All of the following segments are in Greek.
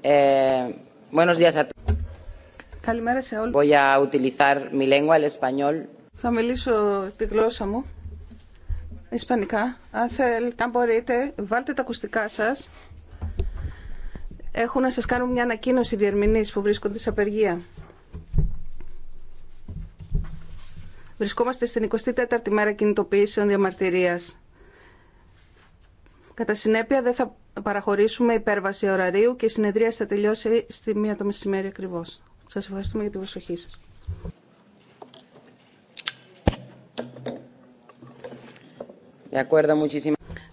Eh, Καλημέρα σε όλους. Θα μιλήσω τη γλώσσα μου, ισπανικά. Αν θέλετε, μπορείτε, βάλτε τα ακουστικά σας. Έχω να σας κάνω μια ανακοίνωση διερμηνής που βρίσκονται σε απεργία. Βρισκόμαστε στην 24η μέρα κινητοποίησεων διαμαρτυρίας Κατά συνέπεια δεν θα παραχωρήσουμε υπέρβαση ωραρίου και η συνεδρία θα τελειώσει στη μία το μεσημέρι ακριβώ. Σας ευχαριστούμε για την προσοχή σα.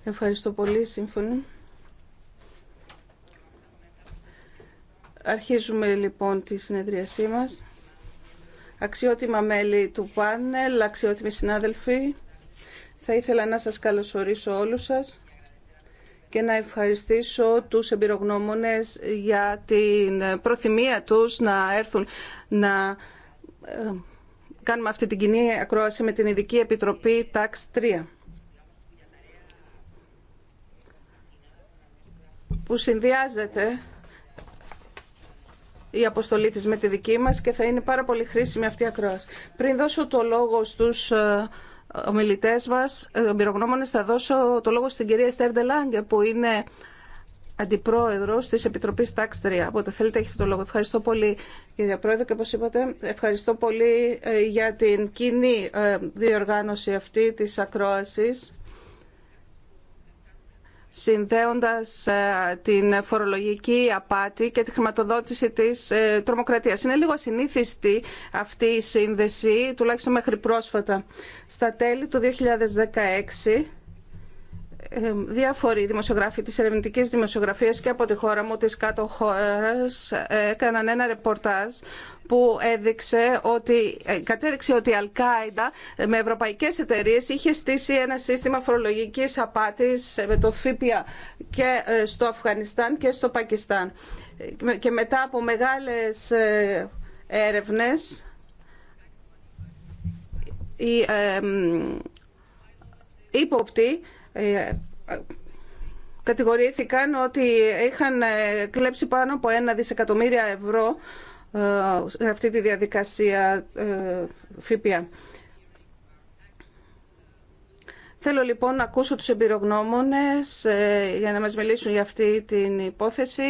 Ευχαριστώ πολύ, σύμφωνοι. Αρχίζουμε λοιπόν τη συνεδρίασή μας. Αξιότιμα μέλη του πάνελ, αξιότιμοι συνάδελφοι, θα ήθελα να σας καλωσορίσω όλους σας και να ευχαριστήσω τους εμπειρογνώμονες για την προθυμία τους να έρθουν να ε, κάνουμε αυτή την κοινή ακρόαση με την Ειδική Επιτροπή ΤΑΞ 3. που συνδυάζεται η αποστολή της με τη δική μας και θα είναι πάρα πολύ χρήσιμη αυτή η ακρόαση. Πριν δώσω το λόγο στους ε, ομιλητές μας, ε, εμπειρογνώμονες, θα δώσω το λόγο στην κυρία Εστέρ Ντελάνγκε που είναι αντιπρόεδρος της Επιτροπής Tax 3. Οπότε θέλετε έχετε το λόγο. Ευχαριστώ πολύ κυρία Πρόεδρε και όπω είπατε ευχαριστώ πολύ ε, για την κοινή ε, διοργάνωση αυτή της ακρόασης συνδέοντας ε, την φορολογική απάτη και τη χρηματοδότηση της ε, τρομοκρατίας. Είναι λίγο ασυνήθιστη αυτή η σύνδεση, τουλάχιστον μέχρι πρόσφατα. Στα τέλη του 2016 ε, διάφοροι δημοσιογράφοι της ερευνητικής δημοσιογραφίας και από τη χώρα μου, της κάτω χώρας, έκαναν ένα ρεπορτάζ που έδειξε ότι, ε, κατέδειξε ότι η Αλκάιντα ε, με ευρωπαϊκές εταιρείες είχε στήσει ένα σύστημα φορολογικής απάτης με το ΦΥΠΙΑ και στο Αφγανιστάν και στο Πακιστάν. Και μετά από μεγάλες έρευνες οι ύποπτοι ε, ε, κατηγορήθηκαν ότι είχαν ε, κλέψει πάνω από ένα δισεκατομμύρια ευρώ αυτή τη διαδικασία ΦΠΑ. Θέλω λοιπόν να ακούσω τους εμπειρογνώμονες για να μας μιλήσουν για αυτή την υπόθεση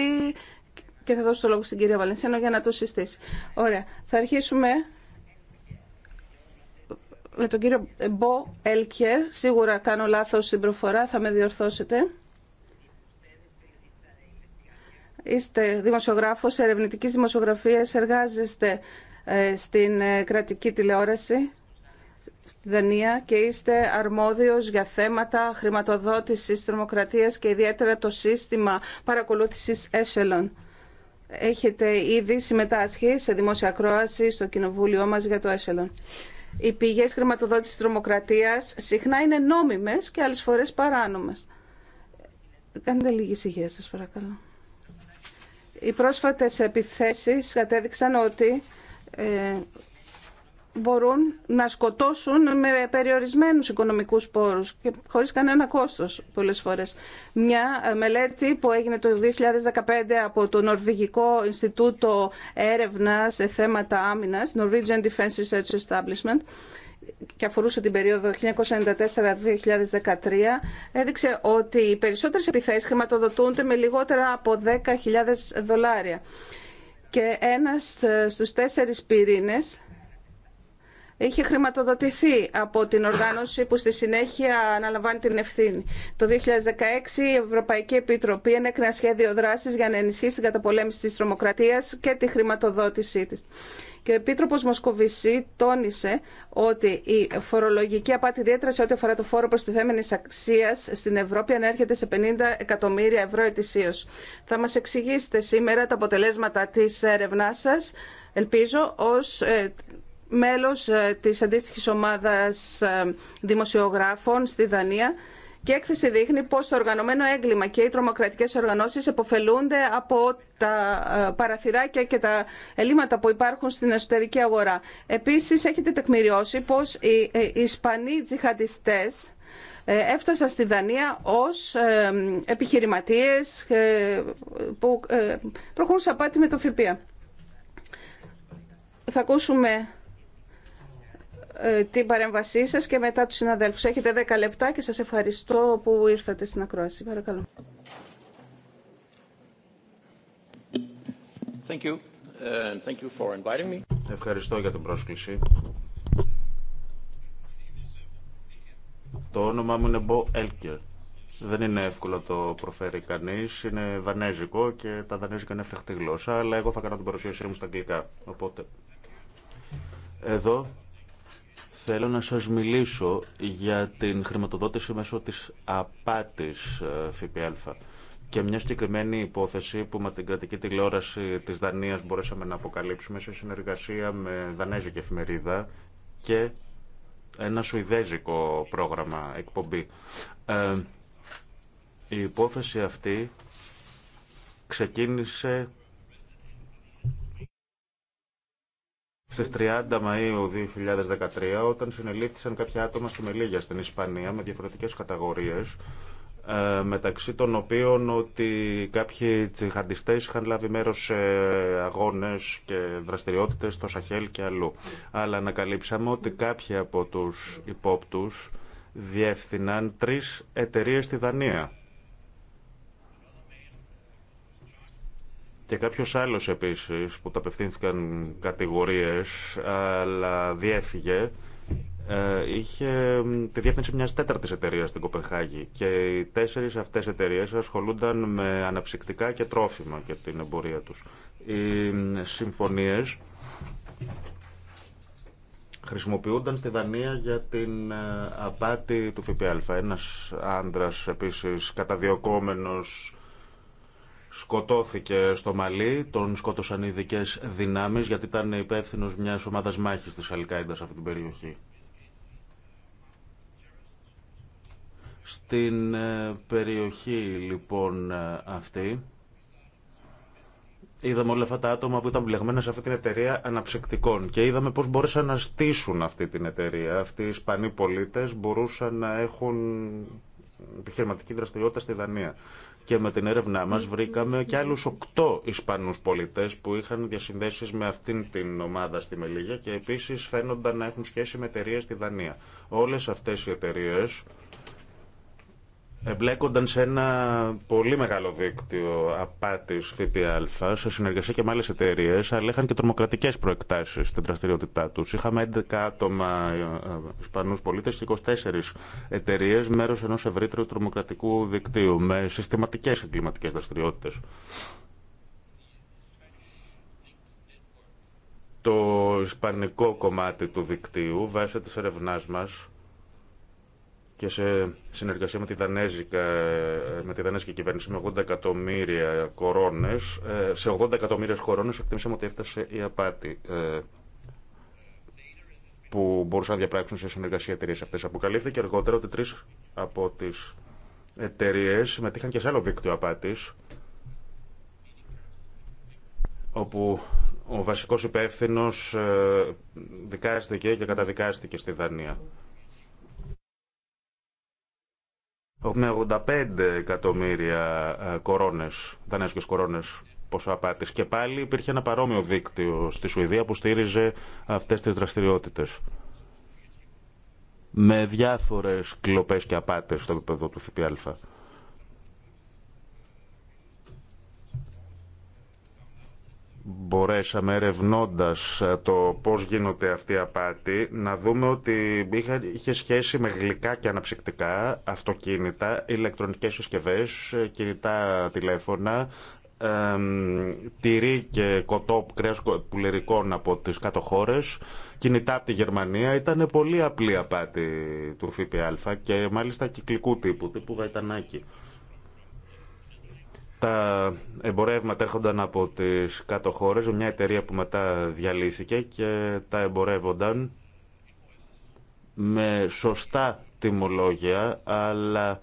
και θα δώσω το λόγο στην κυρία Βαλενθένο για να το συστήσει. Ωραία. Θα αρχίσουμε με τον κύριο Μπο Έλκερ, σίγουρα κάνω λάθος στην προφορά, θα με διορθώσετε. Είστε δημοσιογράφος ερευνητικής δημοσιογραφίας, εργάζεστε ε, στην ε, κρατική τηλεόραση στη Δανία και είστε αρμόδιος για θέματα χρηματοδότησης τρομοκρατίας και ιδιαίτερα το σύστημα παρακολούθησης Echelon. Έχετε ήδη συμμετάσχει σε δημόσια κρόαση στο κοινοβούλιο μας για το Echelon οι πηγές χρηματοδότησης τρομοκρατίας συχνά είναι νόμιμες και άλλε φορές παράνομες. Κάντε λίγη ησυχία σα παρακαλώ. Οι πρόσφατε επιθέσεις κατέδειξαν ότι ε, μπορούν να σκοτώσουν με περιορισμένους οικονομικούς πόρους και χωρίς κανένα κόστος πολλές φορές. Μια μελέτη που έγινε το 2015 από το Νορβηγικό Ινστιτούτο Έρευνας σε θέματα άμυνας, Norwegian Defense Research Establishment, και αφορούσε την περίοδο 1994-2013, έδειξε ότι οι περισσότερες επιθέσεις χρηματοδοτούνται με λιγότερα από 10.000 δολάρια. Και ένας στους τέσσερις πυρήνες είχε χρηματοδοτηθεί από την οργάνωση που στη συνέχεια αναλαμβάνει την ευθύνη. Το 2016 η Ευρωπαϊκή Επιτροπή ενέκρινε σχέδιο δράση για να ενισχύσει την καταπολέμηση τη τρομοκρατία και τη χρηματοδότησή τη. Και ο επίτροπο Μοσκοβισή τόνισε ότι η φορολογική απάτη, ιδιαίτερα σε ό,τι αφορά το φόρο προστιθέμενη αξία στην Ευρώπη, ανέρχεται σε 50 εκατομμύρια ευρώ ετησίω. Θα μα εξηγήσετε σήμερα τα αποτελέσματα τη έρευνά σα, ελπίζω, ως ε, μέλος ε, της αντίστοιχης ομάδας ε, δημοσιογράφων στη Δανία και έκθεση δείχνει πως το οργανωμένο έγκλημα και οι τρομοκρατικές οργανώσεις εποφελούνται από τα ε, παραθυράκια και τα ελλείμματα που υπάρχουν στην εσωτερική αγορά. Επίσης έχετε τεκμηριώσει πως οι Ισπανοί τζιχαντιστές έφτασαν στη Δανία ως επιχειρηματίες που προχωρούν με το ΦΠΑ. Θα ακούσουμε ε, την παρέμβασή σας και μετά τους συναδέλφους. Έχετε 10 λεπτά και σας ευχαριστώ που ήρθατε στην ακρόαση. Παρακαλώ. Thank Ευχαριστώ για την πρόσκληση. Το όνομά μου είναι Μπο Έλκερ. Δεν είναι εύκολο το προφέρει κανεί. Είναι δανέζικο και τα δανέζικα είναι φρεχτή γλώσσα, αλλά εγώ θα κάνω την παρουσίασή μου στα αγγλικά. Οπότε. Εδώ Θέλω να σας μιλήσω για την χρηματοδότηση μέσω της απάτης ε, ΦΠΑ και μια συγκεκριμένη υπόθεση που με την κρατική τηλεόραση της Δανίας μπορέσαμε να αποκαλύψουμε σε συνεργασία με Δανέζικη εφημερίδα και ένα σουηδέζικο πρόγραμμα εκπομπή. Ε, η υπόθεση αυτή ξεκίνησε στις 30 Μαΐου 2013 όταν συνελήφθησαν κάποια άτομα στη Μελίγια στην Ισπανία με διαφορετικές κατηγορίες ε, μεταξύ των οποίων ότι κάποιοι τσιχαντιστές είχαν λάβει μέρος σε αγώνες και δραστηριότητες στο Σαχέλ και αλλού. Αλλά ανακαλύψαμε ότι κάποιοι από τους υπόπτους διεύθυναν τρεις εταιρείες στη Δανία Και κάποιο άλλο επίση που τα απευθύνθηκαν κατηγορίε, αλλά διέφυγε, ε, είχε τη διεύθυνση μια τέταρτη εταιρεία στην Κοπενχάγη. Και οι τέσσερι αυτέ εταιρείε ασχολούνταν με αναψυκτικά και τρόφιμα και την εμπορία του. Οι συμφωνίε χρησιμοποιούνταν στη Δανία για την ε, απάτη του ΦΠΑ. Ένας άντρας επίσης καταδιωκόμενος σκοτώθηκε στο Μαλί, τον σκότωσαν ειδικέ δυνάμει γιατί ήταν υπεύθυνο μια ομάδα μάχη τη Αλκάιντα σε αυτή την περιοχή. Στην ε, περιοχή λοιπόν ε, αυτή είδαμε όλα αυτά τα άτομα που ήταν μπλεγμένα σε αυτή την εταιρεία αναψυκτικών και είδαμε πώς μπορούσαν να στήσουν αυτή την εταιρεία. Αυτοί οι Ισπανοί πολίτες μπορούσαν να έχουν επιχειρηματική δραστηριότητα στη Δανία και με την έρευνά μας βρήκαμε και άλλους οκτώ Ισπανούς πολίτες που είχαν διασυνδέσεις με αυτήν την ομάδα στη Μελίγια και επίσης φαίνονταν να έχουν σχέση με εταιρείε στη Δανία. Όλες αυτές οι εταιρείε εμπλέκονταν σε ένα πολύ μεγάλο δίκτυο απάτη ΦΠΑ, σε συνεργασία και με άλλε εταιρείε, αλλά είχαν και τρομοκρατικέ προεκτάσει στην δραστηριότητά του. Είχαμε 11 άτομα ε, Ισπανού πολίτε και 24 εταιρείε, μέρο ενό ευρύτερου τρομοκρατικού δικτύου, με συστηματικέ εγκληματικέ δραστηριότητε. Το ισπανικό κομμάτι του δικτύου, βάσει τη ερευνά μα και σε συνεργασία με τη, Δανέζικα, ε, με τη Δανέζικη κυβέρνηση με 80 εκατομμύρια κορώνες, ε, σε 80 εκατομμύρια κορώνες εκτιμήσαμε ότι έφτασε η απάτη ε, που μπορούσαν να διαπράξουν σε συνεργασία εταιρείε αυτέ. Αποκαλύφθηκε αργότερα ότι τρει από τι εταιρείε συμμετείχαν και σε άλλο δίκτυο απάτη, όπου ο βασικό υπεύθυνο δικάστηκε και καταδικάστηκε στη Δανία. με 85 εκατομμύρια ε, κορώνες, δανέσκες κορώνες ποσό απάτη. Και πάλι υπήρχε ένα παρόμοιο δίκτυο στη Σουηδία που στήριζε αυτές τις δραστηριότητες. Με διάφορες κλοπέ και απάτες στο επίπεδο του ΦΠΑ. μπορέσαμε ερευνώντα ε, το πώς γίνονται αυτή οι απάτη να δούμε ότι είχε σχέση με γλυκά και αναψυκτικά, αυτοκίνητα, ηλεκτρονικές συσκευές, ε, κινητά τηλέφωνα, τυρί και κοτό κρέας πουλερικών από τις κάτω χώρες, κινητά από τη Γερμανία. Ήταν πολύ απλή απάτη του ΦΠΑ και μάλιστα κυκλικού τύπου, τύπου γαϊτανάκι τα εμπορεύματα έρχονταν από τις κάτω χώρες, μια εταιρεία που μετά διαλύθηκε και τα εμπορεύονταν με σωστά τιμολόγια, αλλά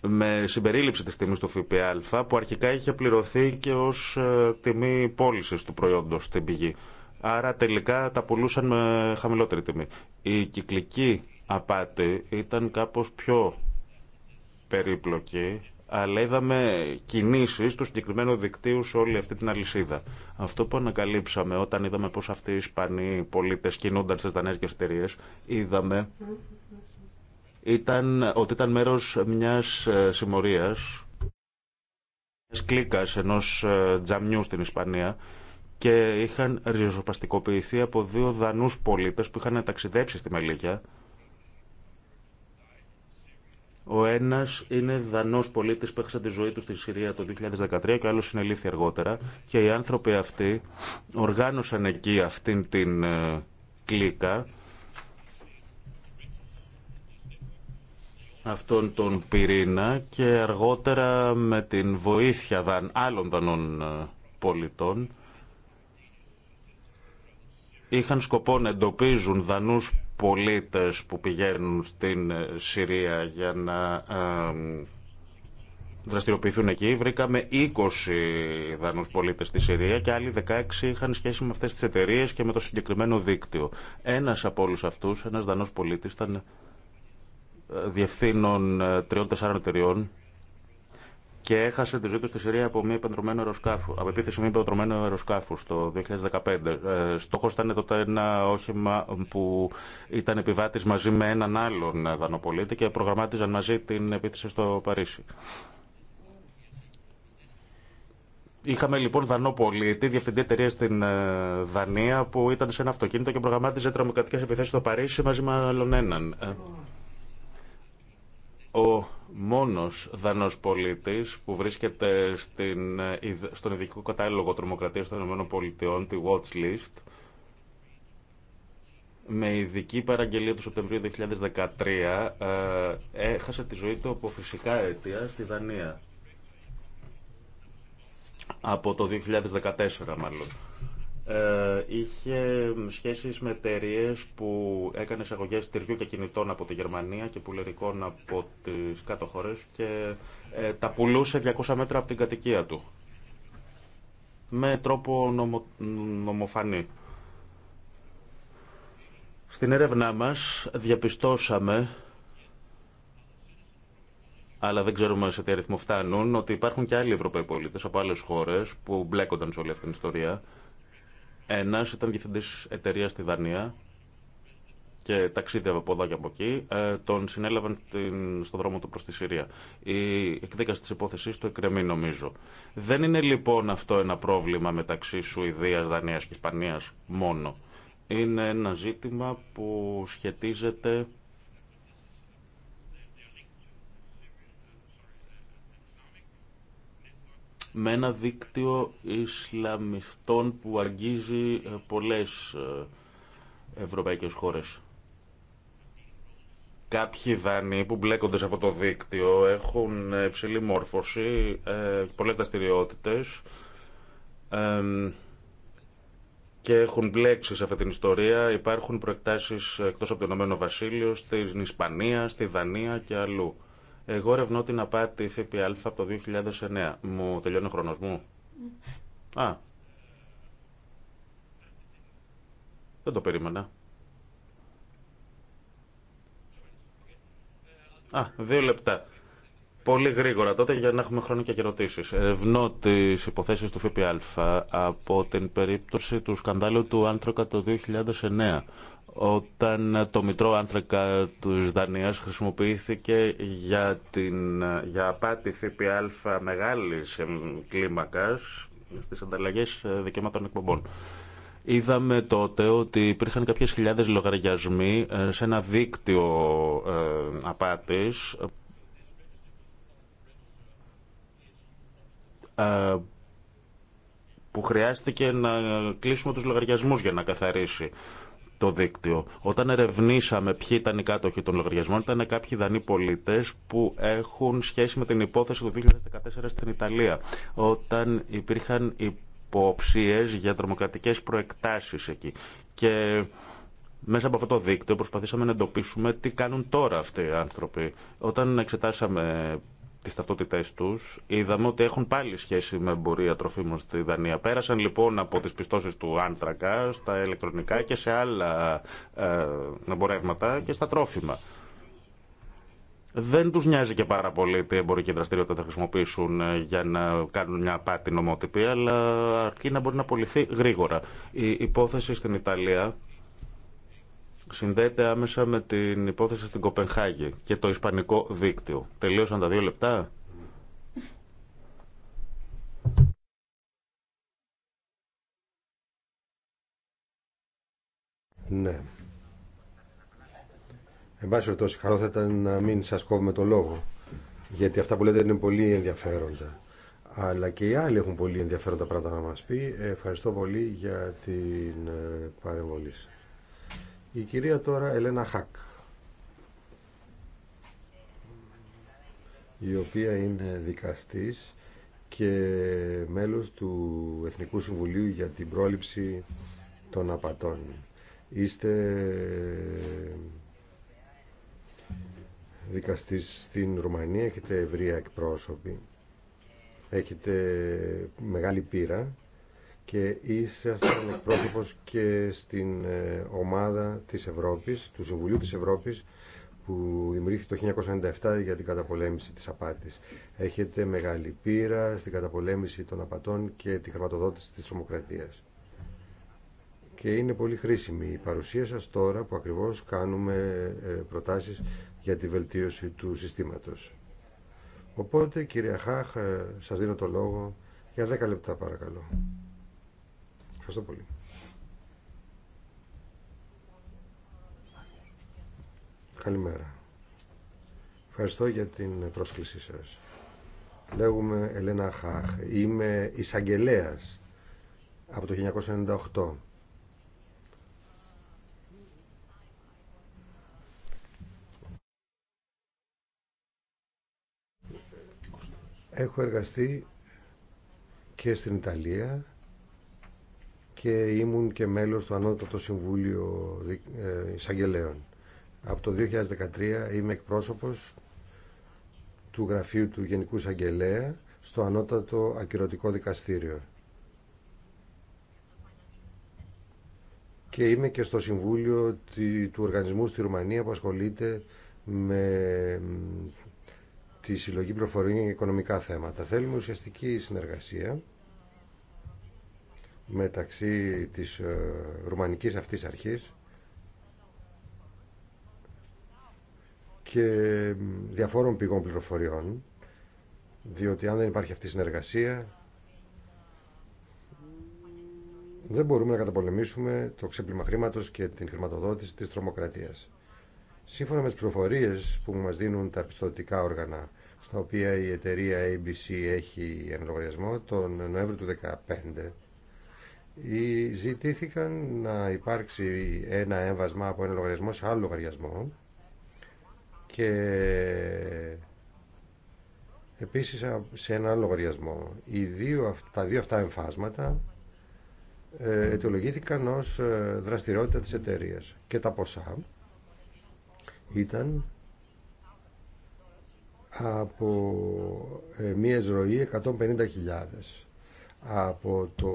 με συμπερίληψη της τιμής του ΦΠΑ που αρχικά είχε πληρωθεί και ως ε, τιμή πώλησης του προϊόντος στην πηγή. Άρα τελικά τα πουλούσαν με χαμηλότερη τιμή. Η κυκλική απάτη ήταν κάπως πιο περίπλοκη αλλά είδαμε κινήσεις του συγκεκριμένου δικτύου σε όλη αυτή την αλυσίδα. Αυτό που ανακαλύψαμε όταν είδαμε πώς αυτοί οι Ισπανοί πολίτες κινούνταν στις δανέζικες εταιρείε, είδαμε ήταν, ότι ήταν μέρος μιας ε, συμμορίας, μιας κλίκας ενός ε, τζαμιού στην Ισπανία και είχαν ριζοσπαστικοποιηθεί από δύο δανούς πολίτες που είχαν ταξιδέψει στη Μελίγια ο ένα είναι Δανό πολίτη που έχασε τη ζωή του στη Συρία το 2013 και άλλο συνελήφθη αργότερα. Και οι άνθρωποι αυτοί οργάνωσαν εκεί αυτήν την ε, κλίκα αυτόν τον πυρήνα και αργότερα με την βοήθεια δαν, άλλων δανών ε, πολιτών είχαν σκοπό να εντοπίζουν δανούς πολίτες που πηγαίνουν στην ε, Συρία για να ε, δραστηριοποιηθούν εκεί. Βρήκαμε 20 Δανούς πολίτες στη Συρία και άλλοι 16 είχαν σχέση με αυτές τις εταιρείες και με το συγκεκριμένο δίκτυο. Ένας από όλους αυτούς, ένας Δανός πολίτης, ήταν ε, διευθύνων τριών-τεσσάρων εταιριών και έχασε τη ζωή του στη Συρία από, μια αεροσκάφου, από επίθεση μη επαντρωμένου αεροσκάφου το 2015. Ε, στόχος ήταν τότε ένα όχημα που ήταν επιβάτης μαζί με έναν άλλον δανοπολίτη και προγραμμάτιζαν μαζί την επίθεση στο Παρίσι. Είχαμε λοιπόν δανόπολίτη, διευθυντή εταιρεία στην ε, Δανία, που ήταν σε ένα αυτοκίνητο και προγραμμάτιζε τρομοκρατικέ επιθέσει στο Παρίσι μαζί με άλλον έναν. Ε, ο μόνος δανός πολίτης που βρίσκεται στην, στον ειδικό κατάλογο τρομοκρατίας των ΗΠΑ, τη Watch List, με ειδική παραγγελία του Σεπτεμβρίου 2013, ε, έχασε τη ζωή του από φυσικά αίτια στη Δανία. Από το 2014 μάλλον. Ε, είχε σχέσει με εταιρείε που έκανε εισαγωγέ τυριού και κινητών από τη Γερμανία και πουλερικών από τις κάτω χώρε και ε, τα πουλούσε 200 μέτρα από την κατοικία του με τρόπο νομοφανή. Στην έρευνά μας διαπιστώσαμε αλλά δεν ξέρουμε σε τι αριθμό φτάνουν, ότι υπάρχουν και άλλοι Ευρωπαίοι πολίτες από άλλες χώρες που μπλέκονταν σε όλη αυτή την ιστορία ένα ήταν διευθυντή εταιρεία στη Δανία και ταξίδευε από εδώ και από εκεί. Ε, τον συνέλαβαν στον δρόμο του προ τη Συρία. Η εκδίκαση τη υπόθεση του εκκρεμεί, νομίζω. Δεν είναι λοιπόν αυτό ένα πρόβλημα μεταξύ Σουηδία, Δανία και Ισπανία μόνο. Είναι ένα ζήτημα που σχετίζεται με ένα δίκτυο Ισλαμιστών που αγγίζει ε, πολλές ε, ευρωπαϊκές χώρες. Κάποιοι δάνειοι που μπλέκονται σε αυτό το δίκτυο έχουν ε, υψηλή μόρφωση, πολλές δραστηριότητε και έχουν μπλέξει σε αυτή την ιστορία. Υπάρχουν προεκτάσεις εκτός από το Ηνωμένο Βασίλειο, στην Ισπανία, στη Δανία και αλλού. Εγώ ερευνώ την απάτη ΦΠΑ από το 2009. Μου τελειώνει ο χρόνος μου. Ναι. Α. Δεν το περίμενα. Α, δύο λεπτά. Πολύ γρήγορα τότε για να έχουμε χρόνο και ερωτήσει. Ερευνώ τι υποθέσει του ΦΠΑ από την περίπτωση του σκανδάλου του Άντροκα το 2009 όταν το μητρό άνθρακα τους Δανία χρησιμοποιήθηκε για, την, για απάτη ΦΠΑ μεγάλης κλίμακας στις ανταλλαγές δικαιωμάτων εκπομπών. Είδαμε τότε ότι υπήρχαν κάποιες χιλιάδες λογαριασμοί ε, σε ένα δίκτυο ε, απάτης ε, που χρειάστηκε να κλείσουμε τους λογαριασμούς για να καθαρίσει το δίκτυο. Όταν ερευνήσαμε ποιοι ήταν οι κάτοχοι των λογαριασμών, ήταν κάποιοι δανείοι πολίτε που έχουν σχέση με την υπόθεση του 2014 στην Ιταλία, όταν υπήρχαν υποψίε για τρομοκρατικέ προεκτάσει εκεί. Και μέσα από αυτό το δίκτυο προσπαθήσαμε να εντοπίσουμε τι κάνουν τώρα αυτοί οι άνθρωποι. Όταν εξετάσαμε τις ταυτότητές τους, είδαμε ότι έχουν πάλι σχέση με εμπορία τροφίμων στη Δανία. Πέρασαν λοιπόν από τις πιστώσεις του άνθρακα στα ηλεκτρονικά και σε άλλα ε, εμπορεύματα και στα τρόφιμα. Δεν τους νοιάζει και πάρα πολύ τι εμπορική δραστηριότητα θα χρησιμοποιήσουν ε, για να κάνουν μια πάτη νομότυπη, αλλά αρκεί να μπορεί να απολυθεί γρήγορα. Η υπόθεση στην Ιταλία συνδέεται άμεσα με την υπόθεση στην Κοπενχάγη και το ισπανικό δίκτυο. Τελείωσαν τα δύο λεπτά. Ναι. Εν πάση περιπτώσει, καλό θα ήταν να μην σας κόβουμε το λόγο. Γιατί αυτά που λέτε είναι πολύ ενδιαφέροντα. Αλλά και οι άλλοι έχουν πολύ ενδιαφέροντα πράγματα να μας πει. Ε, ευχαριστώ πολύ για την ε, παρεμβολή σας. Η κυρία τώρα Ελένα Χακ η οποία είναι δικαστής και μέλος του Εθνικού Συμβουλίου για την πρόληψη των απατών. Είστε δικαστής στην Ρουμανία, έχετε ευρεία εκπρόσωποι, έχετε μεγάλη πείρα και ήσασταν εκπρόσωπος και στην ε, ομάδα της Ευρώπης, του Συμβουλίου της Ευρώπης που δημιουργήθηκε το 1997 για την καταπολέμηση της απάτης. Έχετε μεγάλη πείρα στην καταπολέμηση των απατών και τη χρηματοδότηση της τρομοκρατίας. Και είναι πολύ χρήσιμη η παρουσία σας τώρα που ακριβώς κάνουμε ε, προτάσεις για τη βελτίωση του συστήματος. Οπότε, κυρία Χάχ, ε, σας δίνω το λόγο για 10 λεπτά παρακαλώ. Ευχαριστώ πολύ. Καλημέρα. Ευχαριστώ για την πρόσκλησή σας. Λέγουμε Ελένα Χαχ. Είμαι εισαγγελέα από το 1998. Έχω εργαστεί και στην Ιταλία και ήμουν και μέλος του Ανώτατο Συμβούλιο ε, Εισαγγελέων. Από το 2013 είμαι εκπρόσωπος του Γραφείου του Γενικού Εισαγγελέα στο Ανώτατο Ακυρωτικό Δικαστήριο. Και είμαι και στο Συμβούλιο του Οργανισμού στη Ρουμανία που ασχολείται με τη συλλογή προφορών για οικονομικά θέματα. Θέλουμε ουσιαστική συνεργασία μεταξύ της ε, ρουμανικής αυτής αρχής και διαφόρων πηγών πληροφοριών διότι αν δεν υπάρχει αυτή η συνεργασία δεν μπορούμε να καταπολεμήσουμε το ξέπλυμα χρήματο και την χρηματοδότηση της τρομοκρατίας. Σύμφωνα με τις πληροφορίες που μας δίνουν τα πιστοτικά όργανα στα οποία η εταιρεία ABC έχει ένα τον Νοέμβριο του 2015 ζητήθηκαν να υπάρξει ένα έμβασμα από ένα λογαριασμό σε άλλο λογαριασμό και επίσης σε ένα άλλο λογαριασμό. Οι δύο, τα δύο αυτά εμφάσματα ε, αιτιολογήθηκαν ως ε, δραστηριότητα της εταιρείας και τα ποσά ήταν από μία ζωή 150.000 από το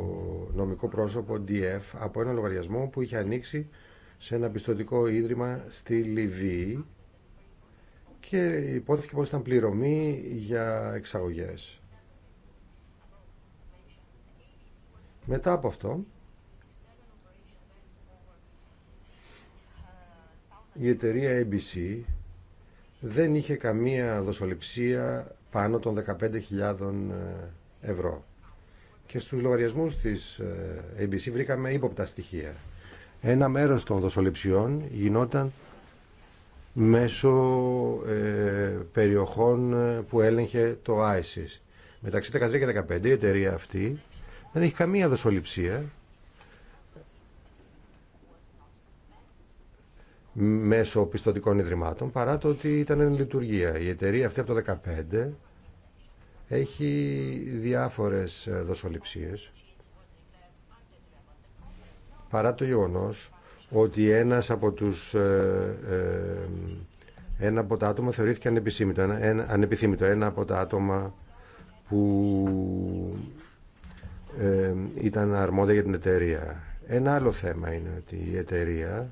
νομικό πρόσωπο DF από ένα λογαριασμό που είχε ανοίξει σε ένα πιστοτικό ίδρυμα στη Λιβύη και υπόθηκε πως ήταν πληρωμή για εξαγωγές. Μετά από αυτό, η εταιρεία ABC δεν είχε καμία δοσοληψία πάνω των 15.000 ε, ευρώ και στους λογαριασμούς της ABC ε, βρήκαμε ύποπτα στοιχεία. Ένα μέρος των δοσοληψιών γινόταν μέσω ε, περιοχών ε, που έλεγχε το ISIS. Μεταξύ 13 και 15 η εταιρεία αυτή δεν έχει καμία δοσοληψία μέσω πιστοτικών ιδρυμάτων παρά το ότι ήταν εν λειτουργία. Η εταιρεία αυτή από το 15 έχει διάφορες ε, δοσοληψίες παρά το γεγονός ότι ένας από τους ε, ε ένα από τα άτομα θεωρήθηκε ανεπιθύμητο ένα, ανεπιθύμητο, ένα από τα άτομα που ε, ήταν αρμόδια για την εταιρεία. Ένα άλλο θέμα είναι ότι η εταιρεία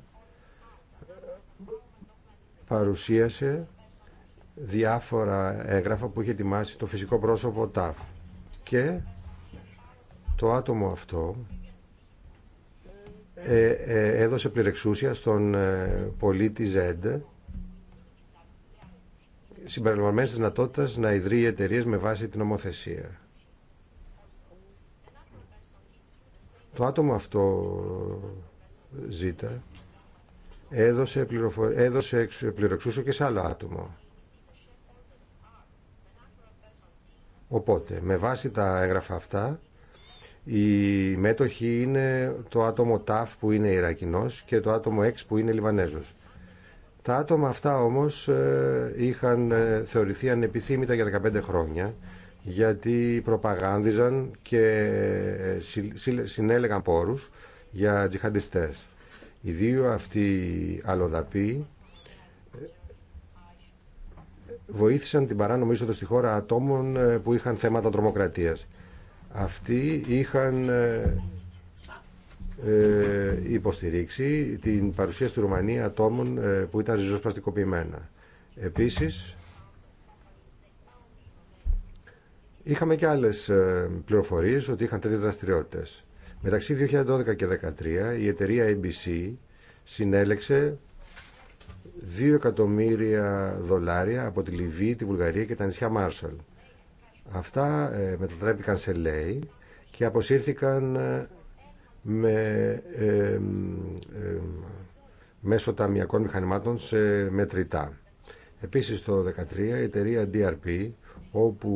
παρουσίασε διάφορα έγγραφα που είχε ετοιμάσει το φυσικό πρόσωπο ΤΑΒ και το άτομο αυτό ε, ε, έδωσε πληρεξούσια στον ε, πολίτη ΖΕΝΤ συμπεριλαμβανομένης της δυνατότητας να ιδρύει εταιρείε με βάση την ομοθεσία Το άτομο αυτό ζήτα έδωσε, πληροφο... έδωσε πληροξούσιο και σε άλλο άτομο Οπότε, με βάση τα έγγραφα αυτά, οι μέτοχοι είναι το άτομο ΤΑΦ που είναι Ιρακινός και το άτομο X που είναι Λιβανέζος. Τα άτομα αυτά όμως ε, είχαν ε, θεωρηθεί ανεπιθύμητα για 15 χρόνια γιατί προπαγάνδιζαν και ε, συνέλεγαν πόρους για τζιχαντιστές. Οι δύο αυτοί αλλοδαποί βοήθησαν την παράνομη είσοδο στη χώρα ατόμων ε, που είχαν θέματα τρομοκρατίας. Αυτοί είχαν ε, ε, υποστηρίξει την παρουσία στη Ρουμανία ατόμων που ήταν ριζοσπαστικοποιημένα. Επίσης, είχαμε και άλλες πληροφορίες ότι είχαν τέτοιες δραστηριότητες. Μεταξύ 2012 και 2013 η εταιρεία ABC συνέλεξε 2 εκατομμύρια δολάρια από τη Λιβύη, τη Βουλγαρία και τα νησιά Μάρσαλ. Αυτά ε, μετατρέπηκαν σε λέει και αποσύρθηκαν ε, με, ε, ε, μέσω ταμιακών μηχανημάτων σε μετρητά. Επίσης το 2013 η εταιρεία DRP όπου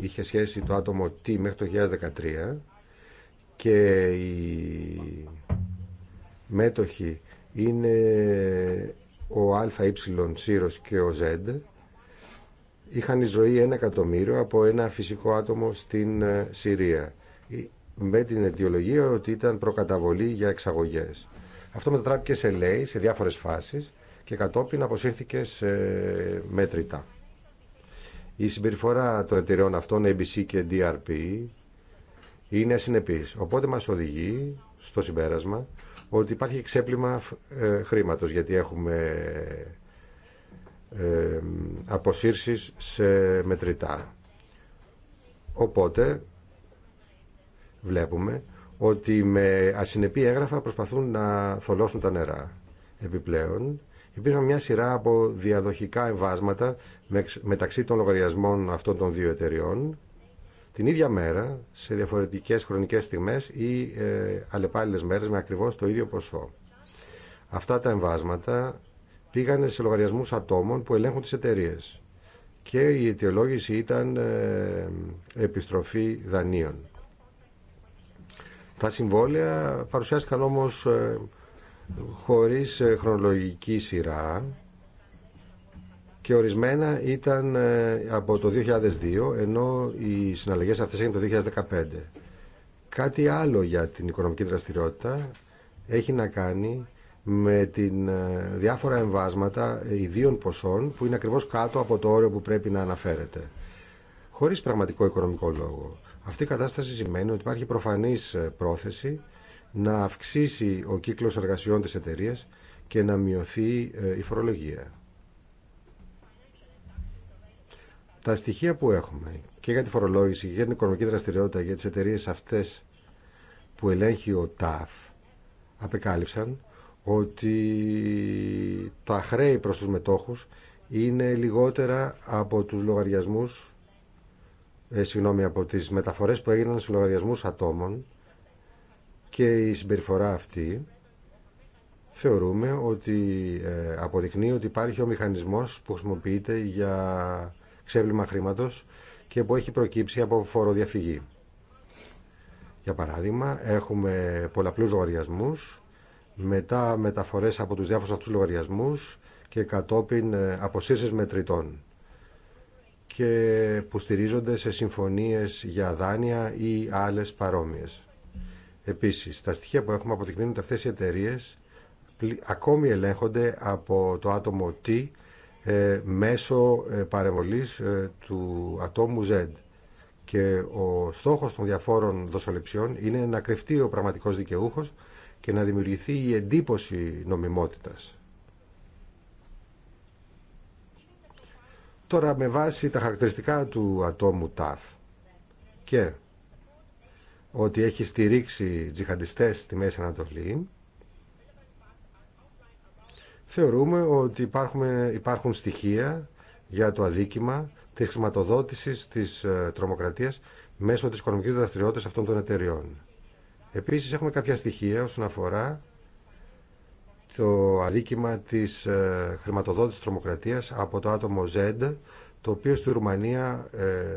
είχε σχέση το άτομο T μέχρι το 2013 και οι μέτοχοι είναι ο α, και ο ζ είχαν ζωή ένα εκατομμύριο από ένα φυσικό άτομο στην ε, Συρία με την αιτιολογία ότι ήταν προκαταβολή για εξαγωγές. Αυτό μετατράπηκε σε λέει σε διάφορες φάσεις και κατόπιν αποσύρθηκε σε μέτρητα. Η συμπεριφορά των εταιρεών αυτών, ABC και DRP, είναι ασυνεπής. Οπότε μας οδηγεί στο συμπέρασμα ότι υπάρχει ξέπλυμα ε, χρήματος γιατί έχουμε ε, αποσύρσεις σε μετρητά. Οπότε βλέπουμε ότι με ασυνεπή έγγραφα προσπαθούν να θολώσουν τα νερά. Επιπλέον υπήρχαν μια σειρά από διαδοχικά εμβάσματα μεταξύ των λογαριασμών αυτών των δύο εταιριών την ίδια μέρα σε διαφορετικές χρονικές στιγμές ή ε, αλλεπάλληλες μέρες με ακριβώς το ίδιο ποσό. Αυτά τα εμβάσματα πήγανε σε λογαριασμούς ατόμων που ελέγχουν τις εταιρείε. και η αιτιολόγηση ήταν ε, επιστροφή δανείων. Τα συμβόλαια παρουσιάστηκαν όμως ε, χωρίς ε, χρονολογική σειρά και ορισμένα ήταν ε, από το 2002 ενώ οι συναλλαγές αυτές έγιναν το 2015. Κάτι άλλο για την οικονομική δραστηριότητα έχει να κάνει με την ε, διάφορα εμβάσματα ιδίων ποσών που είναι ακριβώς κάτω από το όριο που πρέπει να αναφέρεται. Χωρίς πραγματικό οικονομικό λόγο. Αυτή η κατάσταση σημαίνει ότι υπάρχει προφανής ε, πρόθεση να αυξήσει ο κύκλος εργασιών της εταιρείας και να μειωθεί η φορολογία. Τα στοιχεία που έχουμε και για τη φορολόγηση και για την οικονομική δραστηριότητα για τις εταιρείε αυτές που ελέγχει ο ΤΑΦ απεκάλυψαν ότι τα χρέη προς τους μετόχους είναι λιγότερα από τους λογαριασμούς ε, συγγνώμη, από τις μεταφορές που έγιναν στους λογαριασμούς ατόμων και η συμπεριφορά αυτή θεωρούμε ότι ε, αποδεικνύει ότι υπάρχει ο μηχανισμός που χρησιμοποιείται για ξέπλυμα χρήματο και που έχει προκύψει από φοροδιαφυγή. Για παράδειγμα, έχουμε πολλαπλούς λογαριασμούς, μετά μεταφορές από τους διάφορου αυτού λογαριασμούς και κατόπιν ε, αποσύρσεις μετρητών και που στηρίζονται σε συμφωνίες για δάνεια ή άλλες παρόμοιες. Επίσης, τα στοιχεία που έχουμε αποδεικνύουν ότι αυτές οι εταιρείε ακόμη ελέγχονται από το άτομο T ε, μέσω ε, παρεμβολής ε, του ατόμου Z. Και ο στόχος των διαφόρων δοσοληψιών είναι να κρυφτεί ο πραγματικός δικαιούχος και να δημιουργηθεί η εντύπωση νομιμότητας. Τώρα με βάση τα χαρακτηριστικά του ατόμου ΤΑΦ και ότι έχει στηρίξει τζιχαντιστές στη Μέση Ανατολή θεωρούμε ότι υπάρχουν, υπάρχουν στοιχεία για το αδίκημα της χρηματοδότησης της ε, τρομοκρατίας μέσω της οικονομικής δραστηριότητας αυτών των εταιριών. Επίσης έχουμε κάποια στοιχεία όσον αφορά το αδίκημα της ε, χρηματοδότησης τρομοκρατίας από το άτομο Z, το οποίο στη Ρουμανία ε,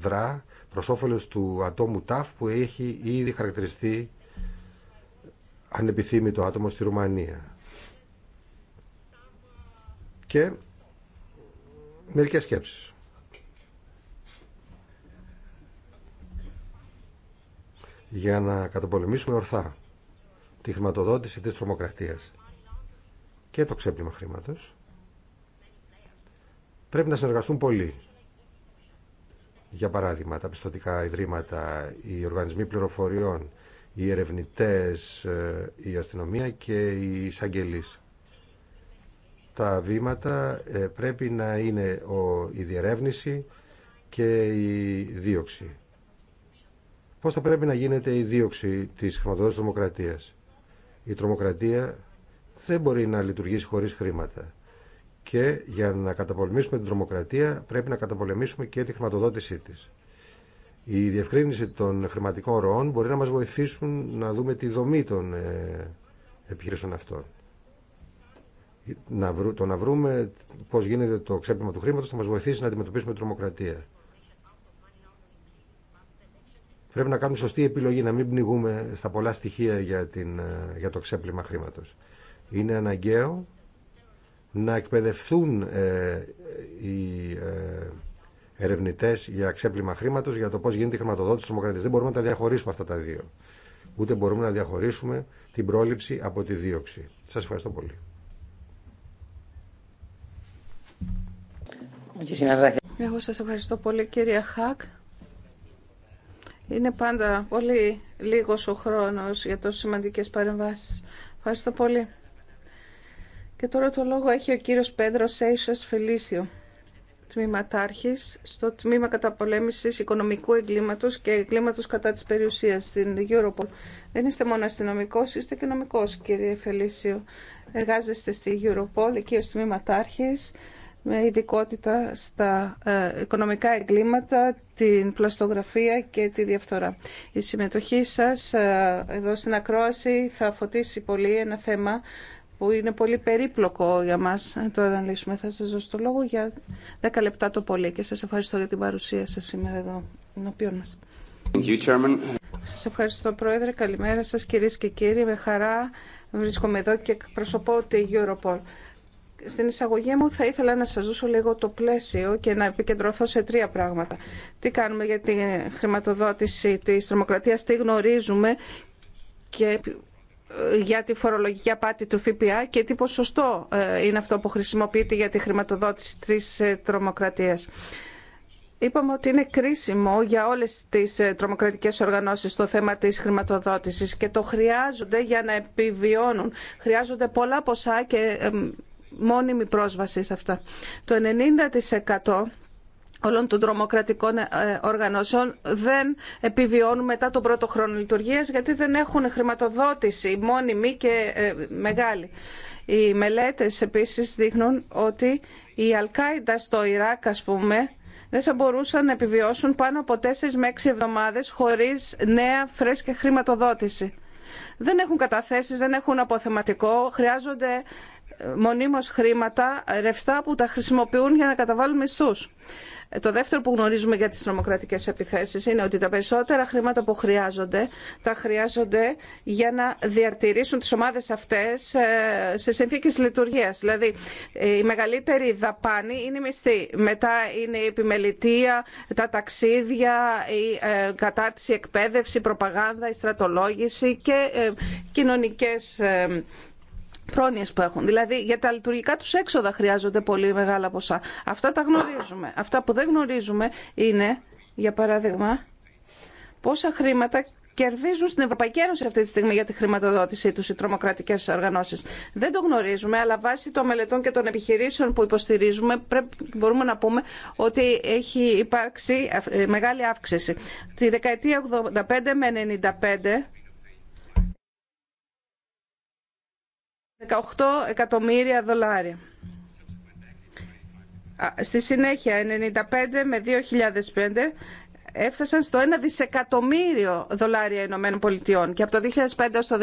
δρά προς όφελος του ατόμου ΤΑΦ που έχει ήδη χαρακτηριστεί ανεπιθύμητο άτομο στη Ρουμανία και μερικές σκέψεις. για να καταπολεμήσουμε ορθά τη χρηματοδότηση της τρομοκρατίας και το ξέπλυμα χρήματος πρέπει να συνεργαστούν πολλοί. Για παράδειγμα, τα πιστοτικά ιδρύματα, οι οργανισμοί πληροφοριών, οι ερευνητές, ε, η αστυνομία και οι εισαγγελίες τα βήματα ε, πρέπει να είναι η διερεύνηση και η δίωξη. Πώς θα πρέπει να γίνεται η δίωξη της χρηματοδότησης τρομοκρατίας. Η τρομοκρατία δεν μπορεί να λειτουργήσει χωρίς χρήματα. Και για να καταπολεμήσουμε την τρομοκρατία πρέπει να καταπολεμήσουμε και τη χρηματοδότησή της. Η διευκρίνηση των χρηματικών ροών μπορεί να μας βοηθήσουν να δούμε τη δομή των ε, επιχειρήσεων αυτών να βρου, το να βρούμε πώς γίνεται το ξέπλυμα του χρήματος θα μας βοηθήσει να αντιμετωπίσουμε τρομοκρατία. Πρέπει να κάνουμε σωστή επιλογή, να μην πνιγούμε στα πολλά στοιχεία για, την, ε, για το ξέπλυμα χρήματος. Είναι αναγκαίο να εκπαιδευθούν ε, οι ε, ερευνητές για ξέπλυμα χρήματος, για το πώς γίνεται η χρηματοδότηση της τρομοκρατίας. Δεν μπορούμε να τα διαχωρίσουμε αυτά τα δύο. Ούτε μπορούμε να διαχωρίσουμε την πρόληψη από τη δίωξη. Σα ευχαριστώ πολύ. Εγώ σας ευχαριστώ πολύ κυρία Χακ. Είναι πάντα πολύ λίγος ο χρόνος για τόσο σημαντικές παρεμβάσεις. Ευχαριστώ πολύ. Και τώρα το λόγο έχει ο κύριος Πέντρο Σέισος Φελίσιο, τμήματάρχης στο Τμήμα Καταπολέμησης Οικονομικού Εγκλήματος και Εγκλήματος κατά της περιουσίας στην Europol. Δεν είστε μόνο αστυνομικό, είστε και νομικός κύριε Φελίσιο. Εργάζεστε στη Europol, εκεί ως τμήματάρχης με ειδικότητα στα ε, οικονομικά εγκλήματα, την πλαστογραφία και τη διαφθορά. Η συμμετοχή σας ε, εδώ στην ακρόαση θα φωτίσει πολύ ένα θέμα που είναι πολύ περίπλοκο για μας ε, τώρα να λύσουμε. Θα σας δώσω το λόγο για 10 λεπτά το πολύ και σας ευχαριστώ για την παρουσία σας σήμερα εδώ ενώπιον μας. Σας ευχαριστώ Πρόεδρε, καλημέρα σας κυρίες και κύριοι. Με χαρά βρίσκομαι εδώ και προσωπώ τη Europol. Στην εισαγωγή μου θα ήθελα να σας δώσω λίγο το πλαίσιο και να επικεντρωθώ σε τρία πράγματα. Τι κάνουμε για τη χρηματοδότηση της τρομοκρατίας, τι γνωρίζουμε και ε, για τη φορολογική απάτη του ΦΠΑ και τι ποσοστό ε, είναι αυτό που χρησιμοποιείται για τη χρηματοδότηση της ε, τρομοκρατίας. Είπαμε ότι είναι κρίσιμο για όλες τις τρομοκρατικές οργανώσεις το θέμα της χρηματοδότησης και το χρειάζονται για να επιβιώνουν. Χρειάζονται πολλά ποσά και μόνιμη πρόσβαση σε αυτά. Το 90% όλων των τρομοκρατικών ε, οργανώσεων δεν επιβιώνουν μετά τον πρώτο χρόνο λειτουργίας γιατί δεν έχουν χρηματοδότηση μόνιμη και ε, μεγάλη. Οι μελέτες επίσης δείχνουν ότι η Αλκάιντα στο Ιράκ ας πούμε δεν θα μπορούσαν να επιβιώσουν πάνω από 4 με 6 εβδομάδες χωρίς νέα φρέσκια χρηματοδότηση. Δεν έχουν καταθέσεις, δεν έχουν αποθεματικό, χρειάζονται μονίμως χρήματα ρευστά που τα χρησιμοποιούν για να καταβάλουν μισθούς. Ε, το δεύτερο που γνωρίζουμε για τις νομοκρατικές επιθέσεις είναι ότι τα περισσότερα χρήματα που χρειάζονται, τα χρειάζονται για να διατηρήσουν τις ομάδες αυτές ε, σε συνθήκες λειτουργίας. Δηλαδή, ε, η μεγαλύτερη δαπάνη είναι η μισθή. Μετά είναι η επιμελητεία, τα ταξίδια, η κατάρτιση, η εκπαίδευση, η προπαγάνδα, η στρατολόγηση και κοινωνικές πρόνοιε που έχουν. Δηλαδή για τα λειτουργικά του έξοδα χρειάζονται πολύ μεγάλα ποσά. Αυτά τα γνωρίζουμε. Αυτά που δεν γνωρίζουμε είναι, για παράδειγμα, πόσα χρήματα κερδίζουν στην Ευρωπαϊκή Ένωση αυτή τη στιγμή για τη χρηματοδότησή του οι τρομοκρατικέ οργανώσει. Δεν το γνωρίζουμε, αλλά βάσει των μελετών και των επιχειρήσεων που υποστηρίζουμε, πρέπει, μπορούμε να πούμε ότι έχει υπάρξει μεγάλη αύξηση. Τη δεκαετία 85 με 95 18 εκατομμύρια δολάρια. Στη συνέχεια, 95 με 2005 έφτασαν στο 1 δισεκατομμύριο δολάρια Ηνωμένων Πολιτειών. Και από το 2005 έως το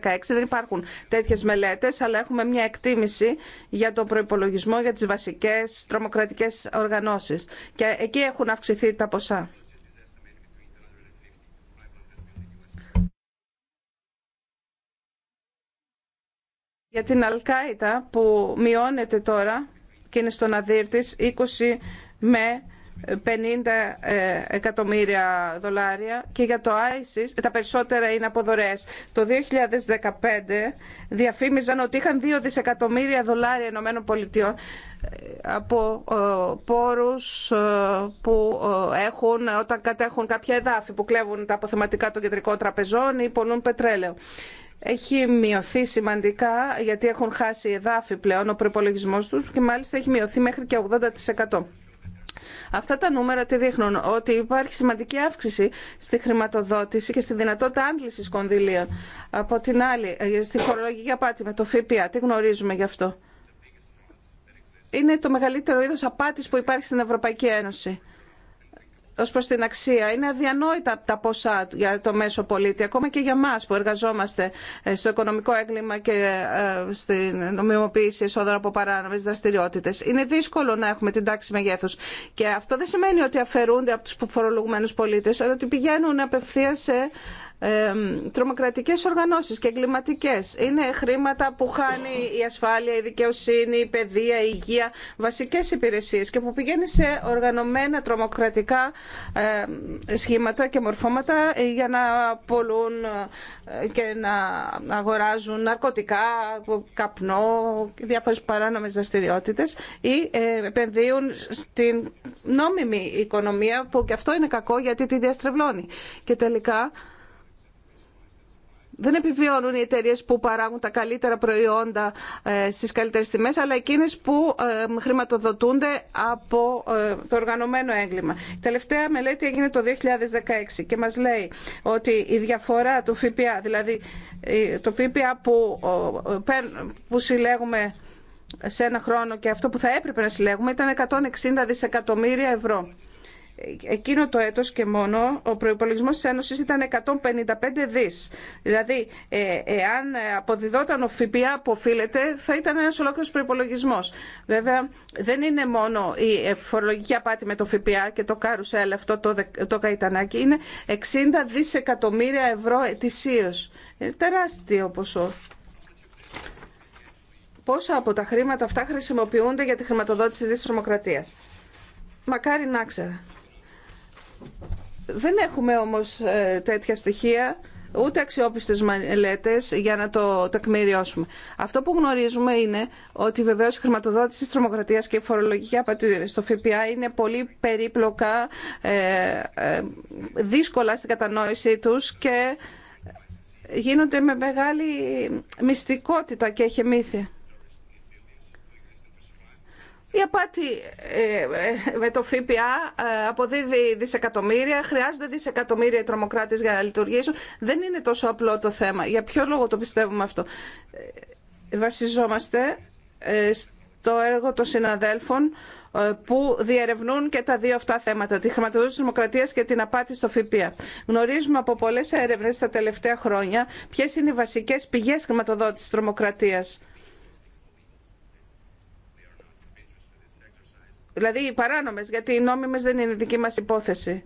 2016 δεν υπάρχουν τέτοιες μελέτες, αλλά έχουμε μια εκτίμηση για τον προϋπολογισμό για τις βασικές τρομοκρατικές οργανώσεις. Και εκεί έχουν αυξηθεί τα ποσά. για την Αλκάιτα που μειώνεται τώρα και είναι στον αδύρ της 20 με 50 ε, εκατομμύρια δολάρια και για το ISIS τα περισσότερα είναι από δωρεές. Το 2015 διαφήμιζαν ότι είχαν 2 δισεκατομμύρια δολάρια Ηνωμένων Πολιτειών ε, από ε, πόρους που έχουν όταν κατέχουν κάποια εδάφη που κλέβουν τα αποθεματικά των κεντρικών τραπεζών ή πολλούν πετρέλαιο έχει μειωθεί σημαντικά γιατί έχουν χάσει εδάφη πλέον ο προπολογισμό τους και μάλιστα έχει μειωθεί μέχρι και 80%. Αυτά τα νούμερα τι δείχνουν, ότι υπάρχει σημαντική αύξηση στη χρηματοδότηση και στη δυνατότητα άντληση κονδυλίων. Από την άλλη, ε, στη φορολογική απάτη με το ΦΠΑ, τι γνωρίζουμε γι' αυτό. Είναι το μεγαλύτερο είδος απάτης που υπάρχει στην Ευρωπαϊκή Ένωση ως προς την αξία. Είναι αδιανόητα τα ποσά για το μέσο πολίτη, ακόμα και για μας που εργαζόμαστε ε, στο οικονομικό έγκλημα και ε, στην νομιμοποίηση εσόδων από παράνομες δραστηριότητες. Είναι δύσκολο να έχουμε την τάξη μεγέθους. Και αυτό δεν σημαίνει ότι αφαιρούνται από τους φορολογουμένους πολίτες, αλλά ότι πηγαίνουν απευθεία σε τρομοκρατικές οργανώσεις και εγκληματικές. Είναι χρήματα που χάνει η ασφάλεια, η δικαιοσύνη, η παιδεία, η υγεία, βασικές υπηρεσίες και που πηγαίνει σε οργανωμένα τρομοκρατικά σχήματα και μορφώματα για να πολλούν ε, και να αγοράζουν ναρκωτικά, καπνό, διάφορες παράνομες δραστηριότητες ή ε, επενδύουν στην νόμιμη οικονομία που και αυτό είναι κακό γιατί τη διαστρεβλώνει. Και τελικά δεν επιβιώνουν οι εταιρείε που παράγουν τα καλύτερα προϊόντα ε, στις καλύτερες τιμέ, αλλά εκείνες που ε, χρηματοδοτούνται από ε, το οργανωμένο έγκλημα. Η τελευταία μελέτη έγινε το 2016 και μας λέει ότι η διαφορά του ΦΠΑ, δηλαδή το ΦΠΑ που, που συλλέγουμε σε ένα χρόνο και αυτό που θα έπρεπε να συλλέγουμε ήταν 160 δισεκατομμύρια ευρώ εκείνο το έτος και μόνο ο προϋπολογισμός της Ένωσης ήταν 155 δις. Δηλαδή, ε, εάν αποδιδόταν ο ΦΠΑ που οφείλεται, θα ήταν ένας ολόκληρος προϋπολογισμός. Βέβαια, δεν είναι μόνο η φορολογική απάτη με το ΦΠΑ και το καρουσέλ αυτό το, το καϊτανάκι, είναι 60 δισεκατομμύρια ευρώ ετησίως. Είναι τεράστιο ποσό. Πόσα από τα χρήματα αυτά χρησιμοποιούνται για τη χρηματοδότηση της τρομοκρατίας. Μακάρι να ξέρα. Δεν έχουμε όμως ε, τέτοια στοιχεία, ούτε αξιόπιστες μελέτες για να το τεκμηριώσουμε. Αυτό που γνωρίζουμε είναι ότι βεβαίως η χρηματοδότηση της τρομοκρατίας και η φορολογική απατηρία στο ΦΠΑ είναι πολύ περίπλοκα, ε, ε, δύσκολα στην κατανόησή τους και γίνονται με μεγάλη μυστικότητα και εχεμήθεια. Η απάτη ε, ε, με το ΦΠΑ ε, αποδίδει δισεκατομμύρια, χρειάζονται δισεκατομμύρια οι τρομοκράτες για να λειτουργήσουν. Δεν είναι τόσο απλό το θέμα. Για ποιο λόγο το πιστεύουμε αυτό. Βασιζόμαστε στο έργο των συναδέλφων που διερευνούν και τα δύο αυτά θέματα, τη χρηματοδότηση της δημοκρατίας και την απάτη στο ΦΠΑ. Γνωρίζουμε από πολλές έρευνες τα τελευταία χρόνια ποιε είναι οι βασικές πηγές χρηματοδότησης της τρομοκρατίας δηλαδή οι παράνομες, γιατί οι νόμιμες δεν είναι δική μας υπόθεση,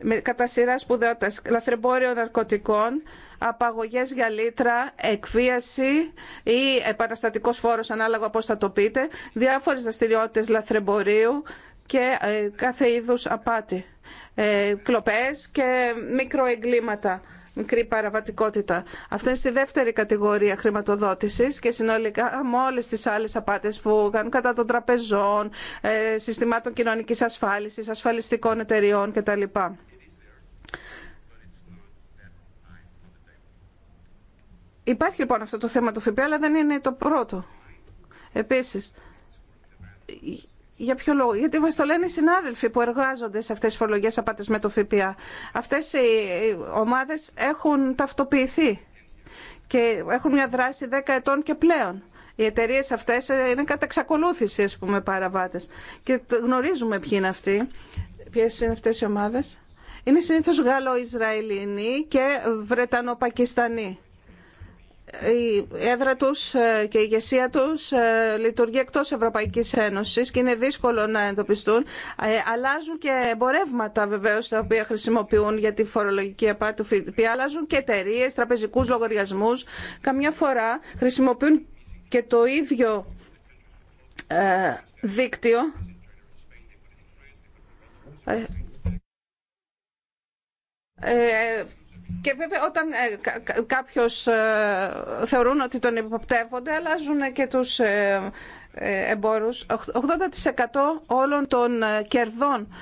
με, κατά σειρά σπουδαιότητα, λαθρεμπόριο ναρκωτικών, απαγωγές για λίτρα, εκβίαση ή επαναστατικό φόρος, ανάλογα πώ θα το πείτε, διάφορες δραστηριότητε λαθρεμπορίου και ε, κάθε είδους απάτη, ε, κλοπές και μικροεγκλήματα μικρή παραβατικότητα. Αυτό είναι στη δεύτερη κατηγορία χρηματοδότησης και συνολικά με όλε τι άλλε απάτες που κάνουν κατά των τραπεζών, ε, συστημάτων κοινωνικής ασφάλισης, ασφαλιστικών εταιριών κτλ. Υπάρχει λοιπόν αυτό το θέμα του ΦΠΑ, αλλά δεν είναι το πρώτο. Επίσης, για ποιο λόγο. Γιατί μα το λένε οι συνάδελφοι που εργάζονται σε αυτές τις φορολογικέ απάτες με το ΦΠΑ. Αυτές οι ομάδες έχουν ταυτοποιηθεί και έχουν μια δράση 10 ετών και πλέον. Οι εταιρείε αυτέ ε, είναι κατά εξακολούθηση, α πούμε, παραβάτε. Και γνωρίζουμε ποιοι είναι αυτοί, ποιε είναι αυτέ οι ομάδε. Είναι συνήθω Γάλλο-Ισραηλινοί και Βρετανο-Πακιστανοί η έδρα τους ε, και η ηγεσία τους ε, λειτουργεί εκτός Ευρωπαϊκής Ένωσης και είναι δύσκολο να εντοπιστούν. Ε, αλλάζουν και εμπορεύματα βεβαίως τα οποία χρησιμοποιούν για τη φορολογική απάτη Αλλάζουν και εταιρείε, τραπεζικούς λογαριασμούς. Καμιά φορά χρησιμοποιούν και το ίδιο δίκτυο και βέβαια όταν ε, κάποιος ε, θεωρούν ότι τον υποπτεύονται, αλλάζουν και τους ε, εμπόρους. 80% όλων των κερδών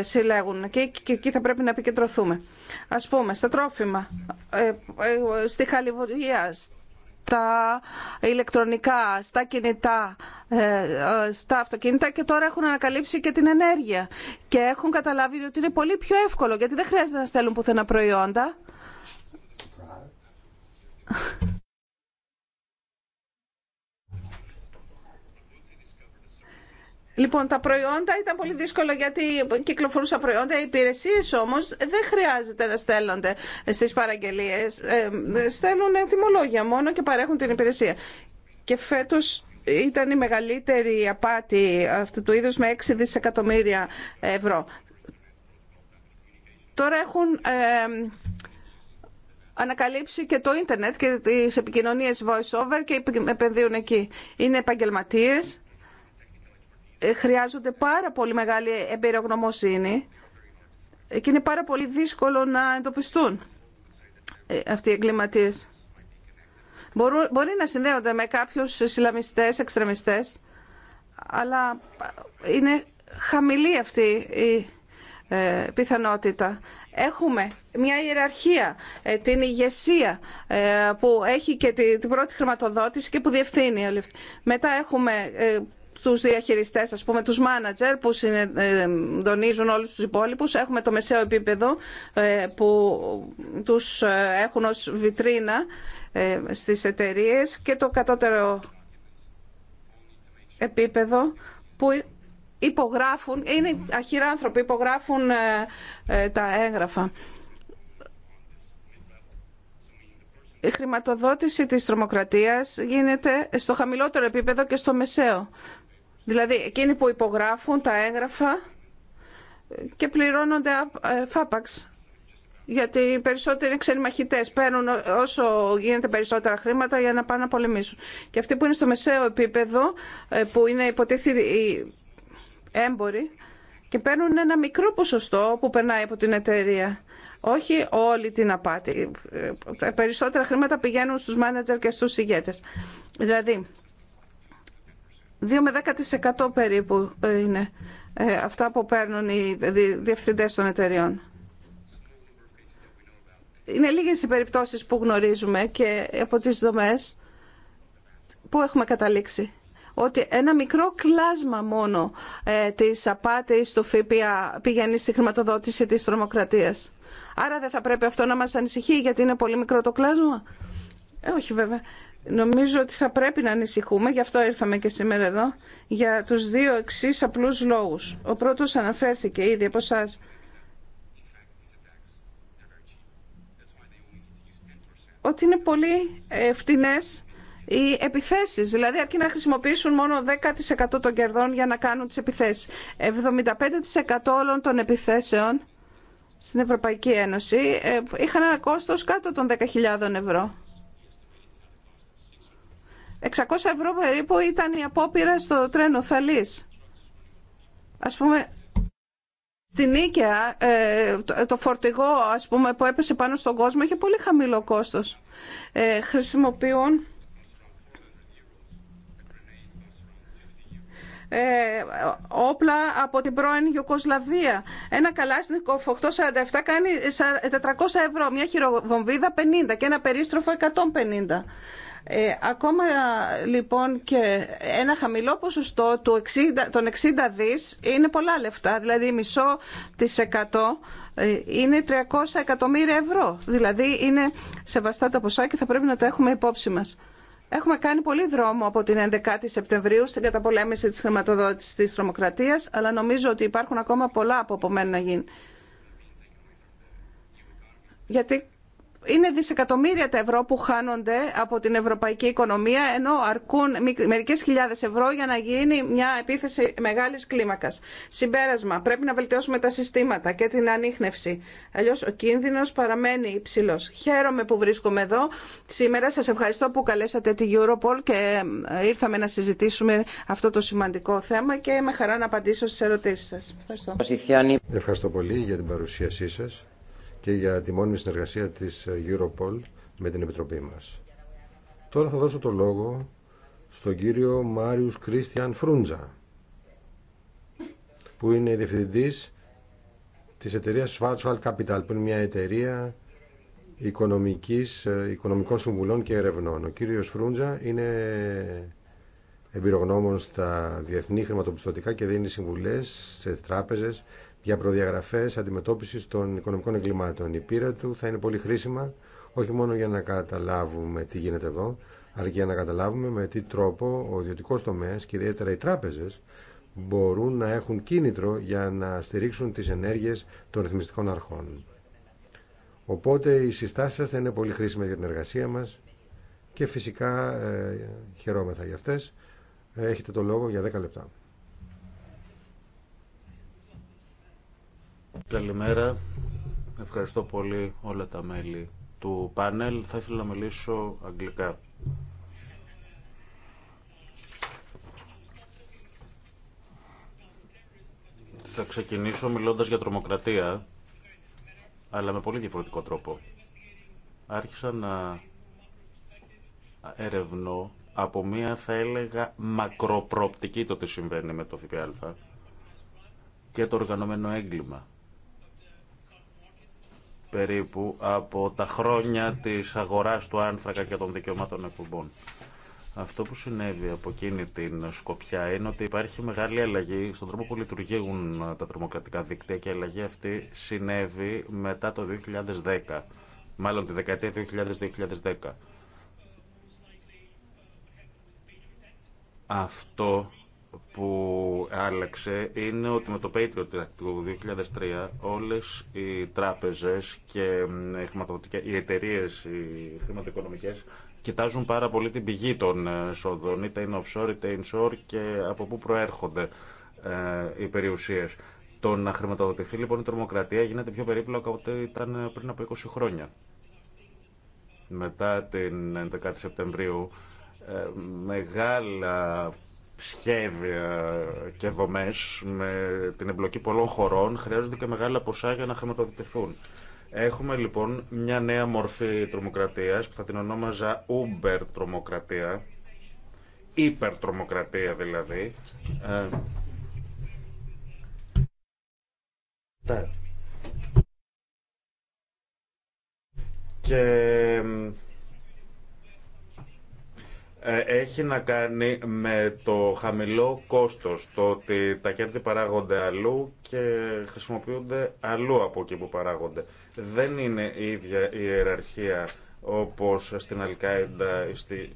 συλλέγουν και εκεί θα πρέπει να επικεντρωθούμε. Ας πούμε, στα τρόφιμα, στη χαλιβουργία, στα ηλεκτρονικά, στα κινητά, ε, ε, στα αυτοκίνητα και τώρα έχουν ανακαλύψει και την ενέργεια. Και έχουν καταλάβει ότι είναι πολύ πιο εύκολο γιατί δεν χρειάζεται να στέλνουν πουθενά προϊόντα. Λοιπόν, τα προϊόντα ήταν πολύ δύσκολο γιατί κυκλοφορούσαν προϊόντα. Οι υπηρεσίε όμω δεν χρειάζεται να στέλνονται στι παραγγελίε. Ε, στέλνουν τιμολόγια μόνο και παρέχουν την υπηρεσία. Και φέτο ήταν η μεγαλύτερη απάτη αυτού του είδους με 6 δισεκατομμύρια ευρώ. Τώρα έχουν ε, ανακαλύψει και το ίντερνετ και τις επικοινωνίες voice-over και επενδύουν εκεί. Είναι επαγγελματίες χρειάζονται πάρα πολύ μεγάλη εμπειρογνωμοσύνη και είναι πάρα πολύ δύσκολο να εντοπιστούν ε, αυτοί οι εγκληματίες. μπορεί να συνδέονται με κάποιους συλλαμιστές, εξτρεμιστές, αλλά είναι χαμηλή αυτή η ε, πιθανότητα. Έχουμε μια ιεραρχία, ε, την ηγεσία που έχει και την, πρώτη χρηματοδότηση και που διευθύνει. Μετά έχουμε τους διαχειριστές, ας πούμε, τους μάνατζερ που συντονίζουν όλους τους υπόλοιπους. Έχουμε το μεσαίο επίπεδο ε, που τους ε, έχουν ως βιτρίνα ε, στις εταιρείε και το κατώτερο επίπεδο που υπογράφουν, είναι αχυρά άνθρωποι, υπογράφουν τα έγγραφα. Η χρηματοδότηση της τρομοκρατίας γίνεται στο χαμηλότερο επίπεδο και στο μεσαίο. Δηλαδή, εκείνοι που υπογράφουν τα έγγραφα και πληρώνονται φάπαξ. Ε, Γιατί οι περισσότεροι ξένοι μαχητέ παίρνουν όσο γίνεται περισσότερα χρήματα για να πάνε να πολεμήσουν. Και αυτοί που είναι στο μεσαίο επίπεδο, ε, που είναι υποτίθεται οι έμποροι, και παίρνουν ένα μικρό ποσοστό που περνάει από την εταιρεία. Όχι όλη την απάτη. Ε, τα περισσότερα χρήματα πηγαίνουν στους μάνατζερ και στους ηγέτες. Δηλαδή, 2 με 10% περίπου ε, είναι ε, αυτά που παίρνουν οι διευθυντές των εταιριών. Είναι λίγες οι περιπτώσεις που γνωρίζουμε και από τις δομές που έχουμε καταλήξει ότι ένα μικρό κλάσμα μόνο ε, της απάτης του ΦΠΑ πηγαίνει στη χρηματοδότηση της τρομοκρατίας. Άρα δεν θα πρέπει αυτό να μας ανησυχεί γιατί είναι πολύ μικρό το κλάσμα. Ε, όχι βέβαια. Νομίζω ότι θα πρέπει να ανησυχούμε, γι' αυτό ήρθαμε και σήμερα εδώ, για τους δύο εξή απλούς λόγους. Ο πρώτος αναφέρθηκε ήδη από εσά. Ότι είναι πολύ φτηνές οι επιθέσεις, δηλαδή αρκεί να χρησιμοποιήσουν μόνο 10% των κερδών για να κάνουν τις επιθέσεις. 75% όλων των επιθέσεων στην Ευρωπαϊκή Ένωση ε, είχαν ένα κόστος κάτω των 10.000 ευρώ. 600 ευρώ περίπου ήταν η απόπειρα στο τρένο Θαλής. Ας πούμε, στην Ίκαια ε, το φορτηγό ας πούμε, που έπεσε πάνω στον κόσμο είχε πολύ χαμηλό κόστος. Ε, χρησιμοποιούν ε, όπλα από την πρώην Ιουκοσλαβία. Ένα καλάσνικο 847 κάνει 400 ευρώ, μια χειροβομβίδα 50 και ένα περίστροφο 150. Ε, ακόμα λοιπόν και ένα χαμηλό ποσοστό του 60, των 60 δις είναι πολλά λεφτά, δηλαδή μισό της 100 ε, είναι 300 εκατομμύρια ευρώ. Δηλαδή είναι σεβαστά τα ποσά και θα πρέπει να τα έχουμε υπόψη μας. Έχουμε κάνει πολύ δρόμο από την 11η Σεπτεμβρίου στην καταπολέμηση της χρηματοδότησης της τρομοκρατίας, αλλά νομίζω ότι υπάρχουν ακόμα πολλά από να γίνει. Γιατί είναι δισεκατομμύρια τα ευρώ που χάνονται από την ευρωπαϊκή οικονομία ενώ αρκούν μερικές χιλιάδες ευρώ για να γίνει μια επίθεση μεγάλης κλίμακας. Συμπέρασμα, πρέπει να βελτιώσουμε τα συστήματα και την ανείχνευση. Αλλιώς ο κίνδυνος παραμένει υψηλός. Χαίρομαι που βρίσκομαι εδώ. Σήμερα σας ευχαριστώ που καλέσατε τη Europol και ε, ήρθαμε να συζητήσουμε αυτό το σημαντικό θέμα και με χαρά να απαντήσω στις ερωτήσεις σας. Ευχαριστώ. Ευχαριστώ πολύ για την παρουσίασή σας και για τη μόνιμη συνεργασία της ε, Europol με την Επιτροπή μας. Τώρα θα δώσω το λόγο στον κύριο Μάριους Κρίστιαν Φρούντζα, που είναι διευθυντής της εταιρείας Schwarzwald Capital, που είναι μια εταιρεία οικονομικής, ε, οικονομικών συμβουλών και ερευνών. Ο κύριος Φρούντζα είναι εμπειρογνώμων στα διεθνή χρηματοπιστωτικά και δίνει συμβουλές σε τράπεζες για προδιαγραφέ αντιμετώπιση των οικονομικών εγκλημάτων. Η πείρα του θα είναι πολύ χρήσιμα όχι μόνο για να καταλάβουμε τι γίνεται εδώ, αλλά και για να καταλάβουμε με τι τρόπο ο ιδιωτικό τομέα και ιδιαίτερα οι τράπεζε μπορούν να έχουν κίνητρο για να στηρίξουν τι ενέργειε των ρυθμιστικών αρχών. Οπότε οι συστάσει σα θα είναι πολύ χρήσιμε για την εργασία μα και φυσικά ε, χαιρόμεθα για αυτέ. Έχετε το λόγο για 10 λεπτά. Καλημέρα. Ευχαριστώ πολύ όλα τα μέλη του πάνελ. Θα ήθελα να μιλήσω αγγλικά. Θα ξεκινήσω μιλώντας για τρομοκρατία, αλλά με πολύ διαφορετικό τρόπο. Άρχισα να ερευνώ από μία, θα έλεγα, μακροπροπτική το τι συμβαίνει με το ΦΠΑ και το οργανωμένο έγκλημα περίπου από τα χρόνια της αγοράς του άνθρακα και των δικαιωμάτων εκπομπών. Αυτό που συνέβη από εκείνη την σκοπιά είναι ότι υπάρχει μεγάλη αλλαγή στον τρόπο που λειτουργούν τα τρομοκρατικά δίκτυα και η αλλαγή αυτή συνέβη μετά το 2010, μάλλον τη δεκαετία 2000-2010. Αυτό που άλλαξε είναι ότι με το Patriot του 2003 όλες οι τράπεζες και οι εταιρείε οι χρηματοοικονομικές κοιτάζουν πάρα πολύ την πηγή των ε, εσόδων, είτε είναι offshore είτε inshore και από πού προέρχονται ε, οι περιουσίες. Το να χρηματοδοτηθεί λοιπόν η τρομοκρατία γίνεται πιο περίπλοκο από ό,τι ήταν ε, πριν από 20 χρόνια. Μετά την 11η Σεπτεμβρίου, μεγάλα σχέδια και δομέ με την εμπλοκή πολλών χωρών χρειάζονται και μεγάλα ποσά για να χρηματοδοτηθούν. Έχουμε λοιπόν μια νέα μορφή τρομοκρατία που θα την ονόμαζα Uber τρομοκρατία, υπερτρομοκρατία δηλαδή. Ε, και ε, έχει να κάνει με το χαμηλό κόστος, το ότι τα κέρδη παράγονται αλλού και χρησιμοποιούνται αλλού από εκεί που παράγονται. Δεν είναι η ίδια η ιεραρχία όπως στην Αλκάιντα ή στη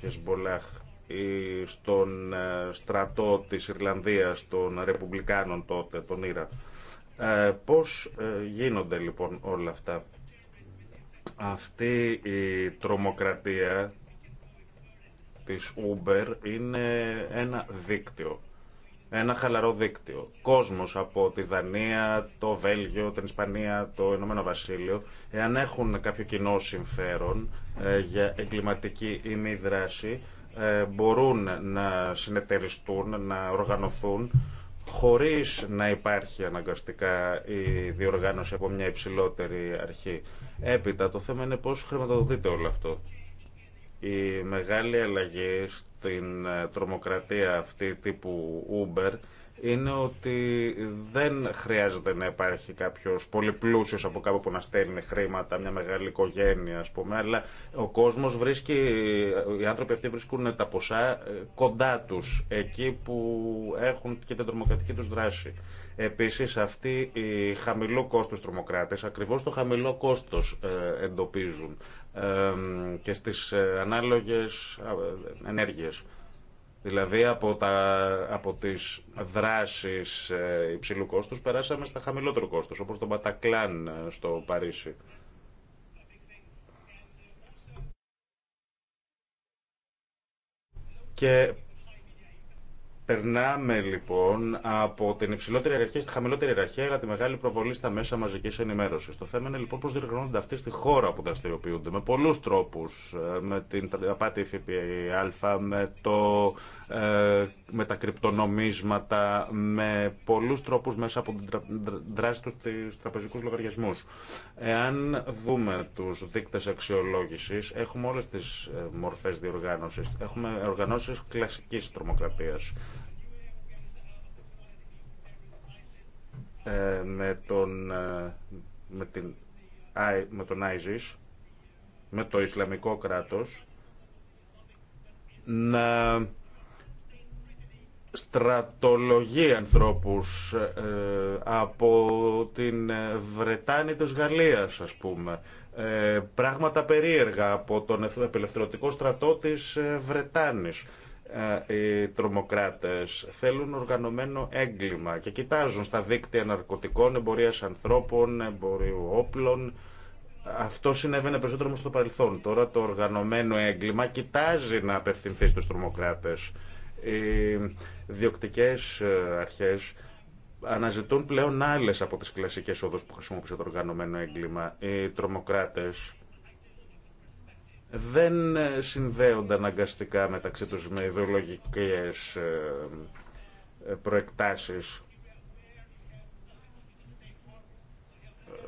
Χεσμπολάχ ή στον ε, στρατό της Ιρλανδίας των Ρεπουμπλικάνων τότε, τον Ήρα. Ε, πώς γίνονται λοιπόν όλα αυτά. Αυτή η τρομοκρατία της Uber είναι ένα δίκτυο. Ένα χαλαρό δίκτυο. Κόσμος από τη Δανία, το Βέλγιο, την Ισπανία, το Ηνωμένο Βασίλειο, εάν έχουν κάποιο κοινό συμφέρον ε, για εγκληματική ή μη δράση, ε, μπορούν να συνεταιριστούν, να οργανωθούν χωρίς να υπάρχει αναγκαστικά η διοργάνωση από μια υψηλότερη αρχή. Έπειτα το θέμα είναι πώς χρηματοδοτείται όλο αυτό. Η μεγάλη αλλαγή στην ε, τρομοκρατία αυτή τύπου Uber είναι ότι δεν χρειάζεται να υπάρχει κάποιο πολύ πλούσιο από κάπου που να στέλνει χρήματα, μια μεγάλη οικογένεια, α πούμε, αλλά ο κόσμο βρίσκει, οι άνθρωποι αυτοί βρίσκουν τα ποσά ε, κοντά του, εκεί που έχουν και την τρομοκρατική του δράση. Επίση, αυτοί οι χαμηλό κόστο τρομοκράτε, ακριβώ το χαμηλό κόστο ε, εντοπίζουν ε, και στι ανάλογε ενέργειε. Δηλαδή από, τα, από τις δράσεις ε, υψηλού κόστους περάσαμε στα χαμηλότερο κόστος, όπως το Μπατακλάν ε, στο Παρίσι. Και Περνάμε λοιπόν από την υψηλότερη ιεραρχία στη χαμηλότερη ιεραρχία, για τη μεγάλη προβολή στα μέσα μαζική ενημέρωση. Το θέμα είναι λοιπόν πώ διεργανώνονται αυτοί στη χώρα που δραστηριοποιούνται. Με πολλού τρόπου. Ε, με την απάτη ΦΠΑ, με, το, ε, με τα κρυπτονομίσματα, με πολλού τρόπου μέσα από την δράση του στου τραπεζικού λογαριασμού. Εάν δούμε του δείκτε αξιολόγηση, έχουμε όλε τι ε, μορφέ διοργάνωση. Έχουμε οργανώσει κλασική τρομοκρατία Ε, με τον, ε, με, την, με με το Ισλαμικό κράτος, να στρατολογεί ανθρώπους ε, από την Βρετάνη της Γαλλίας, ας πούμε. πράγματα περίεργα από τον απελευθερωτικό στρατό της Βρετάνης. Ε, οι τρομοκράτες θέλουν οργανωμένο έγκλημα και κοιτάζουν στα δίκτυα ναρκωτικών, εμπορίας ανθρώπων, εμπορίου όπλων. Αυτό συνέβαινε περισσότερο στο παρελθόν. Τώρα το οργανωμένο έγκλημα κοιτάζει να απευθυνθεί στους τρομοκράτες. Οι διοκτικές ε, αρχές αναζητούν πλέον άλλες από τις κλασικές όδους που χρησιμοποιούσε το οργανωμένο έγκλημα. Οι τρομοκράτες δεν ε, συνδέονται αναγκαστικά μεταξύ τους με ιδεολογικές ε, ε, προεκτάσεις.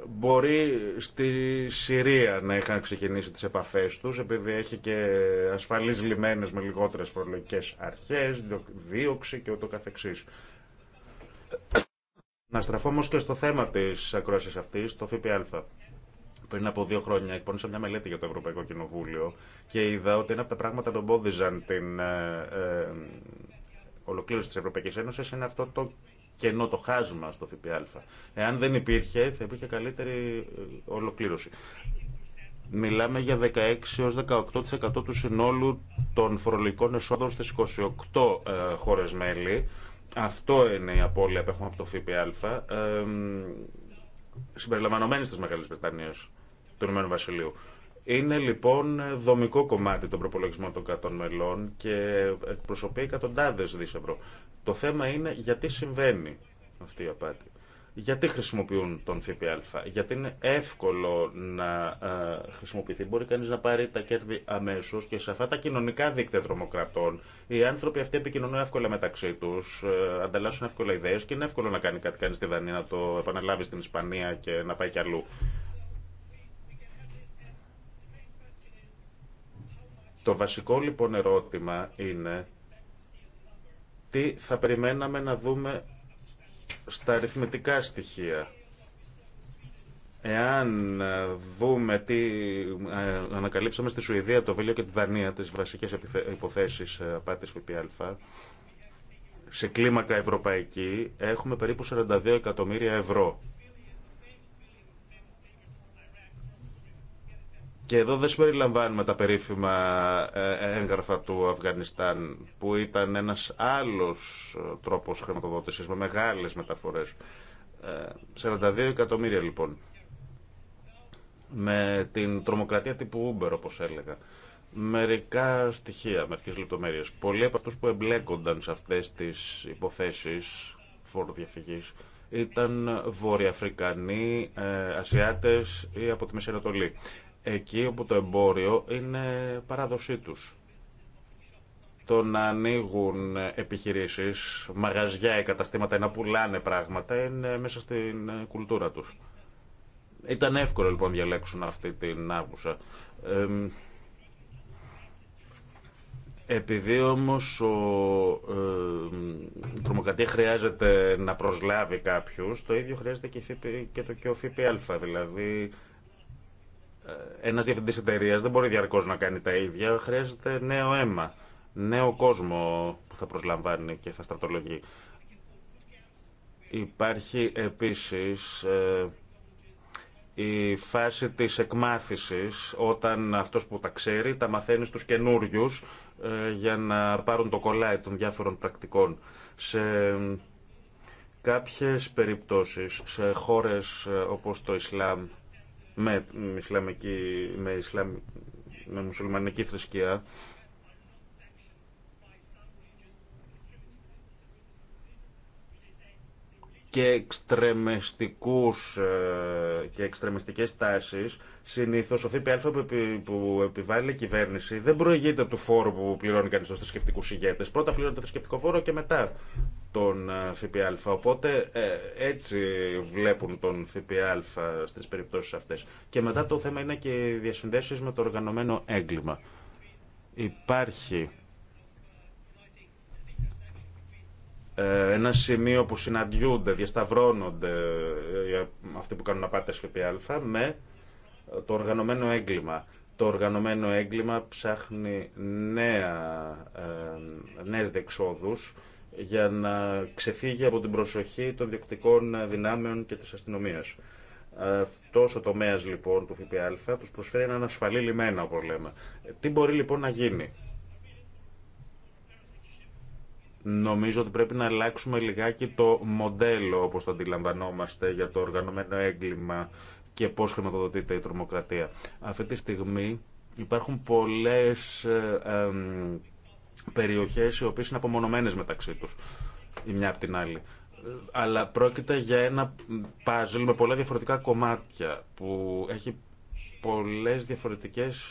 Μπορεί στη Συρία να είχαν ξεκινήσει τις επαφές τους, επειδή έχει και ασφαλείς λιμένες με λιγότερες φορολογικές αρχές, δίωξη και ούτω καθεξής. Να στραφώ όμως και στο θέμα της ακρόασης αυτής, το ΦΠΑ πριν από δύο χρόνια εκπώνησα μια μελέτη για το Ευρωπαϊκό Κοινοβούλιο και είδα ότι ένα από τα πράγματα που εμπόδιζαν την ε, ε, ολοκλήρωση τη Ευρωπαϊκή Ένωση, είναι αυτό το κενό, το χάσμα στο ΦΠΑ. Εάν δεν υπήρχε, θα υπήρχε καλύτερη ε, ολοκλήρωση. Μιλάμε για 16 έως 18% του συνόλου των φορολογικών εσόδων στις 28 ε, χώρες μέλη. Αυτό είναι η απώλεια που έχουμε από το ΦΠΑ, ε, συμπεριλαμβανομένη στις Βρετανίες του Ηνωμένου Βασιλείου. Είναι λοιπόν δομικό κομμάτι των προπολογισμών των κρατών μελών και εκπροσωπεί εκατοντάδε δισευρώ. ευρώ. Το θέμα είναι γιατί συμβαίνει αυτή η απάτη. Γιατί χρησιμοποιούν τον ΦΠΑ, γιατί είναι εύκολο να ε, χρησιμοποιηθεί. Μπορεί κανεί να πάρει τα κέρδη αμέσω και σε αυτά τα κοινωνικά δίκτυα τρομοκρατών οι άνθρωποι αυτοί επικοινωνούν εύκολα μεταξύ του, ε, ανταλλάσσουν εύκολα ιδέε και είναι εύκολο να κάνει κάτι κανεί στη Δανία, να το επαναλάβει στην Ισπανία και να πάει κι αλλού. Το βασικό λοιπόν ερώτημα είναι τι θα περιμέναμε να δούμε στα αριθμητικά στοιχεία. Εάν ε, δούμε τι ε, ανακαλύψαμε στη Σουηδία, το Βέλιο και τη Δανία, τις βασικές υποθέσεις ε, απάτης ΦΠΑ, σε κλίμακα ευρωπαϊκή έχουμε περίπου 42 εκατομμύρια ευρώ Και εδώ δεν συμπεριλαμβάνουμε τα περίφημα ε, έγγραφα του Αφγανιστάν, που ήταν ένας άλλος ε, τρόπος χρηματοδότησης, με μεγάλες μεταφορές. 42 ε, εκατομμύρια λοιπόν. Με την τρομοκρατία τύπου Uber, όπως έλεγα. Μερικά στοιχεία, μερικές λεπτομέρειες. Πολλοί από αυτούς που εμπλέκονταν σε αυτές τις υποθέσεις διαφυγής ήταν Βορειοαφρικανοί, Ασιάτες ή από τη Μέση εκεί όπου το εμπόριο είναι παράδοσή τους. Το να ανοίγουν επιχειρήσεις, μαγαζιά ή καταστήματα ή να πουλάνε πράγματα είναι μέσα στην ε, κουλτούρα τους. Ήταν εύκολο λοιπόν να διαλέξουν αυτή την άγουσα. Επειδή όμως ο, η χρειάζεται να προσλάβει κάποιους, το ίδιο χρειάζεται και, το και ο ΦΠΑ, δηλαδή ε, ένας διευθυντής εταιρεία δεν μπορεί διαρκώς να κάνει τα ίδια, χρειάζεται νέο αίμα, νέο κόσμο που θα προσλαμβάνει και θα στρατολογεί. Υπάρχει επίσης ε, η φάση της εκμάθησης όταν αυτός που τα ξέρει τα μαθαίνει στους καινούριου ε, για να πάρουν το κολλάι των διάφορων πρακτικών. Σε κάποιες περιπτώσεις, σε χώρες όπως το Ισλάμ με, με, Ισλαμ, με μουσουλμανική θρησκεία και εξτρεμιστικούς ε, και εξτρεμιστικές τάσεις συνήθως ο ΦΠΑ που επιβάλλει η κυβέρνηση δεν προηγείται του φόρου που πληρώνει κανείς στους θρησκευτικούς ηγέτες πρώτα πληρώνεται το θρησκευτικό φόρο και μετά τον ε, ΦΠΑ. Οπότε ε, έτσι βλέπουν τον ΦΠΑ στις περιπτώσεις αυτές. Και μετά το θέμα είναι και οι διασυνδέσεις με το οργανωμένο έγκλημα. Υπάρχει ε, ένα σημείο που συναντιούνται, διασταυρώνονται αυτοί που κάνουν απάτες ΦΠΑ με το οργανωμένο έγκλημα. Το οργανωμένο έγκλημα ψάχνει νέα, νέες δεξόδους για να ξεφύγει από την προσοχή των διοκτικών δυνάμεων και της αστυνομίας. Αυτό ο τομέα λοιπόν του ΦΠΑ του προσφέρει έναν ασφαλή λιμένα, όπω λέμε. Τι μπορεί λοιπόν να γίνει, Νομίζω ότι πρέπει να αλλάξουμε λιγάκι το μοντέλο όπως το αντιλαμβανόμαστε για το οργανωμένο έγκλημα και πώ χρηματοδοτείται η τρομοκρατία. Αυτή τη στιγμή υπάρχουν πολλέ ε, ε περιοχές οι οποίες είναι απομονωμένες μεταξύ τους η μια από την άλλη. Αλλά πρόκειται για ένα παζλ με πολλά διαφορετικά κομμάτια που έχει πολλές διαφορετικές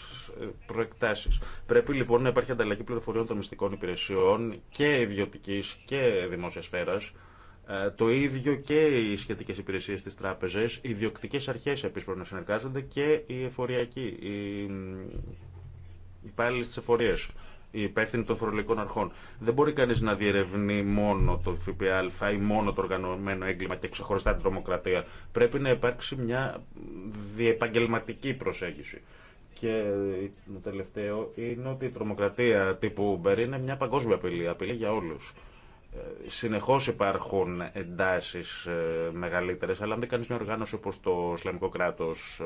ε, προεκτάσεις. Πρέπει λοιπόν να υπάρχει ανταλλαγή πληροφοριών των μυστικών υπηρεσιών και ιδιωτική και δημόσια σφαίρα. Ε, το ίδιο και οι σχετικέ υπηρεσίε τη τράπεζα, οι ιδιοκτικέ αρχέ επίση πρέπει να συνεργάζονται και οι εφοριακοί, οι υπάλληλοι τη οι υπεύθυνοι των φορολογικών αρχών. Δεν μπορεί κανεί να διερευνεί μόνο το ΦΠΑ ή μόνο το οργανωμένο έγκλημα και ξεχωριστά την τρομοκρατία. Πρέπει να υπάρξει μια διεπαγγελματική προσέγγιση. Και το τελευταίο είναι ότι η τρομοκρατία τύπου Uber είναι μια παγκόσμια απειλή, απειλή για όλου. Ε, Συνεχώ υπάρχουν εντάσει ε, μεγαλύτερε, αλλά αν δεν κάνει μια οργάνωση όπω το Ισλαμικό κράτο ε,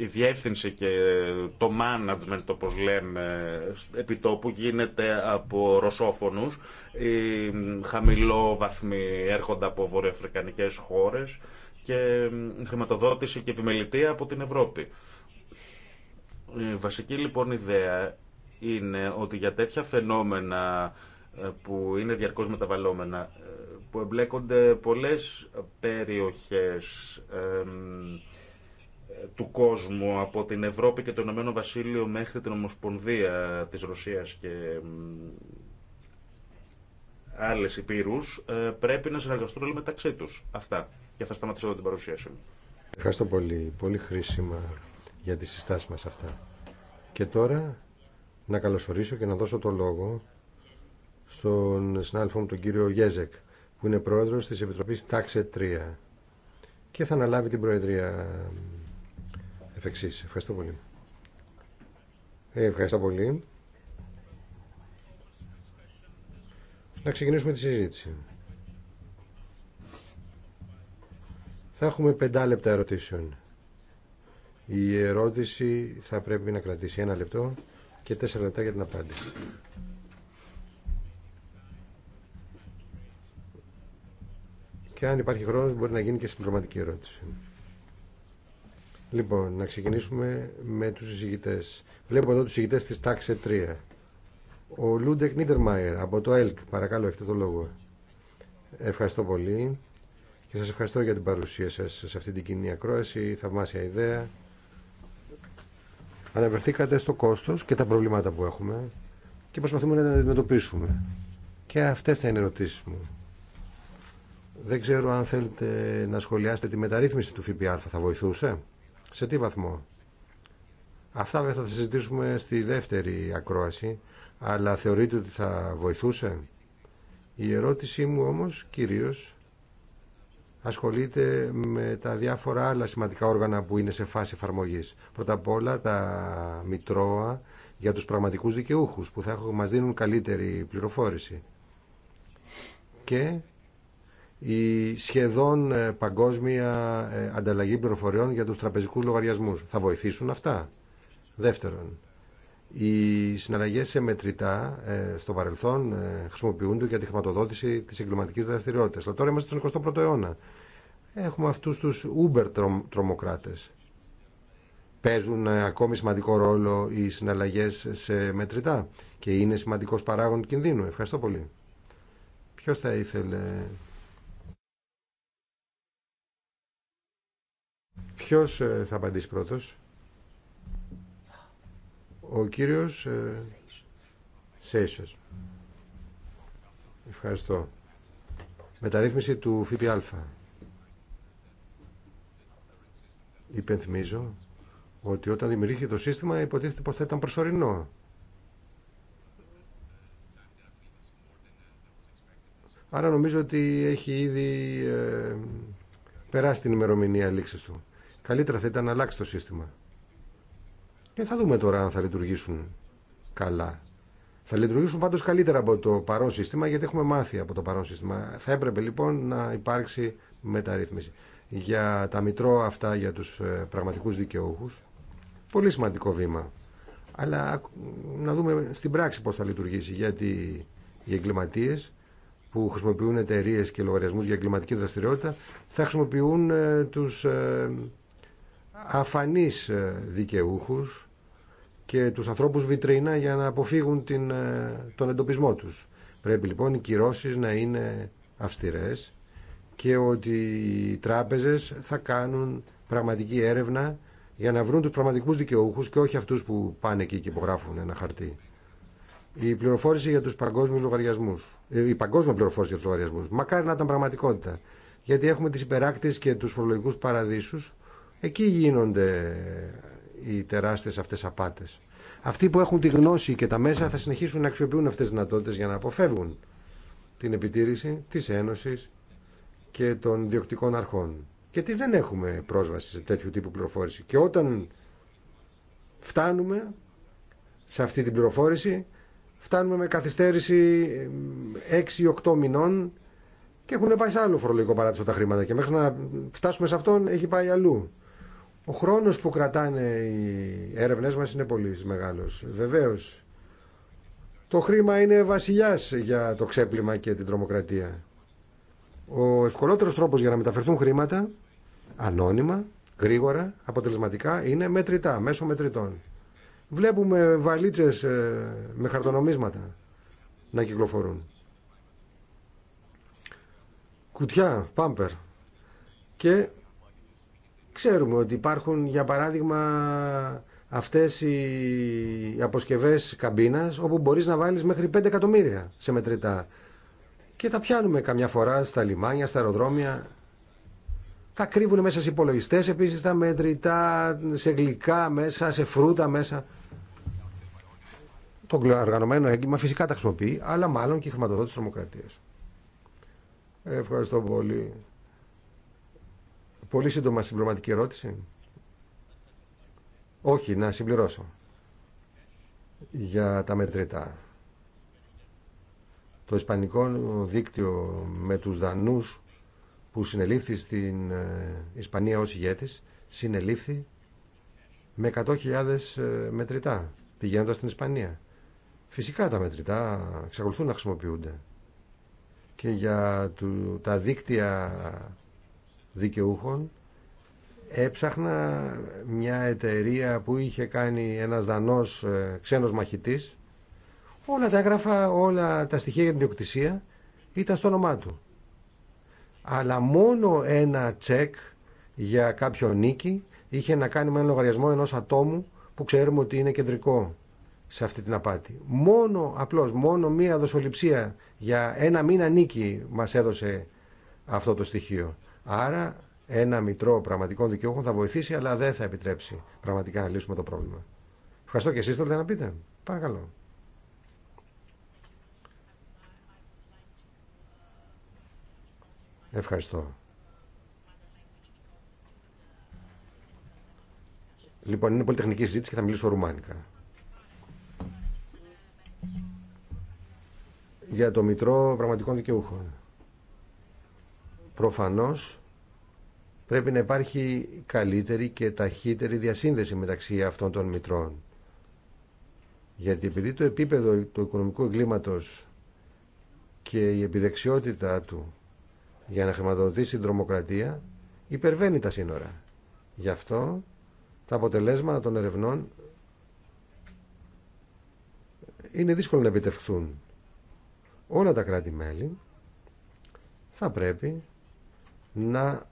η διεύθυνση και το management, όπω λέμε, επιτόπου γίνεται από ρωσόφωνους. Οι χαμηλόβαθμοι έρχονται από βορειοαφρικανικέ χώρες και χρηματοδότηση και επιμελητία από την Ευρώπη. Η βασική λοιπόν ιδέα είναι ότι για τέτοια φαινόμενα ε, που είναι διαρκώς μεταβαλλόμενα, ε, που εμπλέκονται πολλές περιοχές, ε, του κόσμου από την Ευρώπη και το Ηνωμένο Βασίλειο μέχρι την Ομοσπονδία της Ρωσίας και άλλες υπήρους ε, πρέπει να συνεργαστούν όλοι μεταξύ τους. Αυτά. Και θα σταματήσω εδώ την παρουσίαση μου. Ευχαριστώ πολύ. Πολύ χρήσιμα για τις συστάσεις μας αυτά. Και τώρα να καλωσορίσω και να δώσω το λόγο στον συνάδελφο μου τον κύριο Γέζεκ που είναι πρόεδρος της Επιτροπής Τάξε 3 και θα αναλάβει την Προεδρία Ευχαριστώ πολύ. Ε, ευχαριστώ πολύ. Να ξεκινήσουμε τη συζήτηση. Θα έχουμε πεντά λεπτά ερωτήσεων. Η ερώτηση θα πρέπει να κρατήσει ένα λεπτό και τέσσερα λεπτά για την απάντηση. Και αν υπάρχει χρόνος μπορεί να γίνει και συμπληρωματική ερώτηση. Λοιπόν, να ξεκινήσουμε με τους συζητητές. Βλέπω εδώ τους συζητητές της τάξη 3. Ο Λούντεκ Νίτερμαϊερ από το ΕΛΚ. Παρακαλώ, έχετε το λόγο. Ευχαριστώ πολύ και σας ευχαριστώ για την παρουσία σας σε αυτή την κοινή ακρόαση, θαυμάσια ιδέα. Αναβερθήκατε στο κόστος και τα προβλήματα που έχουμε και προσπαθούμε να τα αντιμετωπίσουμε. Και αυτές θα είναι ερωτήσεις μου. Δεν ξέρω αν θέλετε να σχολιάσετε τη μεταρρύθμιση του ΦΠΑ, θα βοηθούσε. Σε τι βαθμό. Αυτά βέβαια θα συζητήσουμε στη δεύτερη ακρόαση, αλλά θεωρείτε ότι θα βοηθούσε. Η ερώτησή μου όμως κυρίως ασχολείται με τα διάφορα άλλα σημαντικά όργανα που είναι σε φάση εφαρμογή. Πρώτα απ' όλα τα μητρώα για τους πραγματικούς δικαιούχους που θα έχουν, μας δίνουν καλύτερη πληροφόρηση. Και η σχεδόν ε, παγκόσμια ε, ανταλλαγή πληροφοριών για τους τραπεζικούς λογαριασμούς. Θα βοηθήσουν αυτά. Δεύτερον, οι συναλλαγές σε μετρητά ε, στο παρελθόν χρησιμοποιούνται για τη χρηματοδότηση της εγκληματικής δραστηριότητας. Αλλά τώρα είμαστε στον 21ο αιώνα. Έχουμε αυτούς τους Uber τρομοκράτες. Παίζουν ακόμη σημαντικό ρόλο οι συναλλαγές σε μετρητά και είναι σημαντικός παράγον κινδύνου. Ευχαριστώ πολύ. Ποιος θα ήθελε Ποιος ε, θα απαντήσει πρώτος. Ο κύριος ε, Σέισος. Ευχαριστώ. Μεταρρύθμιση του ΦΠΑ. Υπενθυμίζω ότι όταν δημιουργήθηκε το σύστημα υποτίθεται πως θα ήταν προσωρινό. Άρα νομίζω ότι έχει ήδη ε, περάσει την ημερομηνία λήξης του. Καλύτερα θα ήταν να αλλάξει το σύστημα. Και θα δούμε τώρα αν θα λειτουργήσουν καλά. Θα λειτουργήσουν πάντως καλύτερα από το παρόν σύστημα γιατί έχουμε μάθει από το παρόν σύστημα. Θα έπρεπε λοιπόν να υπάρξει μεταρρύθμιση. Για τα μητρώα αυτά, για τους ε, πραγματικούς δικαιούχους, πολύ σημαντικό βήμα. Αλλά να δούμε στην πράξη πώς θα λειτουργήσει γιατί οι εγκληματίε που χρησιμοποιούν εταιρείε και λογαριασμούς για εγκληματική δραστηριότητα θα χρησιμοποιούν ε, τους ε, αφανείς ε, δικαιούχους και τους ανθρώπους βιτρίνα για να αποφύγουν την, ε, τον εντοπισμό τους. Πρέπει λοιπόν οι κυρώσεις να είναι αυστηρές και ότι οι τράπεζες θα κάνουν πραγματική έρευνα για να βρουν τους πραγματικούς δικαιούχους και όχι αυτούς που πάνε εκεί και υπογράφουν ένα χαρτί. Η πληροφόρηση για τους παγκόσμιους λογαριασμούς, ε, η παγκόσμια πληροφόρηση για τους λογαριασμούς, μακάρι να ήταν πραγματικότητα. Γιατί έχουμε τις υπεράκτης και τους φορολογικούς παραδείσους Εκεί γίνονται οι τεράστιες αυτές απάτες. Αυτοί που έχουν τη γνώση και τα μέσα θα συνεχίσουν να αξιοποιούν αυτές τις δυνατότητες για να αποφεύγουν την επιτήρηση της Ένωσης και των διοκτικών αρχών. Γιατί δεν έχουμε πρόσβαση σε τέτοιου τύπου πληροφόρηση. Και όταν φτάνουμε σε αυτή την πληροφόρηση, φτάνουμε με καθυστέρηση 6-8 ε, μηνών και έχουν πάει σε άλλο φορολογικό παράδεισο τα χρήματα. Και μέχρι να φτάσουμε σε αυτόν έχει πάει αλλού. Ο χρόνος που κρατάνε οι έρευνές μας είναι πολύ μεγάλος. Βεβαίως, το χρήμα είναι βασιλιάς για το ξέπλυμα και την τρομοκρατία. Ο ευκολότερος τρόπος για να μεταφερθούν χρήματα, ανώνυμα, γρήγορα, αποτελεσματικά, είναι μετρητά, μέσω μετρητών. Βλέπουμε βαλίτσες ε, με χαρτονομίσματα να κυκλοφορούν. Κουτιά, πάμπερ. Και Ξέρουμε ότι υπάρχουν για παράδειγμα αυτές οι αποσκευές καμπίνας όπου μπορείς να βάλεις μέχρι 5 εκατομμύρια σε μετρητά. Και τα πιάνουμε καμιά φορά στα λιμάνια, στα αεροδρόμια. Τα κρύβουν μέσα σε υπολογιστέ επίση, τα μετρητά, σε γλυκά μέσα, σε φρούτα μέσα. Το οργανωμένο έγκλημα φυσικά τα χρησιμοποιεί, αλλά μάλλον και η χρηματοδότηση τη Ευχαριστώ πολύ. Πολύ σύντομα συμπληρωματική ερώτηση. Όχι, να συμπληρώσω. Για τα μετρητά. Το ισπανικό δίκτυο με τους Δανούς που συνελήφθη στην ε, Ισπανία ως ηγέτης, συνελήφθη με 100.000 ε, μετρητά πηγαίνοντας στην Ισπανία. Φυσικά τα μετρητά εξακολουθούν να χρησιμοποιούνται. Και για τα δίκτυα δικαιούχων έψαχνα μια εταιρεία που είχε κάνει ένας δανός ε, ξένος μαχητής όλα τα έγραφα, όλα τα στοιχεία για την διοκτησία ήταν στο όνομά του αλλά μόνο ένα τσεκ για κάποιο νίκη είχε να κάνει με ένα λογαριασμό ενός ατόμου που ξέρουμε ότι είναι κεντρικό σε αυτή την απάτη. Μόνο απλώς, μόνο μία δοσοληψία για ένα μήνα νίκη μας έδωσε αυτό το στοιχείο. Άρα ένα μητρό πραγματικών δικαιούχων θα βοηθήσει, αλλά δεν θα επιτρέψει πραγματικά να λύσουμε το πρόβλημα. Ευχαριστώ και εσείς θέλετε να πείτε. Παρακαλώ. Ευχαριστώ. Λοιπόν, είναι πολυτεχνική συζήτηση και θα μιλήσω ρουμάνικα. Για το Μητρό Πραγματικών Δικαιούχων. Προφανώς πρέπει να υπάρχει καλύτερη και ταχύτερη διασύνδεση μεταξύ αυτών των μητρών. Γιατί επειδή το επίπεδο του οικονομικού εγκλήματος και η επιδεξιότητά του για να χρηματοδοτήσει την τρομοκρατία υπερβαίνει τα σύνορα. Γι' αυτό τα αποτελέσματα των ερευνών είναι δύσκολο να επιτευχθούν. Όλα τα κράτη-μέλη θα πρέπει να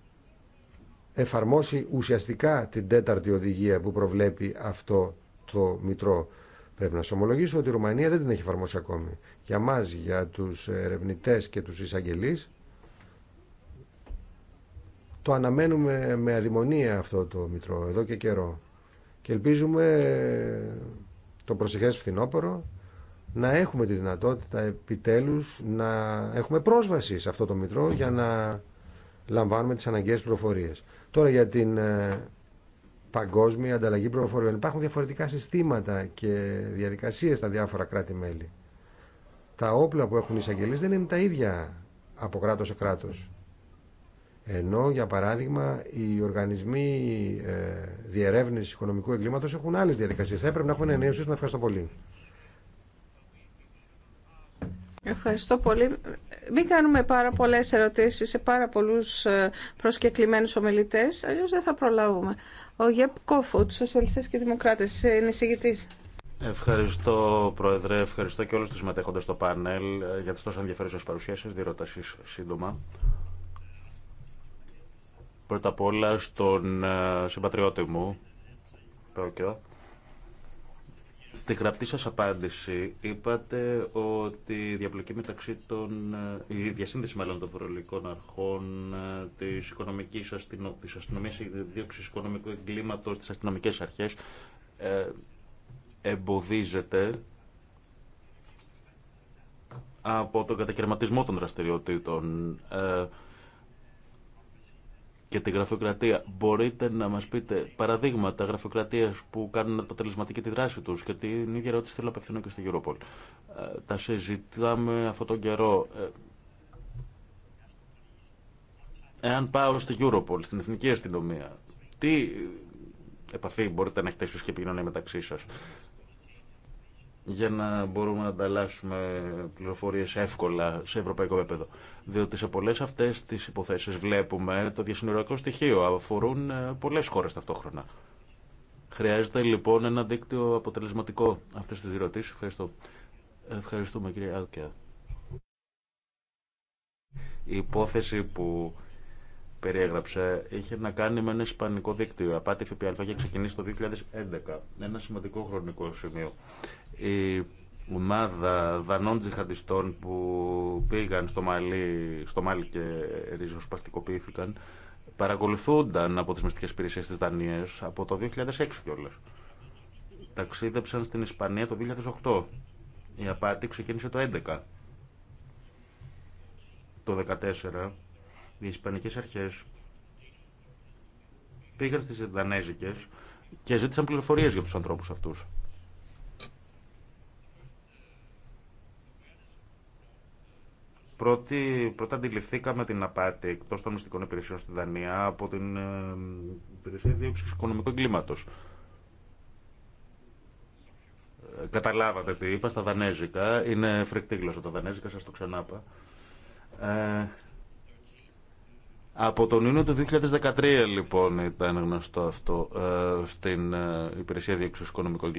εφαρμόσει ουσιαστικά την τέταρτη οδηγία που προβλέπει αυτό το Μητρό. Πρέπει να σα ομολογήσω ότι η Ρουμανία δεν την έχει εφαρμόσει ακόμη. Για εμά, για του ερευνητέ και του εισαγγελεί, το αναμένουμε με αδημονία αυτό το Μητρό εδώ και καιρό. Και ελπίζουμε το προσεχές φθινόπωρο να έχουμε τη δυνατότητα επιτέλους να έχουμε πρόσβαση σε αυτό το Μητρό για να λαμβάνουμε τις αναγκαίες πληροφορίες. Τώρα για την ε, παγκόσμια ανταλλαγή πληροφοριών. Υπάρχουν διαφορετικά συστήματα και διαδικασίες στα διάφορα κράτη-μέλη. Τα όπλα που έχουν οι δεν είναι τα ίδια από κράτος σε κράτος. Ενώ, για παράδειγμα, οι οργανισμοί ε, διερεύνηση οικονομικού εγκλήματος έχουν άλλες διαδικασίες. Θα έπρεπε να έχουμε ένα νέο σύστημα. Ευχαριστώ πολύ. Ευχαριστώ πολύ. Μην κάνουμε πάρα πολλές ερωτήσεις σε πάρα πολλούς ε, προσκεκλημένους ομιλητές, αλλιώς δεν θα προλάβουμε. Ο Γεπ Κόφουτ, Σοσιαλιστές και Δημοκράτες, είναι εισηγητής. Ευχαριστώ, Πρόεδρε. Ευχαριστώ και όλους τους συμμετέχοντες στο πάνελ ε, για τις τόσο ενδιαφέρουσες παρουσιάσεις. Δύο σύντομα. Πρώτα απ' όλα στον ε, συμπατριώτη μου, Πρόκειο, Στη γραπτή σας απάντηση είπατε ότι η διαπλοκή μεταξύ των, ε, η διασύνδεση μάλλον των φορολογικών αρχών, ε, της οικονομικής αστυνο, της αστυνομίας, η δίωξη οικονομικού εγκλήματος, τις αστυνομικές αρχές, ε, εμποδίζεται από τον κατακαιρματισμό των δραστηριοτήτων. Ε, και τη γραφειοκρατία. Μπορείτε να μα πείτε παραδείγματα γραφειοκρατία που κάνουν αποτελεσματική τη δράση του και την ίδια ερώτηση θέλω να απευθύνω και στη Europol. Ε, τα συζητάμε αυτόν τον καιρό. Ε, εάν πάω στη Europol, στην Εθνική Αστυνομία, τι επαφή μπορείτε να έχετε εσεί και επικοινωνία μεταξύ σα για να μπορούμε να ανταλλάσσουμε πληροφορίες εύκολα σε ευρωπαϊκό επίπεδο. Διότι σε πολλές αυτές τις υποθέσεις βλέπουμε το διασυνοριακό στοιχείο αφορούν ε, πολλές χώρες ταυτόχρονα. Χρειάζεται λοιπόν ένα δίκτυο αποτελεσματικό αυτές τις ερωτήσεις. Ευχαριστώ. Ευχαριστούμε κύριε Άλκια. Η υπόθεση που περιέγραψε είχε να κάνει με ένα ισπανικό δίκτυο. Η απάτη ΦΠΑ είχε ξεκινήσει το 2011. Ένα σημαντικό χρονικό σημείο. Η ομάδα δανών τζιχαντιστών που πήγαν στο Μαλί, στο Μαλί και ριζοσπαστικοποιήθηκαν παρακολουθούνταν από τις μυστικές υπηρεσίες της Δανίας από το 2006 κιόλας. Ταξίδεψαν στην Ισπανία το 2008. Η απάτη ξεκίνησε το 2011. Το 2014 οι Ισπανικές αρχές πήγαν στις Δανέζικες και ζήτησαν πληροφορίες για τους ανθρώπους αυτούς. Πρώτη, πρώτα αντιληφθήκαμε την απάτη εκτό των μυστικών υπηρεσιών στη Δανία από την ε, Υπηρεσία Δίωξη Οικονομικού Εγκλήματο. Ε, καταλάβατε τι είπα στα Δανέζικα. Είναι φρικτή γλώσσα τα Δανέζικα, σα το ξανάπα. Ε, από τον Ιούνιο του 2013 λοιπόν ήταν γνωστό αυτό ε, στην ε, Υπηρεσία Διεξουσίου Οικονομικού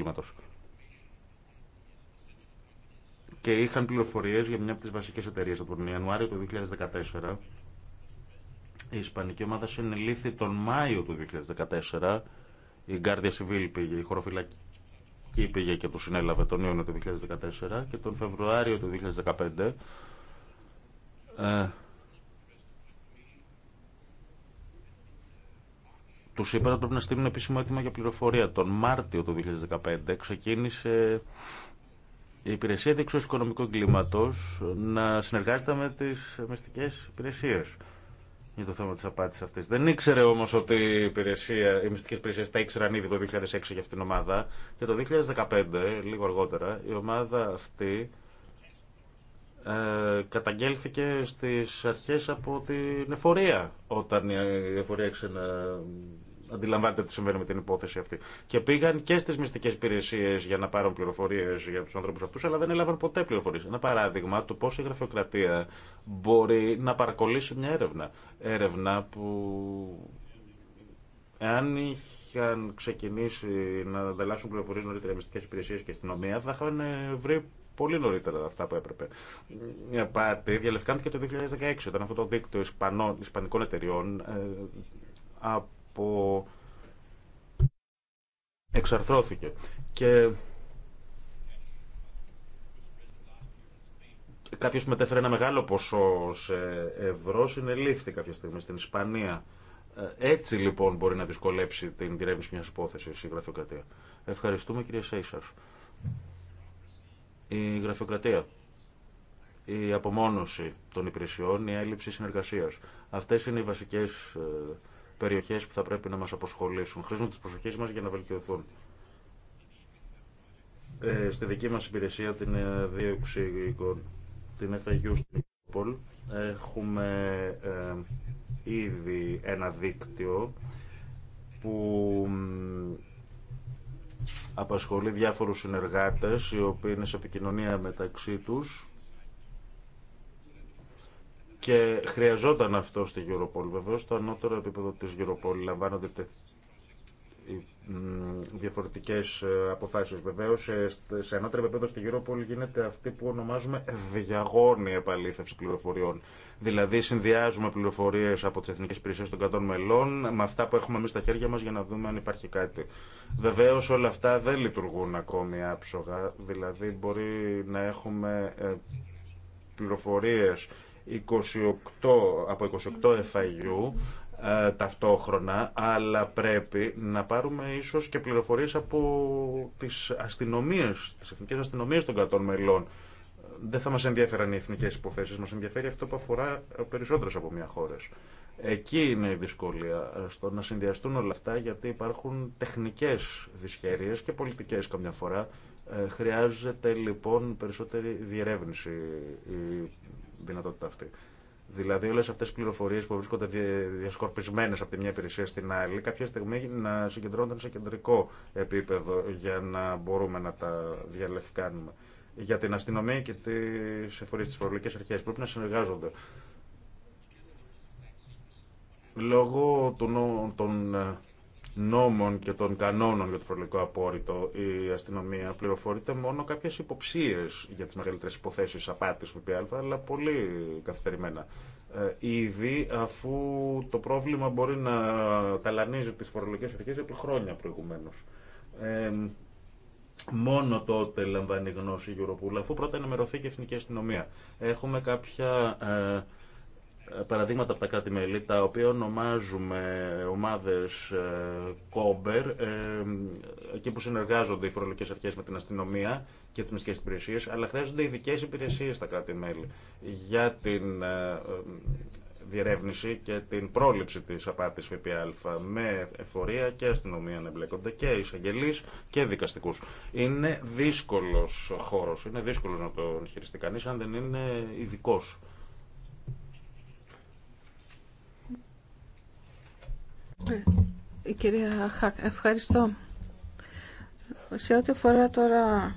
Και είχαν πληροφορίες για μια από τις βασικές εταιρείες από τον Ιανουάριο του 2014. Η Ισπανική ομάδα συνελήφθη τον Μάιο του 2014. Η Guardia Civil πήγε, η χωροφυλακή πήγε και του συνέλαβε τον Ιούνιο του 2014 και τον Φεβρουάριο του 2015 Του είπα ότι πρέπει να στείλουν επίσημο αίτημα για πληροφορία. Τον Μάρτιο του 2015 ξεκίνησε η Υπηρεσία Διεξούς Οικονομικού Κλίματος να συνεργάζεται με τι μυστικέ υπηρεσίε για το θέμα τη απάτης αυτή. Δεν ήξερε όμω ότι η υπηρεσία, οι μυστικέ υπηρεσίες τα ήξεραν ήδη το 2006 για αυτήν την ομάδα και το 2015, λίγο αργότερα, η ομάδα αυτή ε, καταγγέλθηκε στις αρχές από την εφορία όταν η εφορία έξερε να αντιλαμβάνετε τι συμβαίνει με την υπόθεση αυτή. Και πήγαν και στι μυστικέ υπηρεσίε για να πάρουν πληροφορίε για του ανθρώπου αυτού, αλλά δεν έλαβαν ποτέ πληροφορίε. Ένα παράδειγμα του πώ η γραφειοκρατία μπορεί να παρακολύσει μια έρευνα. Έρευνα που αν είχαν ξεκινήσει να ανταλλάσσουν πληροφορίε νωρίτερα μυστικέ υπηρεσίε και αστυνομία, θα είχαν βρει πολύ νωρίτερα αυτά που έπρεπε. Η απάτη διαλευκάνθηκε το 2016, όταν αυτό το δίκτυο Ισπανικών εταιριών ε, που εξαρθρώθηκε. Και κάποιος που μετέφερε ένα μεγάλο ποσό σε ευρώ συνελήφθη κάποια στιγμή στην Ισπανία. Ε, έτσι λοιπόν μπορεί να δυσκολέψει την διερεύνηση μιας υπόθεσης η γραφειοκρατία. Ευχαριστούμε κύριε Σέισαρ. Η γραφειοκρατία, η απομόνωση των υπηρεσιών, η έλλειψη συνεργασίας. Αυτές είναι οι βασικές ε, Περιοχέ που θα πρέπει να μα αποσχολήσουν. Χρήζουν τι προσοχέ μα για να βελτιωθούν. Ε, στη δική μα υπηρεσία την ε, την FAU στην Πολ, έχουμε ε, ήδη ένα δίκτυο που απασχολεί διάφορους συνεργάτες οι οποίοι είναι σε επικοινωνία μεταξύ τους και χρειαζόταν αυτό στη Europol. Βεβαίω, στο ανώτερο επίπεδο τη Europol λαμβάνονται διαφορετικέ ε, αποφάσει. Βεβαίω, ε, σε ανώτερο επίπεδο στη Europol γίνεται αυτή που ονομάζουμε διαγώνη επαλήθευση πληροφοριών. Δηλαδή, συνδυάζουμε πληροφορίε από τι εθνικέ υπηρεσίε των κρατών μελών με αυτά που έχουμε εμεί στα χέρια μα για να δούμε αν υπάρχει κάτι. Βεβαίω, όλα αυτά δεν λειτουργούν ακόμη άψογα. Δηλαδή, μπορεί να έχουμε ε, πληροφορίε 28, από 28 εφαγιού ταυτόχρονα, αλλά πρέπει να πάρουμε ίσως και πληροφορίες από τις αστυνομίες, τις εθνικές αστυνομίες των κρατών μελών. Δεν θα μας ενδιαφέραν οι εθνικές υποθέσεις, μας ενδιαφέρει αυτό που αφορά ε, περισσότερες από μια χώρες. Εκεί είναι η δυσκολία ε, στο να συνδυαστούν όλα αυτά γιατί υπάρχουν τεχνικές δυσχέρειες και πολιτικές καμιά φορά. Ε, χρειάζεται λοιπόν περισσότερη διερεύνηση η δυνατότητα αυτή. Δηλαδή, όλε αυτέ οι πληροφορίε που βρίσκονται διασκορπισμένε από τη μια υπηρεσία στην άλλη, κάποια στιγμή να συγκεντρώνονται σε κεντρικό επίπεδο για να μπορούμε να τα διαλευκάνουμε. Για την αστυνομία και τι εφορίε τη φορολογική αρχέ πρέπει να συνεργάζονται. Λόγω των ε, νόμων και των κανόνων για το φορολογικό απόρριτο η αστυνομία πληροφορείται μόνο κάποιες υποψίες για τις μεγαλύτερες υποθέσεις απάτης ΦΠΑ, αλλά πολύ καθυστερημένα. Ε, ήδη αφού το πρόβλημα μπορεί να ταλανίζει τις φορολογικές αρχές επί χρόνια προηγουμένως. Ε, Μόνο τότε λαμβάνει γνώση η Ευρωπούλα, αφού πρώτα ενημερωθεί και η Εθνική Αστυνομία. Έχουμε κάποια ε, παραδείγματα από τα κράτη-μέλη, τα οποία ονομάζουμε ομάδες ε, κόμπερ ε, εκεί που συνεργάζονται οι φορολογικές αρχές με την αστυνομία και τις μυστικές υπηρεσίες, αλλά χρειάζονται ειδικέ υπηρεσίες στα κράτη-μέλη για την ε, διερεύνηση και την πρόληψη της απάτης ΦΠΑ με εφορία και αστυνομία να εμπλέκονται και εισαγγελεί και δικαστικούς. Είναι δύσκολος χώρος, είναι δύσκολος να τον χειριστεί κανεί αν δεν είναι ειδικό Κυρία Χακ, ευχαριστώ. Σε ό,τι αφορά τώρα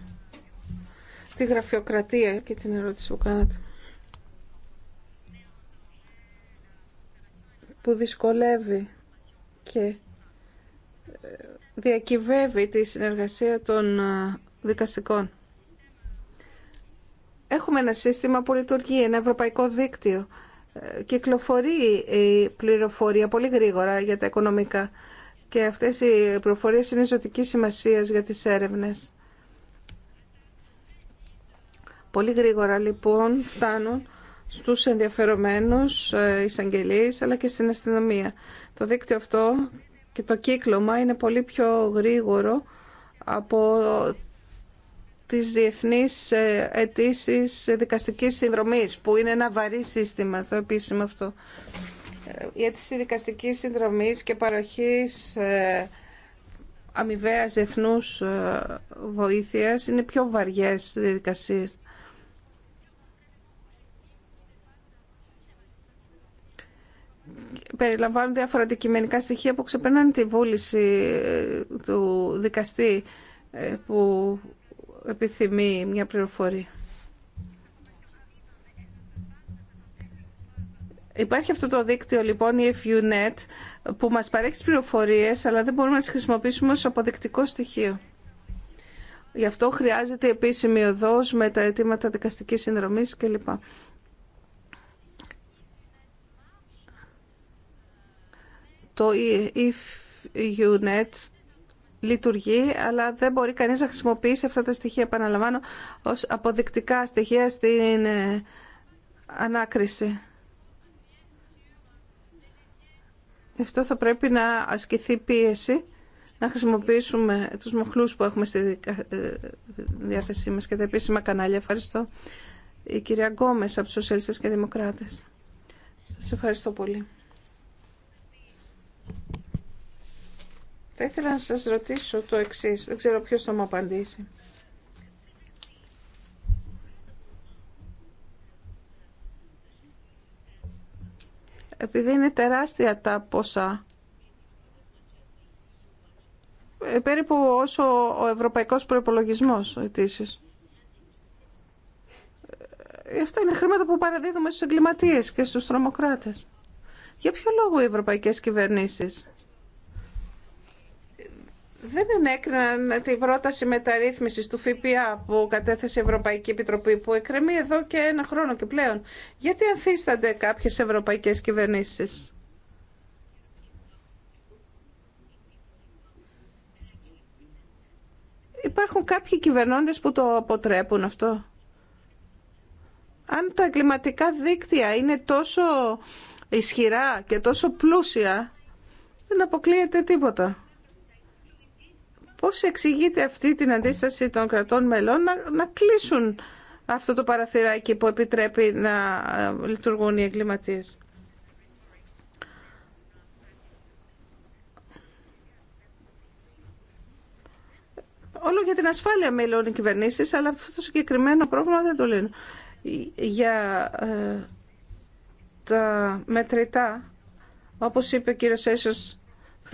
τη γραφειοκρατία και την ερώτηση που κάνατε. Που δυσκολεύει και ε, διακυβεύει τη συνεργασία των ε, δικαστικών. Έχουμε ένα σύστημα που λειτουργεί, ένα ευρωπαϊκό δίκτυο ε, κυκλοφορεί η πληροφορία πολύ γρήγορα για τα οικονομικά και αυτές οι πληροφορίες είναι ζωτικής σημασίας για τις έρευνες. Πολύ γρήγορα λοιπόν φτάνουν στους ενδιαφερομένους ε, εισαγγελείς αλλά και στην αστυνομία. Το δίκτυο αυτό και το κύκλωμα είναι πολύ πιο γρήγορο από της Διεθνής ε, αιτήσει δικαστικής συνδρομής, που είναι ένα βαρύ σύστημα, το επίσημο αυτό. Ε, η αίτηση δικαστικής συνδρομής και παροχής ε, αμοιβαία έθνους βοήθειας είναι πιο βαριές διαδικασίες. περιλαμβάνουν διάφορα αντικειμενικά στοιχεία που ξεπερνάνε τη βούληση του δικαστή που επιθυμεί μια πληροφορία. Υπάρχει αυτό το δίκτυο λοιπόν η FUNET που μας παρέχει πληροφορίες αλλά δεν μπορούμε να τις χρησιμοποιήσουμε ως αποδεικτικό στοιχείο. Γι' αυτό χρειάζεται επίσημη οδός με τα αιτήματα δικαστικής συνδρομής κλπ. Το EFUNET λειτουργεί, αλλά δεν μπορεί κανείς να χρησιμοποιήσει αυτά τα στοιχεία, επαναλαμβάνω, ως αποδεικτικά στοιχεία στην ε, ανάκριση. Γι' αυτό θα πρέπει να ασκηθεί πίεση, να χρησιμοποιήσουμε τους μοχλούς που έχουμε στη ε, διάθεσή μας και τα επίσημα κανάλια. Ευχαριστώ. Η κυρία Γκόμες από τους Σοσιαλιστές και Δημοκράτες. Σας ευχαριστώ πολύ. Θα ήθελα να σας ρωτήσω το εξής. Δεν ξέρω ποιος θα μου απαντήσει. Επειδή είναι τεράστια τα ποσά, ε, περίπου όσο ο ευρωπαϊκός προϋπολογισμός ετήσιος. Ε, αυτά είναι χρήματα που παραδίδουμε στους εγκληματίες και στους τρομοκράτες. Για ποιο λόγο οι ευρωπαϊκές κυβερνήσεις δεν ενέκριναν την πρόταση μεταρρύθμισης του ΦΠΑ που κατέθεσε η Ευρωπαϊκή Επιτροπή που εκκρεμεί εδώ και ένα χρόνο και πλέον. Γιατί ανθίστανται κάποιες ευρωπαϊκές κυβερνήσεις. Υπάρχουν κάποιοι κυβερνώντες που το αποτρέπουν αυτό. Αν τα εγκληματικά δίκτυα είναι τόσο ισχυρά και τόσο πλούσια, δεν αποκλείεται τίποτα. Πώς εξηγείται αυτή την αντίσταση των κρατών μελών να, κλείσουν αυτό το παραθυράκι που επιτρέπει να ε, λειτουργούν οι εγκληματίες. Όλο για την ασφάλεια μιλούν οι κυβερνήσεις, αλλά αυτό το συγκεκριμένο πρόβλημα δεν το λύνουν. Για ε, τα μετρητά, όπως είπε ο κύριος Έσος,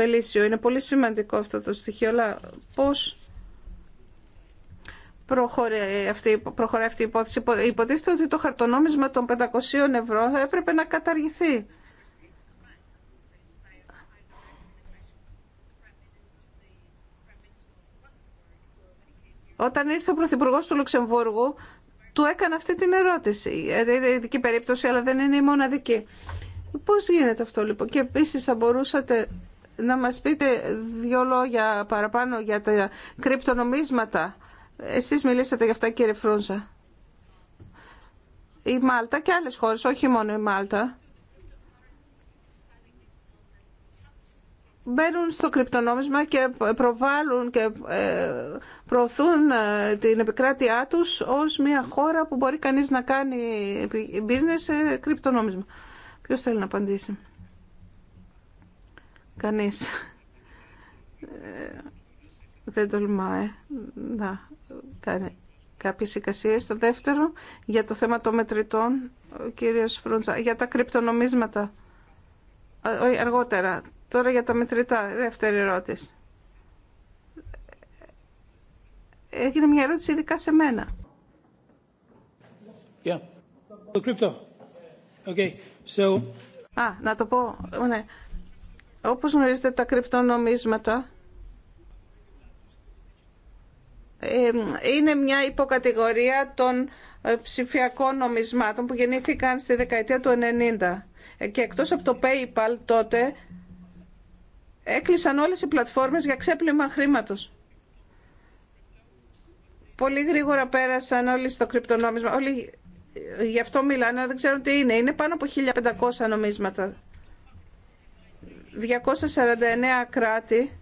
Φελίσιο. Είναι πολύ σημαντικό αυτό το στοιχείο, αλλά πώς προχωρεί αυτή, προχωρεί αυτή η υπόθεση. Υποτίθεται ότι το χαρτονόμισμα των 500 ευρώ θα έπρεπε να καταργηθεί. Όταν ήρθε ο Πρωθυπουργός του Λουξεμβούργου, του έκανε αυτή την ερώτηση. Ε, είναι ειδική περίπτωση, αλλά δεν είναι η μοναδική. Πώς γίνεται αυτό λοιπόν. Και επίσης θα μπορούσατε να μας πείτε δύο λόγια παραπάνω για τα κρυπτονομίσματα. Εσείς μιλήσατε για αυτά κύριε Φρούνσα. Η Μάλτα και άλλες χώρες, όχι μόνο η Μάλτα. μπαίνουν στο κρυπτονόμισμα και προβάλλουν και ε, προωθούν ε, την επικράτειά τους ως μια χώρα που μπορεί κανείς να κάνει business σε κρυπτονόμισμα. Ποιος θέλει να απαντήσει. Κανείς ε, δεν τολμάει να κάνει κάποιες εικασίες. Το δεύτερο, για το θέμα των μετρητών, ο κύριος Φρούντζα. για τα κρυπτονομίσματα. Ε, όχι, αργότερα. Τώρα για τα μετρητά, δεύτερη ερώτηση. Έγινε μια ερώτηση ειδικά σε μένα. Yeah. Okay. So... Α, να το πω. Ναι. Όπως γνωρίζετε τα κρυπτονομίσματα είναι μια υποκατηγορία των ε, ψηφιακών νομισμάτων που γεννήθηκαν στη δεκαετία του 90. Ε, και εκτός από το PayPal τότε έκλεισαν όλες οι πλατφόρμες για ξέπλυμα χρήματος. Πολύ γρήγορα πέρασαν όλοι στο κρυπτονόμισμα. Όλοι ε, γι' αυτό μιλάνε, δεν ξέρουν τι είναι. Είναι πάνω από 1500 νομίσματα. 249 κράτη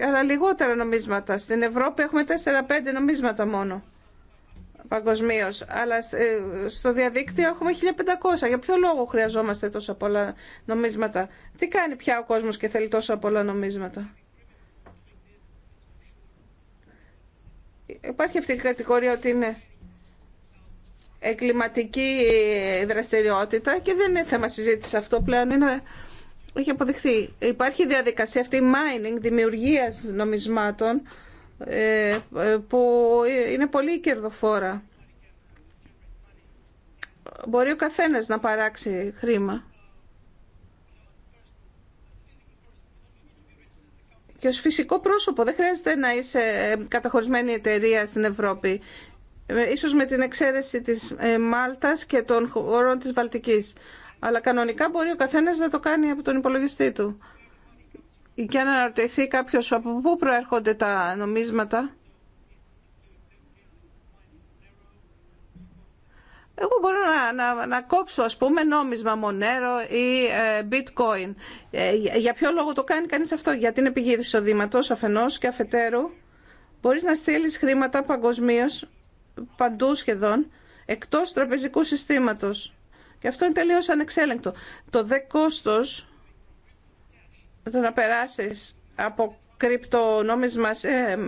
αλλά λιγότερα νομίσματα. Στην Ευρώπη έχουμε 4-5 νομίσματα μόνο παγκοσμίω. Αλλά ε, στο διαδίκτυο έχουμε 1500. Για ποιο λόγο χρειαζόμαστε τόσα πολλά νομίσματα. Τι κάνει πια ο κόσμο και θέλει τόσα πολλά νομίσματα. Υπάρχει αυτή η κατηγορία ότι είναι εγκληματική δραστηριότητα και δεν είναι θέμα συζήτηση αυτό πλέον, είναι, έχει αποδειχθεί. Υπάρχει διαδικασία αυτή mining, δημιουργία νομισμάτων, ε, ε, που είναι πολύ κερδοφόρα. Μπορεί ο καθένας να παράξει χρήμα. Και ως φυσικό πρόσωπο δεν χρειάζεται να είσαι καταχωρισμένη εταιρεία στην Ευρώπη ε, ίσως με την εξαίρεση της ε, Μάλτας και των χωρών της Βαλτικής. Αλλά κανονικά μπορεί ο καθένας να το κάνει από τον υπολογιστή του. Και αν αναρωτηθεί κάποιος από πού προέρχονται τα νομίσματα, Εγώ μπορώ να, κόψω ας πούμε νόμισμα Μονέρο ή ε, bitcoin. για, ποιο λόγο το κάνει κανείς αυτό. Γιατί την πηγή εισοδήματο αφενός και αφετέρου μπορείς να στείλεις χρήματα παγκοσμίω παντού σχεδόν, εκτός τραπεζικού συστήματος. Και αυτό είναι τελείως ανεξέλεγκτο. Το δε κόστος, να περάσεις από κρυπτονόμισμα σε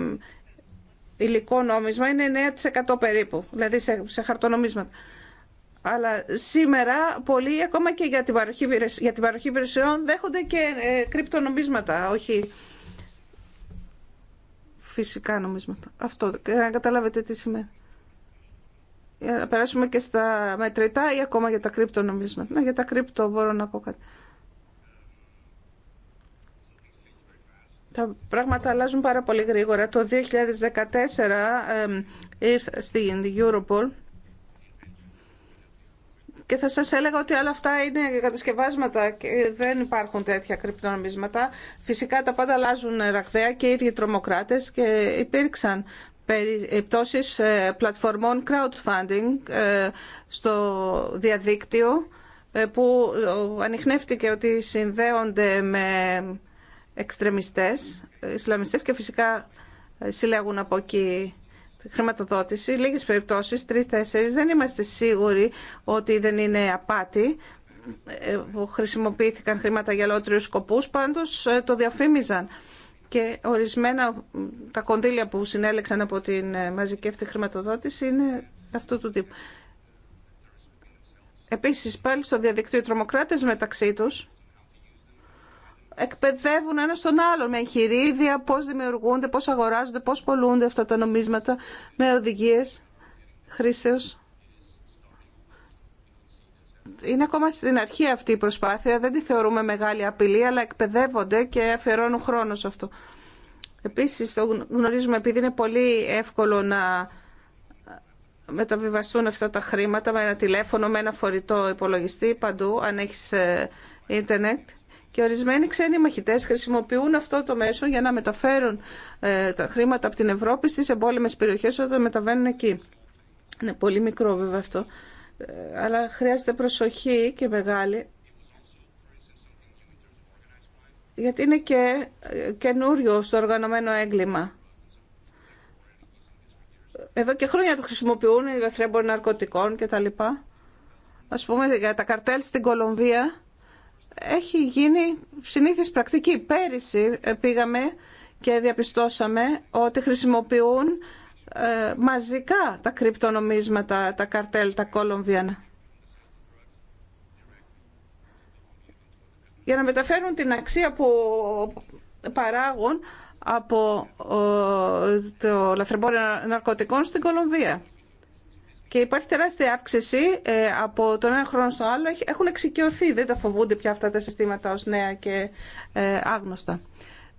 υλικό νόμισμα είναι 9% περίπου, δηλαδή σε, χαρτονομίσματα. Αλλά σήμερα πολλοί ακόμα και για την παροχή, για υπηρεσιών δέχονται και ε, κρυπτονομίσματα, όχι φυσικά νομίσματα. Αυτό, να καταλάβετε τι σημαίνει για να περάσουμε και στα μετρητά ή ακόμα για τα κρυπτονομίσματα. Ναι, για τα κρυπτο μπορώ να πω κάτι. Τα πράγματα αλλάζουν πάρα πολύ γρήγορα. Το 2014 ήρθα στην Europol και θα σας έλεγα ότι όλα αυτά είναι κατασκευάσματα και δεν υπάρχουν τέτοια κρυπτονομίσματα. Φυσικά τα πάντα αλλάζουν ραγδαία και οι ίδιοι τρομοκράτες και υπήρξαν περιπτώσεις ε, πλατφορμών crowdfunding ε, στο διαδίκτυο ε, που ανοιχνεύτηκε ότι συνδέονται με εξτρεμιστές, Ισλαμιστές και φυσικά συλλέγουν από εκεί χρηματοδότηση. Λίγες περιπτώσεις, τρεις-τέσσερις, δεν είμαστε σίγουροι ότι δεν είναι απάτη που χρησιμοποιήθηκαν χρήματα για λότριους σκοπούς, πάντως το διαφήμιζαν και ορισμένα τα κονδύλια που συνέλεξαν από την μαζική αυτή χρηματοδότηση είναι αυτού του τύπου. Επίσης πάλι στο διαδικτύο οι τρομοκράτες μεταξύ τους εκπαιδεύουν ένα τον άλλον με εγχειρίδια, πώς δημιουργούνται, πώς αγοράζονται, πώς πολλούνται αυτά τα νομίσματα με οδηγίες χρήσεως είναι ακόμα στην αρχή αυτή η προσπάθεια, δεν τη θεωρούμε μεγάλη απειλή, αλλά εκπαιδεύονται και αφιερώνουν χρόνο σε αυτό. Επίσης, το γνωρίζουμε επειδή είναι πολύ εύκολο να μεταβιβαστούν αυτά τα χρήματα με ένα τηλέφωνο, με ένα φορητό υπολογιστή παντού, αν έχει ε, ίντερνετ. Και ορισμένοι ξένοι μαχητέ χρησιμοποιούν αυτό το μέσο για να μεταφέρουν ε, τα χρήματα από την Ευρώπη στις εμπόλεμες περιοχές όταν μεταβαίνουν εκεί. Είναι πολύ μικρό βέβαια αυτό. Ε, αλλά χρειάζεται προσοχή και μεγάλη γιατί είναι και ε, καινούριο στο οργανωμένο έγκλημα. Εδώ και χρόνια το χρησιμοποιούν οι λαθρέμποροι ναρκωτικών και τα λοιπά. Ας πούμε για τα καρτέλ στην Κολομβία έχει γίνει συνήθις πρακτική. Πέρυσι ε, πήγαμε και διαπιστώσαμε ότι χρησιμοποιούν ε, μαζικά τα κρυπτονομίσματα, τα καρτέλ, τα κολομβιανά. Για να μεταφέρουν την αξία που παράγουν από ε, το λαθρεμπόριο ναρκωτικών στην Κολομβία. Και υπάρχει τεράστια αύξηση ε, από τον ένα χρόνο στο άλλο. Έχουν εξοικειωθεί, δεν τα φοβούνται πια αυτά τα συστήματα ως νέα και άγνωστα.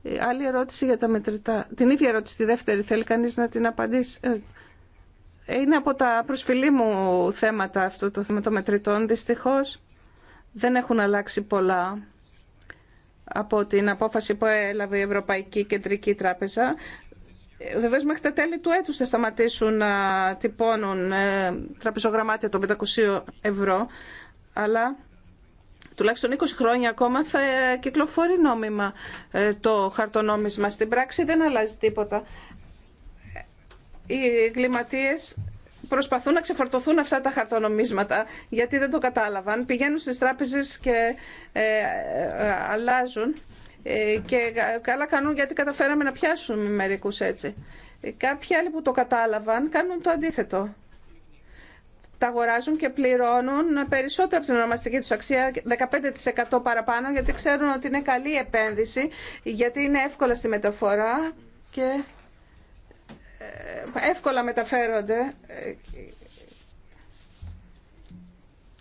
Ε, άλλη ερώτηση για τα μετρητά. Την ίδια ερώτηση, τη δεύτερη, θέλει κανείς να την απαντήσει. Ε, είναι από τα προσφυλή μου θέματα αυτό το θέμα των μετρητών. Δυστυχώς δεν έχουν αλλάξει πολλά από την απόφαση που έλαβε η Ευρωπαϊκή Κεντρική Τράπεζα. Ε, βεβαίως μέχρι τα τέλη του έτους θα σταματήσουν να τυπώνουν τραπεζογραμμάτια των 500 ευρώ, αλλά τουλάχιστον 20 χρόνια ακόμα θα κυκλοφορεί νόμιμα ε, το χαρτονόμισμα. Στην πράξη δεν αλλάζει τίποτα. Οι εγκληματίε προσπαθούν να ξεφορτωθούν αυτά τα χαρτονομίσματα γιατί δεν το κατάλαβαν. Πηγαίνουν στις τράπεζες και ε, ε, αλλάζουν και καλά κάνουν γιατί καταφέραμε να πιάσουμε μερικούς έτσι. Κάποιοι άλλοι που το κατάλαβαν κάνουν το αντίθετο τα αγοράζουν και πληρώνουν περισσότερο από την ονομαστική τους αξία, 15% παραπάνω, γιατί ξέρουν ότι είναι καλή επένδυση, γιατί είναι εύκολα στη μεταφορά και ε, εύκολα μεταφέρονται.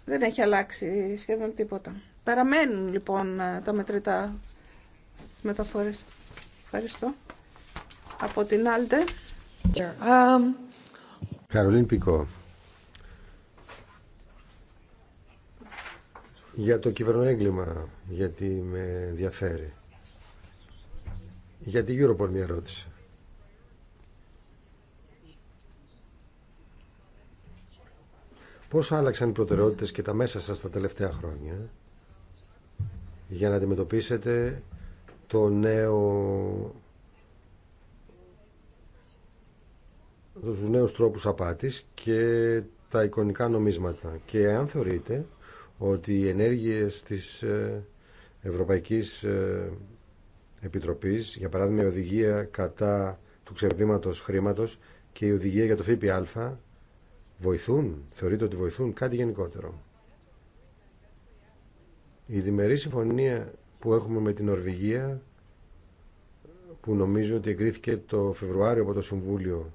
Δεν έχει αλλάξει σχεδόν τίποτα. Παραμένουν λοιπόν τα μετρητά στις μεταφορές. Ευχαριστώ. Από την Άλτε. Um, Καρολίν Πικό. για το κυβερνοέγκλημα, γιατί με ενδιαφέρει. Γιατί την Europol μια ερώτηση. Πώς άλλαξαν οι προτεραιότητες και τα μέσα σας τα τελευταία χρόνια για να αντιμετωπίσετε το νέο τους νέους τρόπους απάτης και τα εικονικά νομίσματα και αν θεωρείτε ότι οι ενέργειες της ε, Ευρωπαϊκής ε, Επιτροπής, για παράδειγμα η οδηγία κατά του ξεπλήματος χρήματος και η οδηγία για το ΦΠΑ, βοηθούν, θεωρείται ότι βοηθούν κάτι γενικότερο. Η διμερή συμφωνία που έχουμε με την Νορβηγία, που νομίζω ότι εγκρίθηκε το Φεβρουάριο από το Συμβούλιο,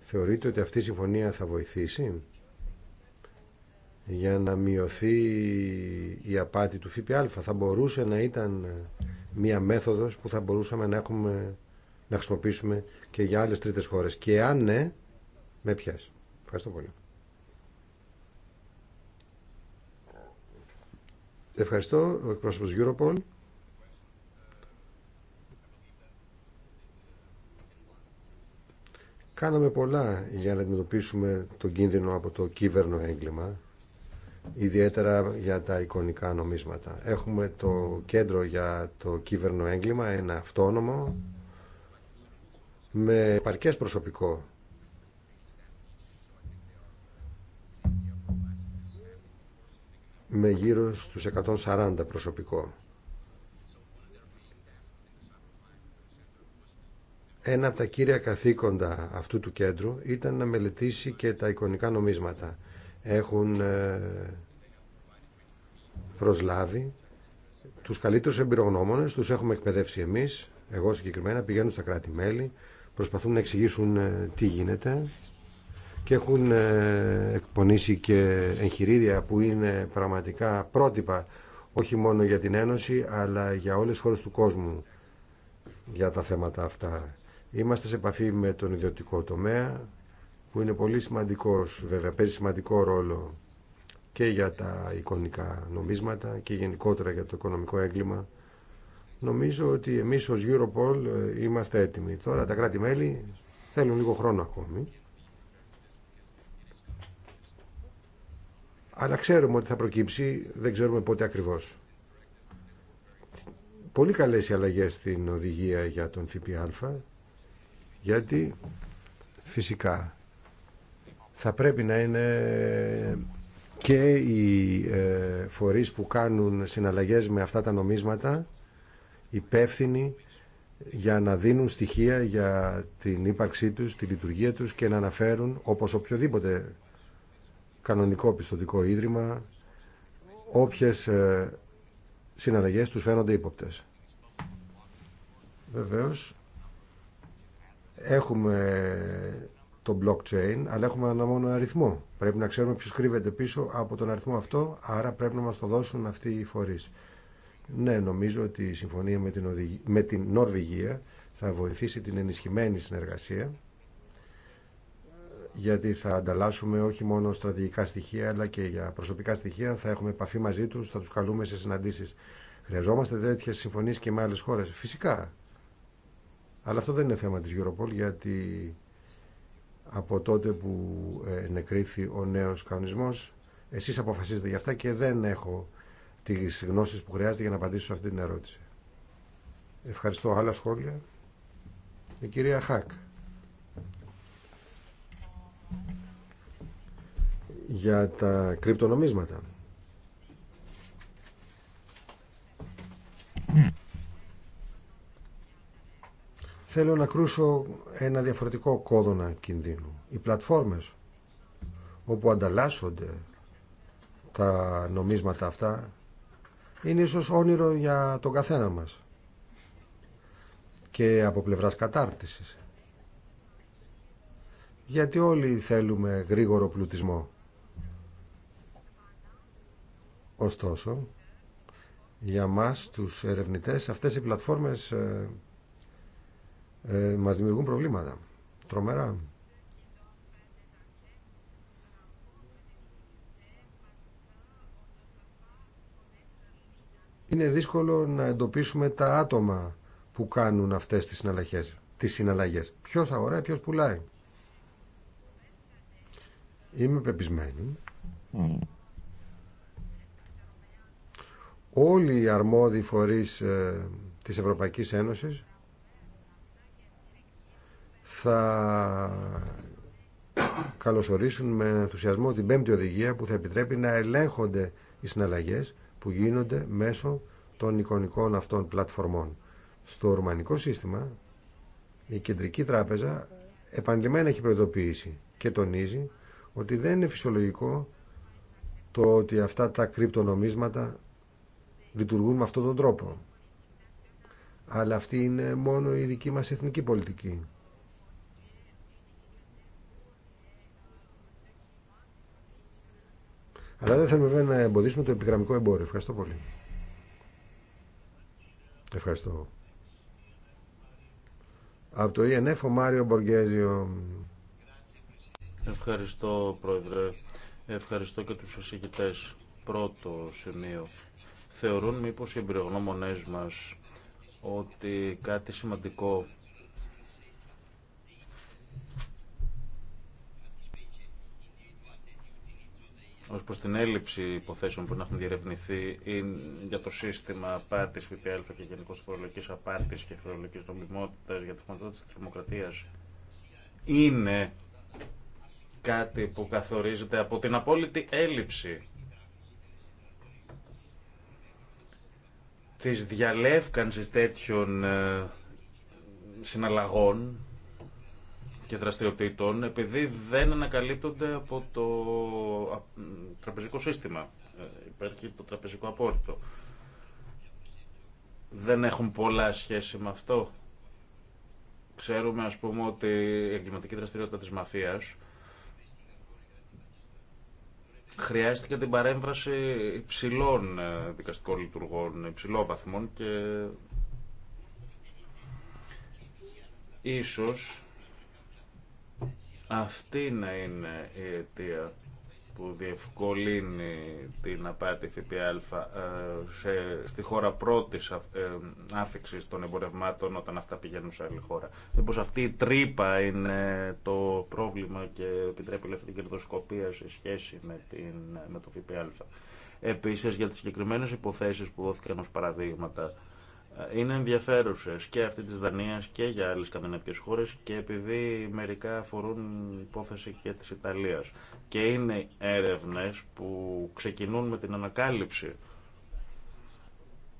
θεωρείται ότι αυτή η συμφωνία θα βοηθήσει για να μειωθεί η απάτη του ΦΠΑ θα μπορούσε να ήταν μία μέθοδος που θα μπορούσαμε να, έχουμε, να χρησιμοποιήσουμε και για άλλες τρίτες χώρες. Και αν ναι, με πιάσει. Ευχαριστώ πολύ. Ευχαριστώ, ο εκπρόσωπος Europol. Κάναμε πολλά για να αντιμετωπίσουμε τον κίνδυνο από το κύβερνο έγκλημα ιδιαίτερα για τα εικονικά νομίσματα. Έχουμε το κέντρο για το κύβερνο έγκλημα, ένα αυτόνομο, με παρκές προσωπικό. με γύρω στους 140 προσωπικό. Ένα από τα κύρια καθήκοντα αυτού του κέντρου ήταν να μελετήσει και τα εικονικά νομίσματα έχουν ε, προσλάβει τους καλύτερους εμπειρογνώμονες, τους έχουμε εκπαιδεύσει εμείς, εγώ συγκεκριμένα, πηγαίνουν στα κράτη-μέλη, προσπαθούν να εξηγήσουν ε, τι γίνεται και έχουν ε, εκπονήσει και εγχειρίδια που είναι πραγματικά πρότυπα όχι μόνο για την Ένωση αλλά για όλες τις χώρες του κόσμου για τα θέματα αυτά. Είμαστε σε επαφή με τον ιδιωτικό τομέα, που είναι πολύ σημαντικός, βέβαια παίζει σημαντικό ρόλο και για τα εικονικά νομίσματα και γενικότερα για το οικονομικό έγκλημα. Νομίζω ότι εμείς ως Europol ε, είμαστε έτοιμοι. Τώρα τα κράτη-μέλη θέλουν λίγο χρόνο ακόμη. Αλλά ξέρουμε ότι θα προκύψει, δεν ξέρουμε πότε ακριβώς. Πολύ καλές οι αλλαγές στην οδηγία για τον ΦΠΑ, γιατί φυσικά θα πρέπει να είναι και οι ε, φορείς που κάνουν συναλλαγές με αυτά τα νομίσματα υπεύθυνοι για να δίνουν στοιχεία για την ύπαρξή τους, τη λειτουργία τους και να αναφέρουν όπως οποιοδήποτε κανονικό πιστοτικό ίδρυμα όποιες ε, συναλλαγές τους φαίνονται ύποπτες. Βεβαίως, έχουμε το blockchain, αλλά έχουμε ένα μόνο αριθμό. Πρέπει να ξέρουμε ποιο κρύβεται πίσω από τον αριθμό αυτό, άρα πρέπει να μα το δώσουν αυτοί οι φορεί. Ναι, νομίζω ότι η συμφωνία με την, με την Νορβηγία θα βοηθήσει την ενισχυμένη συνεργασία γιατί θα ανταλλάσσουμε όχι μόνο στρατηγικά στοιχεία αλλά και για προσωπικά στοιχεία θα έχουμε επαφή μαζί τους, θα τους καλούμε σε συναντήσεις. Χρειαζόμαστε τέτοιε συμφωνίες και με άλλες χώρες. Φυσικά. Αλλά αυτό δεν είναι θέμα της Europol γιατί από τότε που ε, νεκρήθη ο νέος κανονισμός. Εσείς αποφασίζετε γι' αυτά και δεν έχω τις γνώσεις που χρειάζεται για να απαντήσω σε αυτή την ερώτηση. Ευχαριστώ. Άλλα σχόλια. Η κυρία Χακ. Για τα κρυπτονομίσματα. Ναι. Θέλω να κρούσω ένα διαφορετικό κόδωνα κινδύνου. Οι πλατφόρμες όπου ανταλλάσσονται τα νομίσματα αυτά είναι ίσως όνειρο για τον καθένα μας και από πλευράς κατάρτισης. Γιατί όλοι θέλουμε γρήγορο πλουτισμό. Ωστόσο, για μας τους ερευνητές αυτές οι πλατφόρμες ε, ε, μας δημιουργούν προβλήματα. Τρομερά. Είναι δύσκολο να εντοπίσουμε τα άτομα που κάνουν αυτές τις συναλλαγές. Τις συναλλαγές. Ποιος αγοράει, ποιος πουλάει. Είμαι πεπισμένη. Όλοι οι αρμόδιοι φορείς ε, της Ευρωπαϊκής Ένωσης θα καλωσορίσουν με ενθουσιασμό την πέμπτη οδηγία που θα επιτρέπει να ελέγχονται οι συναλλαγές που γίνονται μέσω των εικονικών αυτών πλατφορμών. Στο ρουμανικό σύστημα η Κεντρική Τράπεζα επανειλημμένα έχει προειδοποιήσει και τονίζει ότι δεν είναι φυσιολογικό το ότι αυτά τα κρυπτονομίσματα λειτουργούν με αυτόν τον τρόπο. Αλλά αυτή είναι μόνο η δική μας εθνική πολιτική. Αλλά δεν θέλουμε βέβαια να εμποδίσουμε το επιγραμμικό εμπόριο. Ευχαριστώ πολύ. Ευχαριστώ. Από το ΙΕΝΕΦ e ο Μάριο Μποργέζιο. Ευχαριστώ Πρόεδρε. Ευχαριστώ και τους εισηγητές. Πρώτο σημείο. Θεωρούν μήπως οι εμπειρογνώμονές μας ότι κάτι σημαντικό ως προς την έλλειψη υποθέσεων που να έχουν διερευνηθεί για το σύστημα απάτης ΦΠΑ και γενικώς φορολογικής απάτης και φορολογικής νομιμότητας για τη χρηματοδότηση της δημοκρατίας είναι κάτι που καθορίζεται από την απόλυτη έλλειψη της διαλεύκανσης τέτοιων ε, συναλλαγών και δραστηριοτήτων επειδή δεν ανακαλύπτονται από το τραπεζικό σύστημα. Ε, υπάρχει το τραπεζικό απόρριτο. Δεν έχουν πολλά σχέση με αυτό. Ξέρουμε ας πούμε ότι η εγκληματική δραστηριότητα της μαφίας χρειάστηκε την παρέμβαση υψηλών ε, δικαστικών λειτουργών, υψηλών βαθμών και ίσως αυτή να είναι η αιτία που διευκολύνει την απάτη ΦΠΑ ε, σε, στη χώρα πρώτης ε, άφηξης των εμπορευμάτων όταν αυτά πηγαίνουν σε άλλη χώρα. Μήπω αυτή η τρύπα είναι το πρόβλημα και επιτρέπει αυτή την κερδοσκοπία σε σχέση με, την, με το ΦΠΑ. Επίσης για τις συγκεκριμένες υποθέσεις που δόθηκαν ως παραδείγματα ε, είναι ενδιαφέρουσες και αυτή της Δανίας και για άλλες σκανδιναβικές χώρες και επειδή μερικά αφορούν υπόθεση και της Ιταλίας. Και είναι έρευνες που ξεκινούν με την ανακάλυψη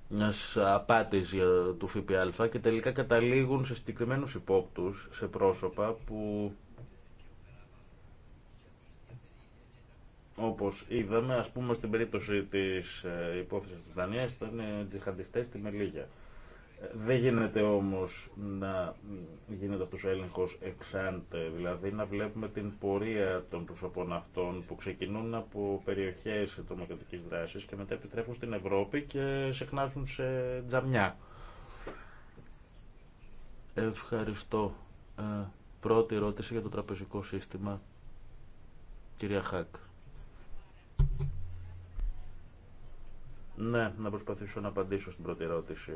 μια απάτη του ΦΠΑ και τελικά καταλήγουν σε συγκεκριμένου υπόπτου, σε πρόσωπα που όπως είδαμε ας πούμε στην περίπτωση της ε, υπόθεσης της Δανίας ήταν ε, τζιχαντιστές στη Μελίγια. Δεν γίνεται όμως να γίνεται αυτό ο έλεγχος εξάντε, δηλαδή να βλέπουμε την πορεία των προσωπών αυτών που ξεκινούν από περιοχές τρομοκρατικής δράσης και μετά επιστρέφουν στην Ευρώπη και συχνάζουν σε τζαμιά. Ευχαριστώ. Ε, πρώτη ερώτηση για το τραπεζικό σύστημα. Κυρία Χάκ. Ναι, να προσπαθήσω να απαντήσω στην πρώτη ερώτηση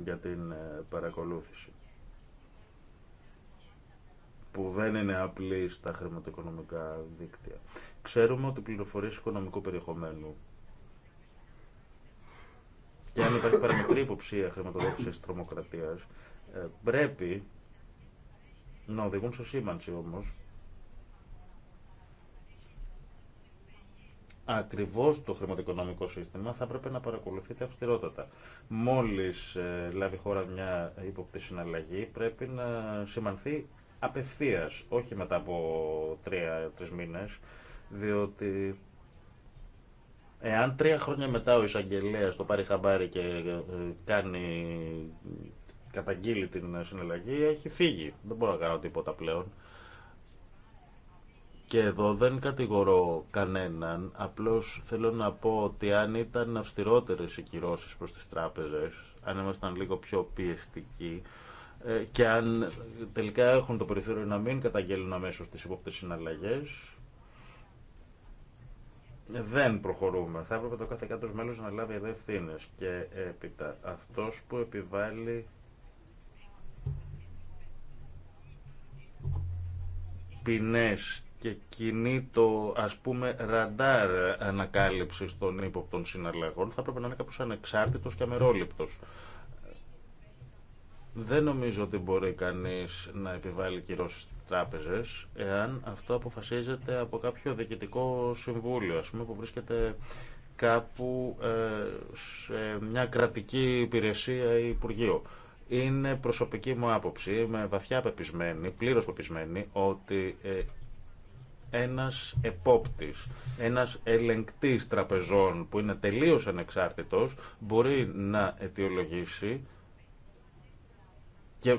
για την ε, παρακολούθηση που δεν είναι απλή στα χρηματοοικονομικά δίκτυα. Ξέρουμε ότι πληροφορίες οικονομικού περιεχομένου και αν υπάρχει παραμικρή υποψία χρηματοδότησης τρομοκρατίας ε, πρέπει να οδηγούν σε σήμανση όμως ακριβώς το χρηματοοικονομικό σύστημα θα πρέπει να παρακολουθείται αυστηρότατα. Μόλις ε, λάβει χώρα μια ύποπτη συναλλαγή πρέπει να σημανθει απευθεια απευθείας, όχι μετά από τρία-τρει μήνες, διότι εάν τρία χρόνια μετά ο εισαγγελέα το πάρει χαμπάρι και ε, κάνει καταγγείλει την συναλλαγή, έχει φύγει. Δεν μπορώ να κάνω τίποτα πλέον. Και εδώ δεν κατηγορώ κανέναν, απλώς θέλω να πω ότι αν ήταν αυστηρότερες οι κυρώσεις προς τις τράπεζες, αν ήμασταν λίγο πιο πιεστικοί, ε, και αν τελικά έχουν το περιθώριο να μην καταγγέλουν αμέσως τις υπόπτες συναλλαγές, δεν προχωρούμε. Θα έπρεπε το κάθε κάτω μέλος να λάβει Και έπειτα, αυτός που επιβάλλει ποινές και το ας πούμε ραντάρ ανακάλυψης των ύποπτων συναλλαγών θα πρέπει να είναι κάπως ανεξάρτητος και αμερόληπτος. Δεν νομίζω ότι μπορεί κανείς να επιβάλλει κυρώσεις στις τράπεζες εάν αυτό αποφασίζεται από κάποιο διοικητικό συμβούλιο ας πούμε που βρίσκεται κάπου ε, σε μια κρατική υπηρεσία ή υπουργείο. Είναι προσωπική μου άποψη, είμαι βαθιά πεπισμένη, πλήρως πεπισμένη, ότι ε, ένας επόπτης, ένας ελεγκτής τραπεζών που είναι τελείως ανεξάρτητος μπορεί να αιτιολογήσει και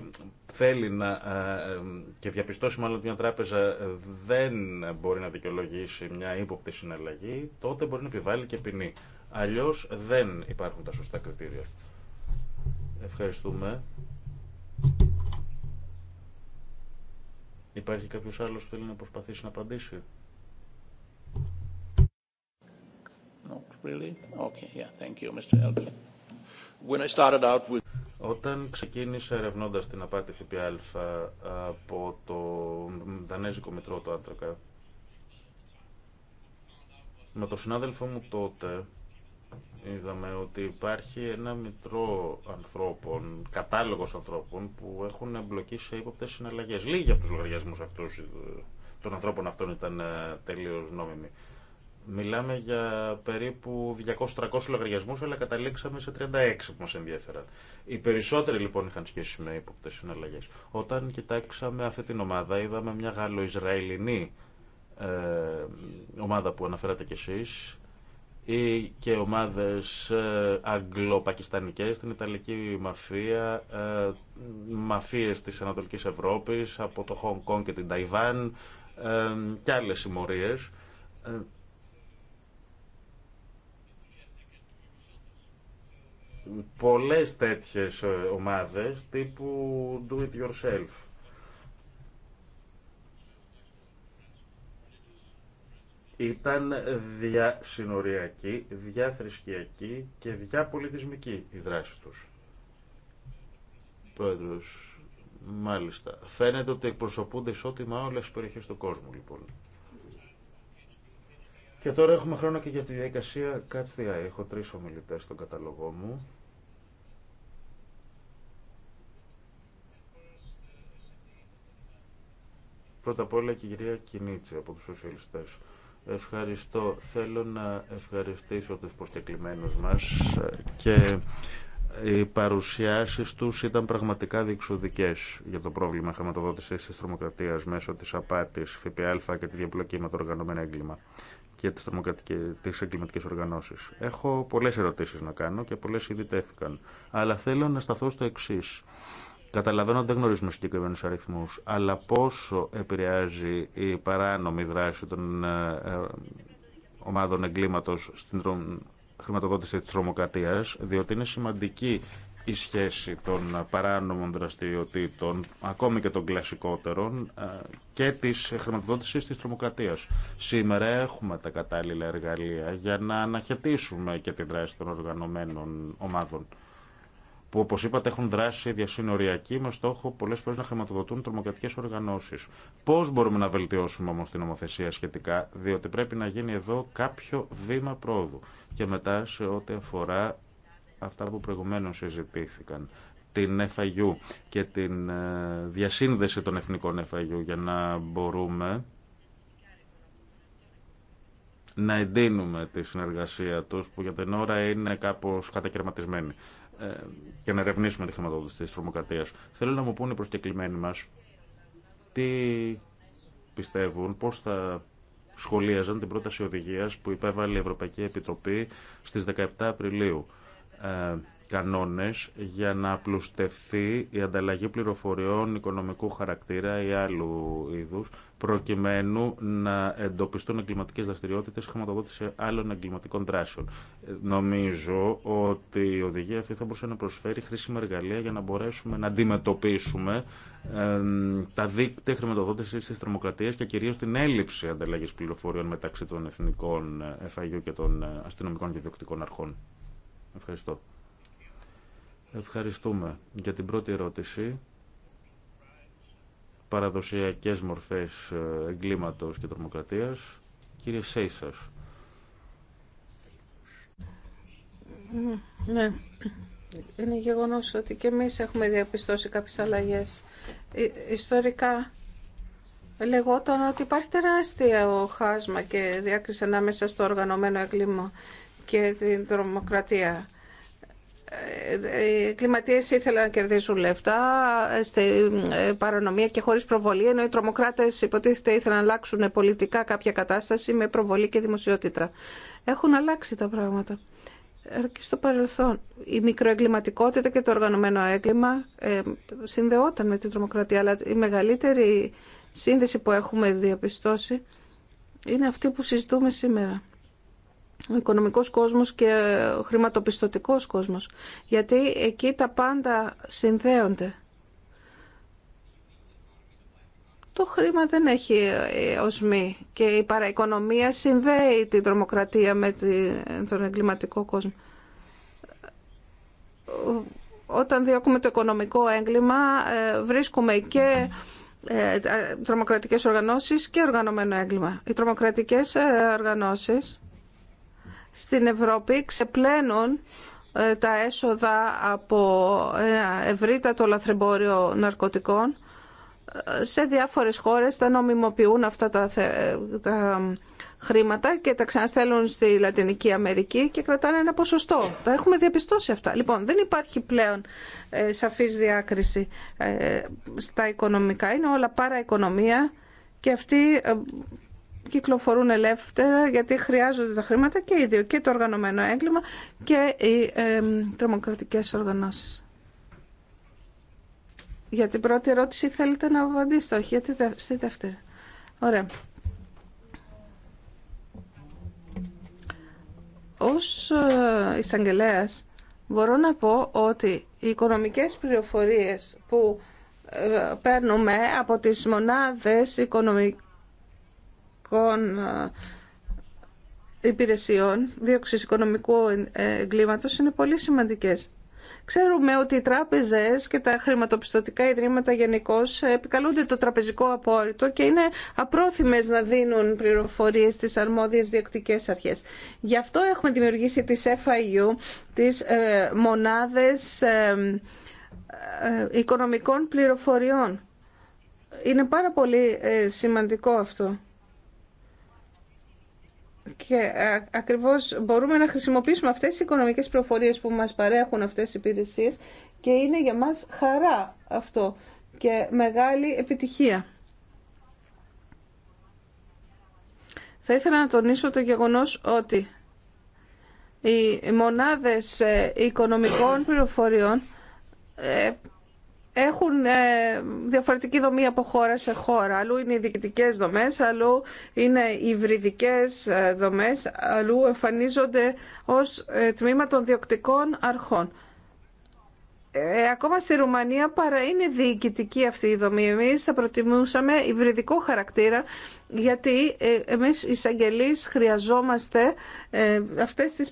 θέλει να ε, και διαπιστώσει μάλλον ότι μια τράπεζα δεν μπορεί να δικαιολογήσει μια ύποπτη συναλλαγή, τότε μπορεί να επιβάλλει και ποινή. Αλλιώς δεν υπάρχουν τα σωστά κριτήρια. Ευχαριστούμε. Υπάρχει κάποιος άλλος που θέλει να προσπαθήσει να απαντήσει. Όταν ξεκίνησα ερευνώντα την απάτη ΦΠΑ από το Δανέζικο Μητρό του Άντρακα, με τον συνάδελφό μου τότε είδαμε ότι υπάρχει ένα μητρό ανθρώπων, κατάλογος ανθρώπων που έχουν εμπλοκή σε ύποπτες συναλλαγές. Λίγοι από τους λογαριασμούς αυτούς ε, των ανθρώπων αυτών ήταν ε, τελείως νόμιμοι. Μιλάμε για περίπου 200-300 λογαριασμούς, αλλά καταλήξαμε σε 36 που μας ενδιαφέραν. Οι περισσότεροι λοιπόν είχαν σχέση με ύποπτες συναλλαγές. Όταν κοιτάξαμε αυτή την ομάδα, είδαμε μια Γαλλο-Ισραηλινή ε, ομάδα που αναφέρατε κι εσείς, ή και ομάδες ε, αγγλοπακιστανικές την Ιταλική μαφία, ε, μαφίες της Ανατολικής Ευρώπης, από το Χονγκ Κόνγκ και την Ταϊβάν ε, και άλλες συμμορίες. Πολλές τέτοιες ομάδες τύπου do it yourself. Ήταν διασυνοριακή, διαθρησκιακή και διαπολιτισμική η δράση τους. Πρόεδρος, μάλιστα. Φαίνεται ότι εκπροσωπούνται ισότιμα όλες τις περιοχές του κόσμου, λοιπόν. Και τώρα έχουμε χρόνο και για τη διαδικασία Κάτσε, Έχω τρεις ομιλητές στον καταλογό μου. Πρώτα απ' όλα η κυρία Κινίτση από τους σοσιαλιστές. Ευχαριστώ. Θέλω να ευχαριστήσω τους προσκεκλημένους μας ε, και οι παρουσιάσεις τους ήταν πραγματικά διεξοδικές για το πρόβλημα χρηματοδότησης της τρομοκρατίας μέσω της απάτης, ΦΠΑ και τη διαπλοκή με το οργανωμένο έγκλημα και τις, τις εγκληματικές οργανώσεις. Έχω πολλές ερωτήσεις να κάνω και πολλές ήδη τέθηκαν, αλλά θέλω να σταθώ στο εξής. Καταλαβαίνω ότι δεν γνωρίζουμε συγκεκριμένου αριθμού, αλλά πόσο επηρεάζει η παράνομη δράση των ε, ε, ομάδων εγκλήματο στην χρηματοδότηση τη τρομοκρατία, διότι είναι σημαντική η σχέση των παράνομων δραστηριοτήτων, ακόμη και των κλασικότερων, ε, και της χρηματοδότησης της τρομοκρατίας. Σήμερα έχουμε τα κατάλληλα εργαλεία για να αναχαιτήσουμε και τη δράση των οργανωμένων ομάδων που όπω είπατε έχουν δράσει διασυνοριακή με στόχο πολλέ φορέ να χρηματοδοτούν τρομοκρατικέ οργανώσει. Πώ μπορούμε να βελτιώσουμε όμω την νομοθεσία σχετικά, διότι πρέπει να γίνει εδώ κάποιο βήμα πρόοδου. Και μετά σε ό,τι αφορά αυτά που προηγουμένω συζητήθηκαν, την FIU και την ε, διασύνδεση των εθνικών FIU για να μπορούμε να εντείνουμε τη συνεργασία τους που για την ώρα είναι κάπως κατακαιρματισμένη. Ε, και να ερευνήσουμε τη χρηματοδότηση της τρομοκρατίας. Θέλω να μου πούνε οι προσκεκλημένοι μας τι πιστεύουν, πώς θα σχολίαζαν την πρόταση οδηγίας που υπέβαλε η Ευρωπαϊκή Επιτροπή στις 17 Απριλίου ε, κανόνες για να απλουστευθεί η ανταλλαγή πληροφοριών οικονομικού χαρακτήρα ή άλλου είδους προκειμένου να εντοπιστούν εγκληματικές δραστηριότητες χρηματοδότηση άλλων εγκληματικών δράσεων. Νομίζω ότι η οδηγία αυτή θα μπορούσε να προσφέρει χρήσιμα εργαλεία για να μπορέσουμε να αντιμετωπίσουμε τα δίκτυα χρηματοδότηση τη τρομοκρατία και κυρίω την έλλειψη ανταλλαγή πληροφοριών μεταξύ των εθνικών εφαγείων και των ε, αστυνομικών και διοκτικών αρχών. Ευχαριστώ. Ευχαριστούμε για την πρώτη ερώτηση παραδοσιακές μορφές ε, εγκλήματος και τρομοκρατίας. Κύριε Σέισας. Ναι. Είναι γεγονός ότι και εμείς έχουμε διαπιστώσει κάποιες αλλαγές. Ε, ιστορικά λεγόταν ότι υπάρχει ο χάσμα και διάκριση ανάμεσα στο οργανωμένο έγκλημα και την τρομοκρατία οι ε, ε, κλιματίες ήθελαν να κερδίσουν λεφτά στη ε, παρανομία και χωρίς προβολή, ενώ οι τρομοκράτες υποτίθεται ήθελαν να αλλάξουν πολιτικά κάποια κατάσταση με προβολή και δημοσιότητα. Έχουν αλλάξει τα πράγματα. Και στο παρελθόν η μικροεγκληματικότητα και το οργανωμένο έγκλημα συνδεόταν με την τρομοκρατία, αλλά η μεγαλύτερη σύνδεση που έχουμε διαπιστώσει είναι αυτή που συζητούμε σήμερα ο οικονομικός κόσμος και ο χρηματοπιστωτικός κόσμος. Γιατί εκεί τα πάντα συνδέονται. Το χρήμα δεν έχει ε, οσμή και η παραοικονομία συνδέει την τρομοκρατία με τον εγκληματικό κόσμο. Όταν διώκουμε το οικονομικό έγκλημα ε, βρίσκουμε και ε, τρομοκρατικές οργανώσεις και οργανωμένο έγκλημα. Οι τρομοκρατικές οργανώσεις στην Ευρώπη ξεπλένουν ε, τα έσοδα από ένα ευρύτατο λαθρεμπόριο ναρκωτικών ε, σε διάφορες χώρες τα νομιμοποιούν αυτά τα, τα χρήματα και τα ξαναστέλνουν στη Λατινική Αμερική και κρατάνε ένα ποσοστό. Τα έχουμε διαπιστώσει αυτά. Λοιπόν, δεν υπάρχει πλέον ε, σαφής διάκριση ε, στα οικονομικά. Είναι όλα παραοικονομία και αυτοί κυκλοφορούν ελεύθερα γιατί χρειάζονται τα χρήματα και οι δύο, και το οργανωμένο έγκλημα και οι ε, τρομοκρατικές οργανώσεις. Για την πρώτη ερώτηση θέλετε να απαντήσετε, όχι γιατί στη δεύτερη. Ωραία. Ως ε, εισαγγελέα μπορώ να πω ότι οι οικονομικές πληροφορίες που ε, παίρνουμε από τις μονάδες οικονομικών οικονομικών ε, υπηρεσιών, δίωξη οικονομικού εγκλήματο είναι πολύ σημαντικέ. Ξέρουμε ότι οι τράπεζε και τα χρηματοπιστωτικά ιδρύματα γενικώ επικαλούνται το τραπεζικό απόρριτο και είναι απρόθυμέ να δίνουν πληροφορίε στι αρμόδιε διεκτικέ αρχέ. Γι' αυτό έχουμε δημιουργήσει τι FIU, τι ε, μονάδε ε, ε, οικονομικών πληροφοριών. Είναι πάρα πολύ ε, σημαντικό αυτό. Και ε, ακριβώς μπορούμε να χρησιμοποιήσουμε αυτές τις οικονομικές προφορίες που μας παρέχουν αυτές οι υπηρεσίες και είναι για μας χαρά αυτό και μεγάλη επιτυχία. Θα ήθελα να τονίσω το γεγονός ότι οι μονάδες ε, οικονομικών πληροφοριών ε, έχουν ε, διαφορετική δομή από χώρα σε χώρα. Αλλού είναι οι διοικητικέ δομές, αλλού είναι οι υβριδικές ε, δομές, αλλού εμφανίζονται ως ε, τμήμα των διοκτικών αρχών. Ε, ακόμα στη Ρουμανία παρά είναι διοικητική αυτή η δομή. Εμείς θα προτιμούσαμε υβριδικό χαρακτήρα γιατί εμείς εισαγγελεί χρειαζόμαστε ε, αυτές τις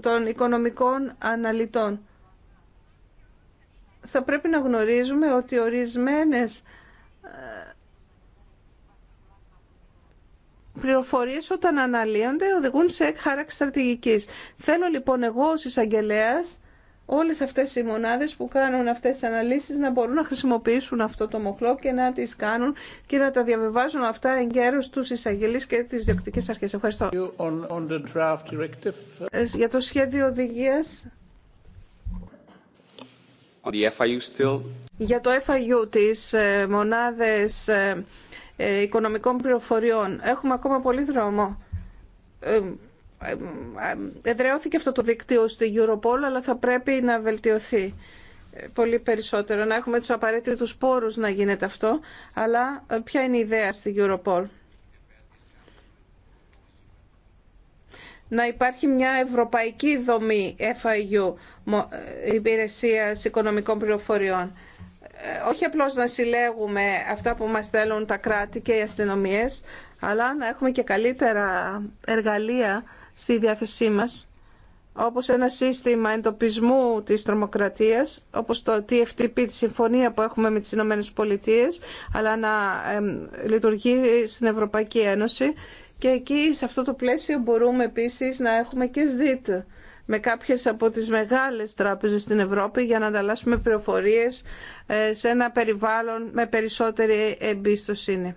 των οικονομικών αναλυτών θα πρέπει να γνωρίζουμε ότι ορισμένες ε, πληροφορίες όταν αναλύονται οδηγούν σε χάραξη στρατηγικής. Θέλω λοιπόν εγώ ως εισαγγελέα όλες αυτές οι μονάδες που κάνουν αυτές τις αναλύσεις να μπορούν να χρησιμοποιήσουν αυτό το μοχλό και να τις κάνουν και να τα διαβεβάζουν αυτά εγκαίρως τους εισαγγελείς και τις διοκτικές αρχές. Ευχαριστώ. Uh, ε, για το σχέδιο οδηγίας για το FIU, τις ε, μονάδες ε, ε, οικονομικών πληροφοριών, έχουμε ακόμα πολύ δρόμο. Εδραιώθηκε αυτό το δίκτυο στη Europol, αλλά θα πρέπει να βελτιωθεί πολύ περισσότερο, να έχουμε τους απαραίτητους πόρους να γίνεται αυτό, αλλά ποια είναι η ιδέα στη Europol. να υπάρχει μια ευρωπαϊκή δομή FIU, ε, Υπηρεσίας Οικονομικών Πληροφοριών. Ε, όχι απλώς να συλλέγουμε αυτά που μας θέλουν τα κράτη και οι αστυνομίες, αλλά να έχουμε και καλύτερα εργαλεία στη διάθεσή μας, όπως ένα σύστημα εντοπισμού της τρομοκρατίας, όπως το TFTP, τη συμφωνία που έχουμε με τις Ηνωμένες Πολιτείες, αλλά να λειτουργεί στην Ευρωπαϊκή Ένωση και εκεί σε αυτό το πλαίσιο μπορούμε επίσης να έχουμε και ΣΔΙΤ με κάποιες από τις μεγάλες τράπεζες στην Ευρώπη για να ανταλλάσσουμε πληροφορίες ε, σε ένα περιβάλλον με περισσότερη εμπιστοσύνη.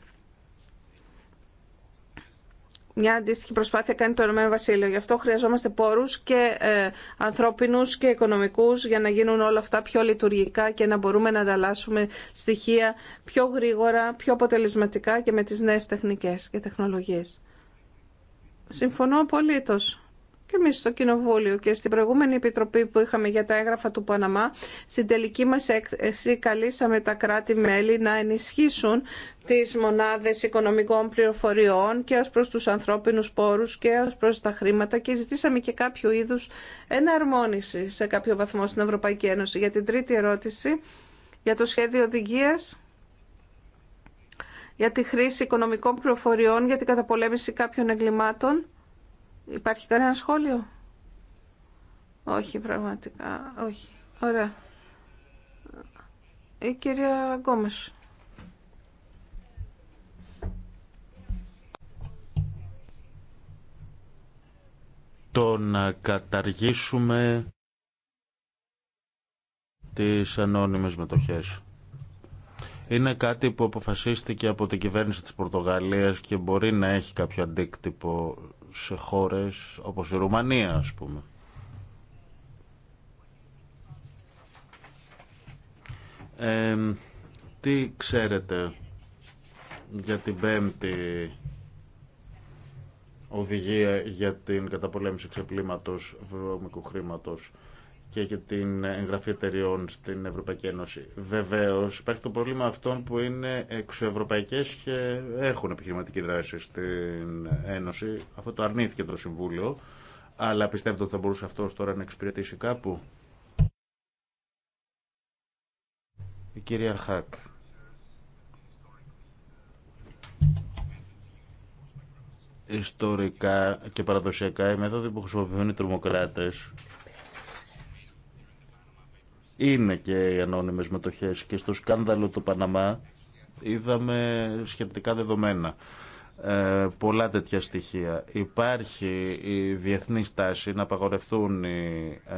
Μια αντίστοιχη προσπάθεια κάνει το Ηνωμένο Βασίλειο. Γι' αυτό χρειαζόμαστε πόρους και ε, ανθρώπινους και οικονομικούς για να γίνουν όλα αυτά πιο λειτουργικά και να μπορούμε να ανταλλάσσουμε στοιχεία πιο γρήγορα, πιο αποτελεσματικά και με τις νέες τεχνικές και τεχνολογίες. Συμφωνώ απολύτως. Και εμεί στο Κοινοβούλιο και στην προηγούμενη επιτροπή που είχαμε για τα έγγραφα του Παναμά, στην τελική μα έκθεση καλήσαμε τα κράτη-μέλη να ενισχύσουν τις μονάδες οικονομικών πληροφοριών και ως προς του ανθρώπινους πόρους και ως προς τα χρήματα και ζητήσαμε και κάποιο είδους εναρμόνιση σε κάποιο βαθμό στην Ευρωπαϊκή Ένωση. Για την τρίτη ερώτηση, για το σχέδιο οδηγία για τη χρήση οικονομικών πληροφοριών για την καταπολέμηση κάποιων εγκλημάτων. Υπάρχει κανένα σχόλιο? Όχι, πραγματικά, όχι. Ωραία. Η κυρία Γκόμες. Το να καταργήσουμε τις ανώνυμες μετοχές είναι κάτι που αποφασίστηκε από την κυβέρνηση της Πορτογαλίας και μπορεί να έχει κάποιο αντίκτυπο σε χώρες όπως η Ρουμανία ας πούμε. τι ξέρετε για την πέμπτη οδηγία για την καταπολέμηση ξεπλήματος βρωμικού χρήματος και για την εγγραφή εταιριών στην Ευρωπαϊκή Ένωση. Βεβαίω, υπάρχει το πρόβλημα αυτών που είναι εξωευρωπαϊκέ και έχουν επιχειρηματική δράση στην Ένωση. Αυτό το αρνήθηκε το Συμβούλιο. Αλλά πιστεύετε ότι θα μπορούσε αυτό τώρα να εξυπηρετήσει κάπου. Η κυρία Χακ. Ιστορικά και παραδοσιακά η μέθοδοι που χρησιμοποιούν οι τρομοκράτες είναι και οι ανώνυμες μετοχές και στο σκάνδαλο του Παναμά είδαμε σχετικά δεδομένα. Ε, πολλά τέτοια στοιχεία. Υπάρχει η διεθνή στάση να απαγορευτούν οι ε,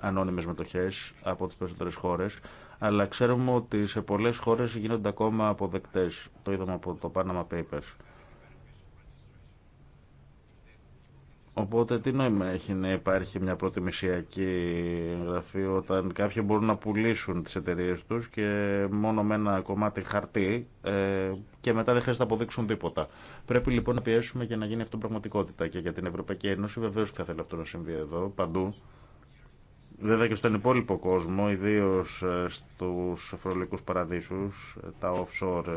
ανώνυμες μετοχές από τις περισσότερες χώρες, αλλά ξέρουμε ότι σε πολλές χώρες γίνονται ακόμα αποδεκτές. Το είδαμε από το Panama Papers. Οπότε τι νόημα έχει να υπάρχει μια προτιμησιακή γραφή όταν κάποιοι μπορούν να πουλήσουν τις εταιρείε τους και μόνο με ένα κομμάτι χαρτί ε, και μετά δεν χρειάζεται να αποδείξουν τίποτα. Πρέπει λοιπόν να πιέσουμε για να γίνει αυτό πραγματικότητα και για την Ευρωπαϊκή Ένωση βεβαίως θα θέλει αυτό να συμβεί εδώ παντού. Βέβαια και στον υπόλοιπο κόσμο, ιδίω ε, στους φορολογικούς παραδείσους, ε, τα offshore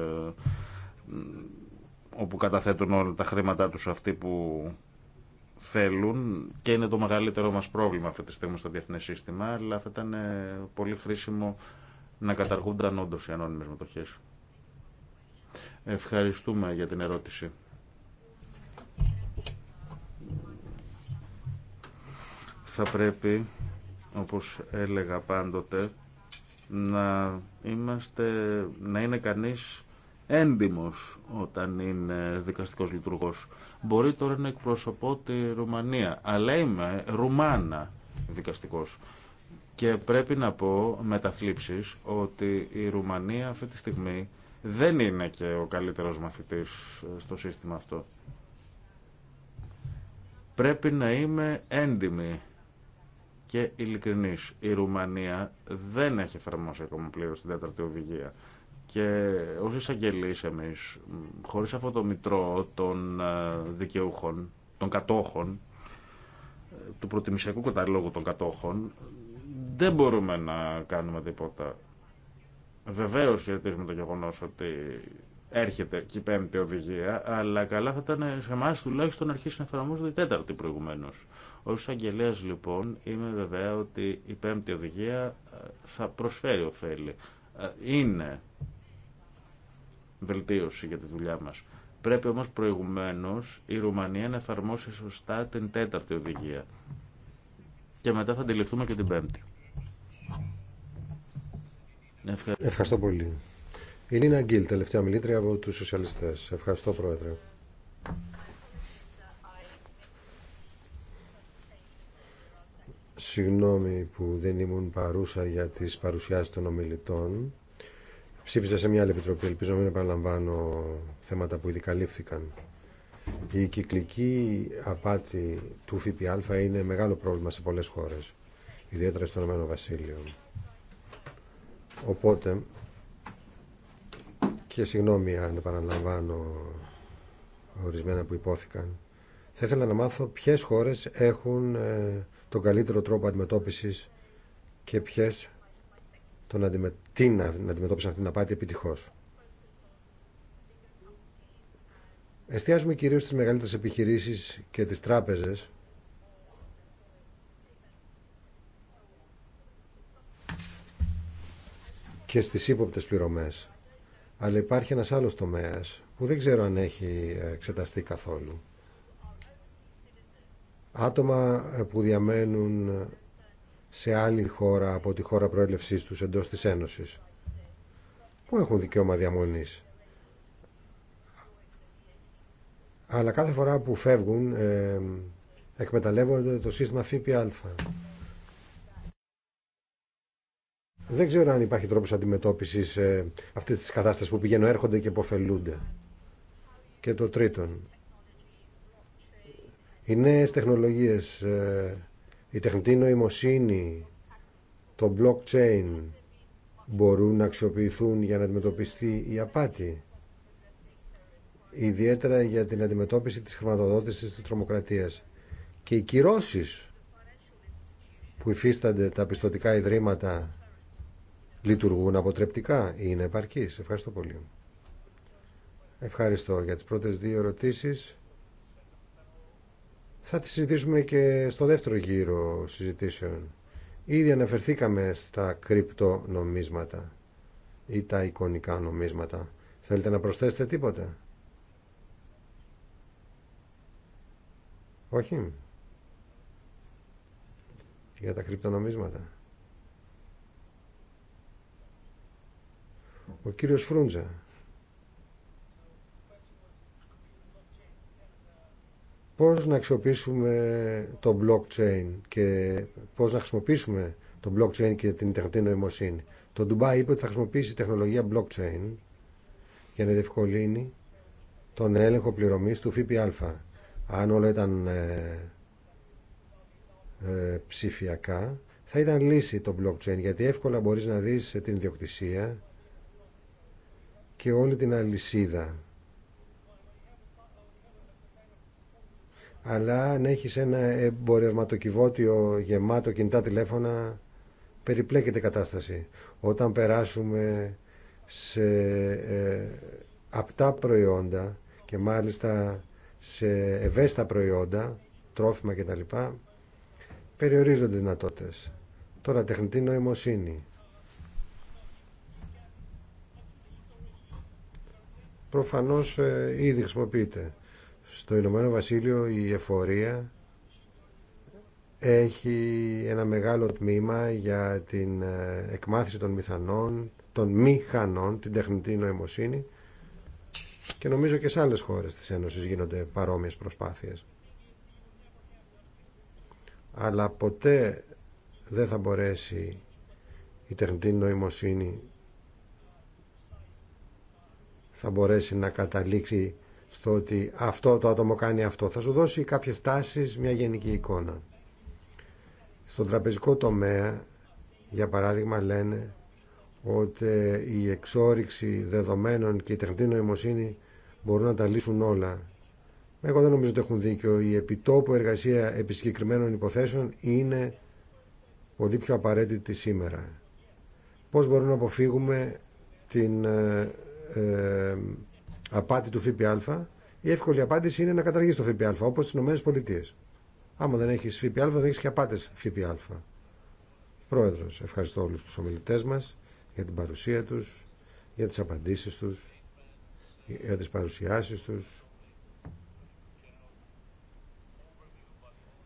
όπου καταθέτουν όλα τα χρήματά τους αυτοί που θέλουν και είναι το μεγαλύτερό μας πρόβλημα αυτή τη στιγμή στο διεθνές σύστημα, αλλά θα ήταν ε, πολύ χρήσιμο να καταργούνταν όντω οι ανώνυμες μετοχές. Ευχαριστούμε για την ερώτηση. Θα πρέπει, όπως έλεγα πάντοτε, να, είμαστε, να είναι κανείς έντιμος όταν είναι δικαστικός λειτουργός. Μπορεί τώρα να εκπροσωπώ τη Ρουμανία, αλλά είμαι Ρουμάνα δικαστικός. Και πρέπει να πω με τα θλίψεις ότι η Ρουμανία αυτή τη στιγμή δεν είναι και ο καλύτερος μαθητής ε, στο σύστημα αυτό. Πρέπει να είμαι έντιμη και ειλικρινής. Η Ρουμανία δεν έχει εφαρμόσει ακόμα πλήρως την τέταρτη οδηγία. Και ως εισαγγελείς εμείς, χωρίς αυτό το μητρό των ε, δικαιούχων, των κατόχων, ε, του προτιμησιακού καταλόγου των κατόχων, δεν μπορούμε να κάνουμε τίποτα. Βεβαίω χαιρετίζουμε το γεγονός ότι έρχεται και η πέμπτη οδηγία, αλλά καλά θα ήταν σε εμά τουλάχιστον να αρχίσει να εφαρμόζεται η τέταρτη προηγουμένω. Ω εισαγγελέας λοιπόν είμαι βεβαία ότι η πέμπτη οδηγία ε, θα προσφέρει ωφέλη. Είναι βελτίωση για τη δουλειά μα. Πρέπει όμω προηγουμένω η Ρουμανία να εφαρμόσει σωστά την τέταρτη οδηγία. Και μετά θα αντιληφθούμε και την πέμπτη. Ευχαριστώ, Ευχαριστώ πολύ. Η Νίνα τελευταία μιλήτρια από του σοσιαλιστέ. Ευχαριστώ, Πρόεδρε. Συγγνώμη που δεν ήμουν παρούσα για τις παρουσιάσεις των ομιλητών. Ψήφισα σε μια άλλη επιτροπή, ελπίζω να μην επαναλαμβάνω θέματα που ήδη καλύφθηκαν. Η κυκλική απάτη του ΦΠΑ είναι μεγάλο πρόβλημα σε πολλές χώρες, ιδιαίτερα στον Ηνωμένο Βασίλειο. Οπότε, και συγγνώμη αν επαναλαμβάνω ορισμένα που υπόθηκαν, θα ήθελα να μάθω ποιες χώρες έχουν ε, τον καλύτερο τρόπο αντιμετώπισης και ποιες το να αντιμετώπισαν αυτή την απάτη επιτυχώς. Εστιάζουμε κυρίως στις μεγαλύτερες επιχειρήσεις και τις τράπεζες και στις ύποπτες πληρωμές. Αλλά υπάρχει ένας άλλος τομέας που δεν ξέρω αν έχει εξεταστεί καθόλου. Άτομα ε, που διαμένουν σε άλλη χώρα από τη χώρα προέλευσής τους εντός της Ένωσης που έχουν δικαίωμα διαμονής αλλά κάθε φορά που φεύγουν ε, εκμεταλλεύονται το σύστημα ΦΠΑ. Δεν ξέρω αν υπάρχει τρόπος αντιμετώπισης ε, αυτής της κατάστασης που πηγαίνουν έρχονται και υποφελούνται. Και το τρίτον, οι νέες τεχνολογίες ε, η τεχνητή νοημοσύνη, το blockchain μπορούν να αξιοποιηθούν για να αντιμετωπιστεί η απάτη ιδιαίτερα για την αντιμετώπιση της χρηματοδότησης της τρομοκρατίας και οι κυρώσεις που υφίστανται τα πιστοτικά ιδρύματα λειτουργούν αποτρεπτικά ή είναι επαρκείς. Ευχαριστώ πολύ. Ευχαριστώ για τις πρώτες δύο ερωτήσεις. Θα τη συζητήσουμε και στο δεύτερο γύρο συζητήσεων. Ήδη αναφερθήκαμε στα κρυπτονομίσματα ή τα εικονικά νομίσματα. Θέλετε να προσθέσετε τίποτα. Όχι. Για τα κρυπτονομίσματα. Ο κύριος Φρούντζα. πώς να αξιοποιήσουμε το blockchain και πώς να χρησιμοποιήσουμε το blockchain και την τεχνητή νοημοσύνη. Το Dubai είπε ότι θα χρησιμοποιήσει τεχνολογία blockchain για να διευκολύνει τον έλεγχο πληρωμής του ΦΠΑ. Αν όλα ήταν ε, ε, ψηφιακά, θα ήταν λύση το blockchain, γιατί εύκολα μπορείς να δεις την ιδιοκτησία και όλη την αλυσίδα αλλά αν έχεις ένα εμπορευματοκιβώτιο γεμάτο κινητά τηλέφωνα περιπλέκεται κατάσταση. Όταν περάσουμε σε ε, απτά προϊόντα και μάλιστα σε ευαίσθητα προϊόντα, τρόφιμα κτλ. περιορίζονται δυνατότητες. Τώρα τεχνητή νοημοσύνη. Προφανώς ε, ήδη χρησιμοποιείται. Στο Ηνωμένο Βασίλειο η εφορία έχει ένα μεγάλο τμήμα για την ε, εκμάθηση των μηχανών, των μηχανών, την τεχνητή νοημοσύνη και νομίζω και σε άλλες χώρες της Ένωσης γίνονται παρόμοιες προσπάθειες. Αλλά ποτέ δεν θα μπορέσει η τεχνητή νοημοσύνη θα μπορέσει να καταλήξει στο ότι αυτό το άτομο κάνει αυτό. Θα σου δώσει κάποιες τάσεις, μια γενική εικόνα. Στον τραπεζικό τομέα, για παράδειγμα, λένε ότι η εξόριξη δεδομένων και η τεχνητή νοημοσύνη μπορούν να τα λύσουν όλα. Εγώ δεν νομίζω ότι έχουν δίκιο. Η επιτόπου εργασία επί συγκεκριμένων υποθέσεων είναι πολύ πιο απαραίτητη σήμερα. Πώς μπορούμε να αποφύγουμε την ε, ε, απάτη του ΦΠΑ, η εύκολη απάντηση είναι να καταργεί το ΦΠΑ, όπω στι ΗΠΑ. Άμα δεν έχει ΦΠΑ, δεν έχει και απάτε ΦΠΑ. Πρόεδρο, ευχαριστώ όλου του ομιλητέ μα για την παρουσία του, για τι απαντήσει του, για τι παρουσιάσει του.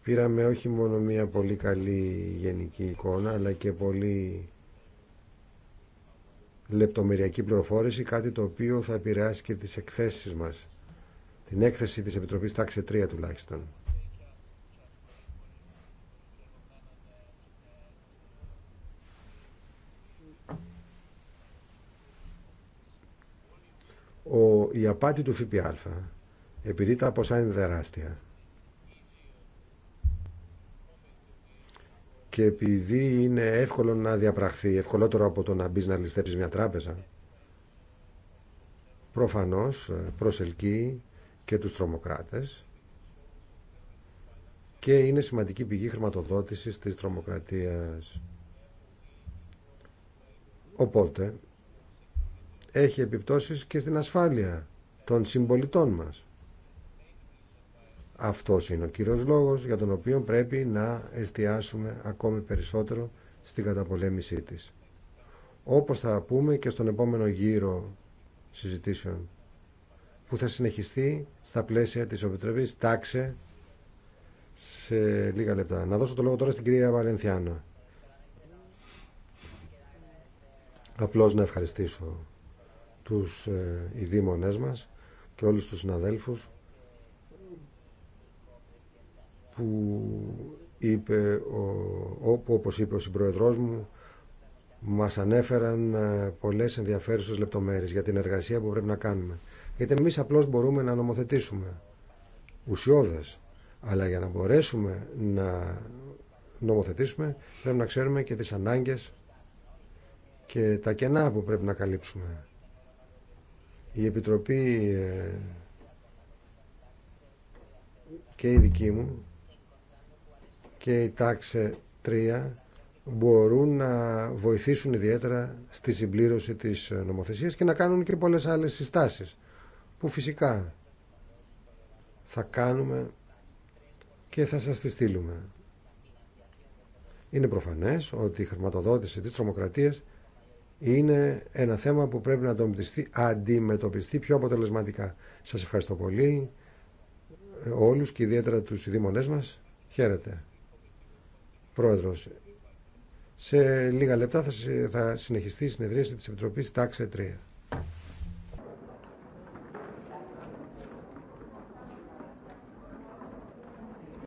Πήραμε όχι μόνο μια πολύ καλή γενική εικόνα, αλλά και πολύ λεπτομεριακή πληροφόρηση, κάτι το οποίο θα επηρεάσει και τις εκθέσεις μας. Την έκθεση της Επιτροπής Τάξη 3 τουλάχιστον. Ο, η απάτη του ΦΠΑ, επειδή τα ποσά είναι δεράστια, και επειδή είναι εύκολο να διαπραχθεί, ευκολότερο από το να μπει να ληστέψεις μια τράπεζα, προφανώς ε, προσελκύει και τους τρομοκράτες και είναι σημαντική πηγή χρηματοδότησης της τρομοκρατίας. Οπότε, έχει επιπτώσεις και στην ασφάλεια των συμπολιτών μας. Αυτός είναι ο κύριος λόγος για τον οποίο πρέπει να εστιάσουμε ακόμη περισσότερο στην καταπολέμησή της. Όπως θα πούμε και στον επόμενο γύρο συζητήσεων που θα συνεχιστεί στα πλαίσια της Επιτροπής τάξε σε λίγα λεπτά. Να δώσω το λόγο τώρα στην κυρία Βαλενθιάνα. Απλώς να ευχαριστήσω τους ειδήμονέ μας και όλους τους συναδέλφους που είπε όπου όπως είπε ο συμπροεδρός μου μας ανέφεραν ε, πολλές ενδιαφέρουσες λεπτομέρειες για την εργασία που πρέπει να κάνουμε. Γιατί εμείς απλώς μπορούμε να νομοθετήσουμε ουσιώδες, αλλά για να μπορέσουμε να νομοθετήσουμε πρέπει να ξέρουμε και τις ανάγκες και τα κενά που πρέπει να καλύψουμε. Η Επιτροπή ε, και η δική μου και η τάξη 3 μπορούν να βοηθήσουν ιδιαίτερα στη συμπλήρωση της νομοθεσίας και να κάνουν και πολλές άλλες συστάσεις που φυσικά θα κάνουμε και θα σας τη στείλουμε. Είναι προφανές ότι η χρηματοδότηση της τρομοκρατίας είναι ένα θέμα που πρέπει να αντιμετωπιστεί, αντιμετωπιστεί πιο αποτελεσματικά. Σας ευχαριστώ πολύ ε, όλους και ιδιαίτερα τους δήμονές μας. Χαίρετε. Πρόεδρος, σε λίγα λεπτά θα συνεχιστεί η συνεδρίαση της Επιτροπής Τάξε 3.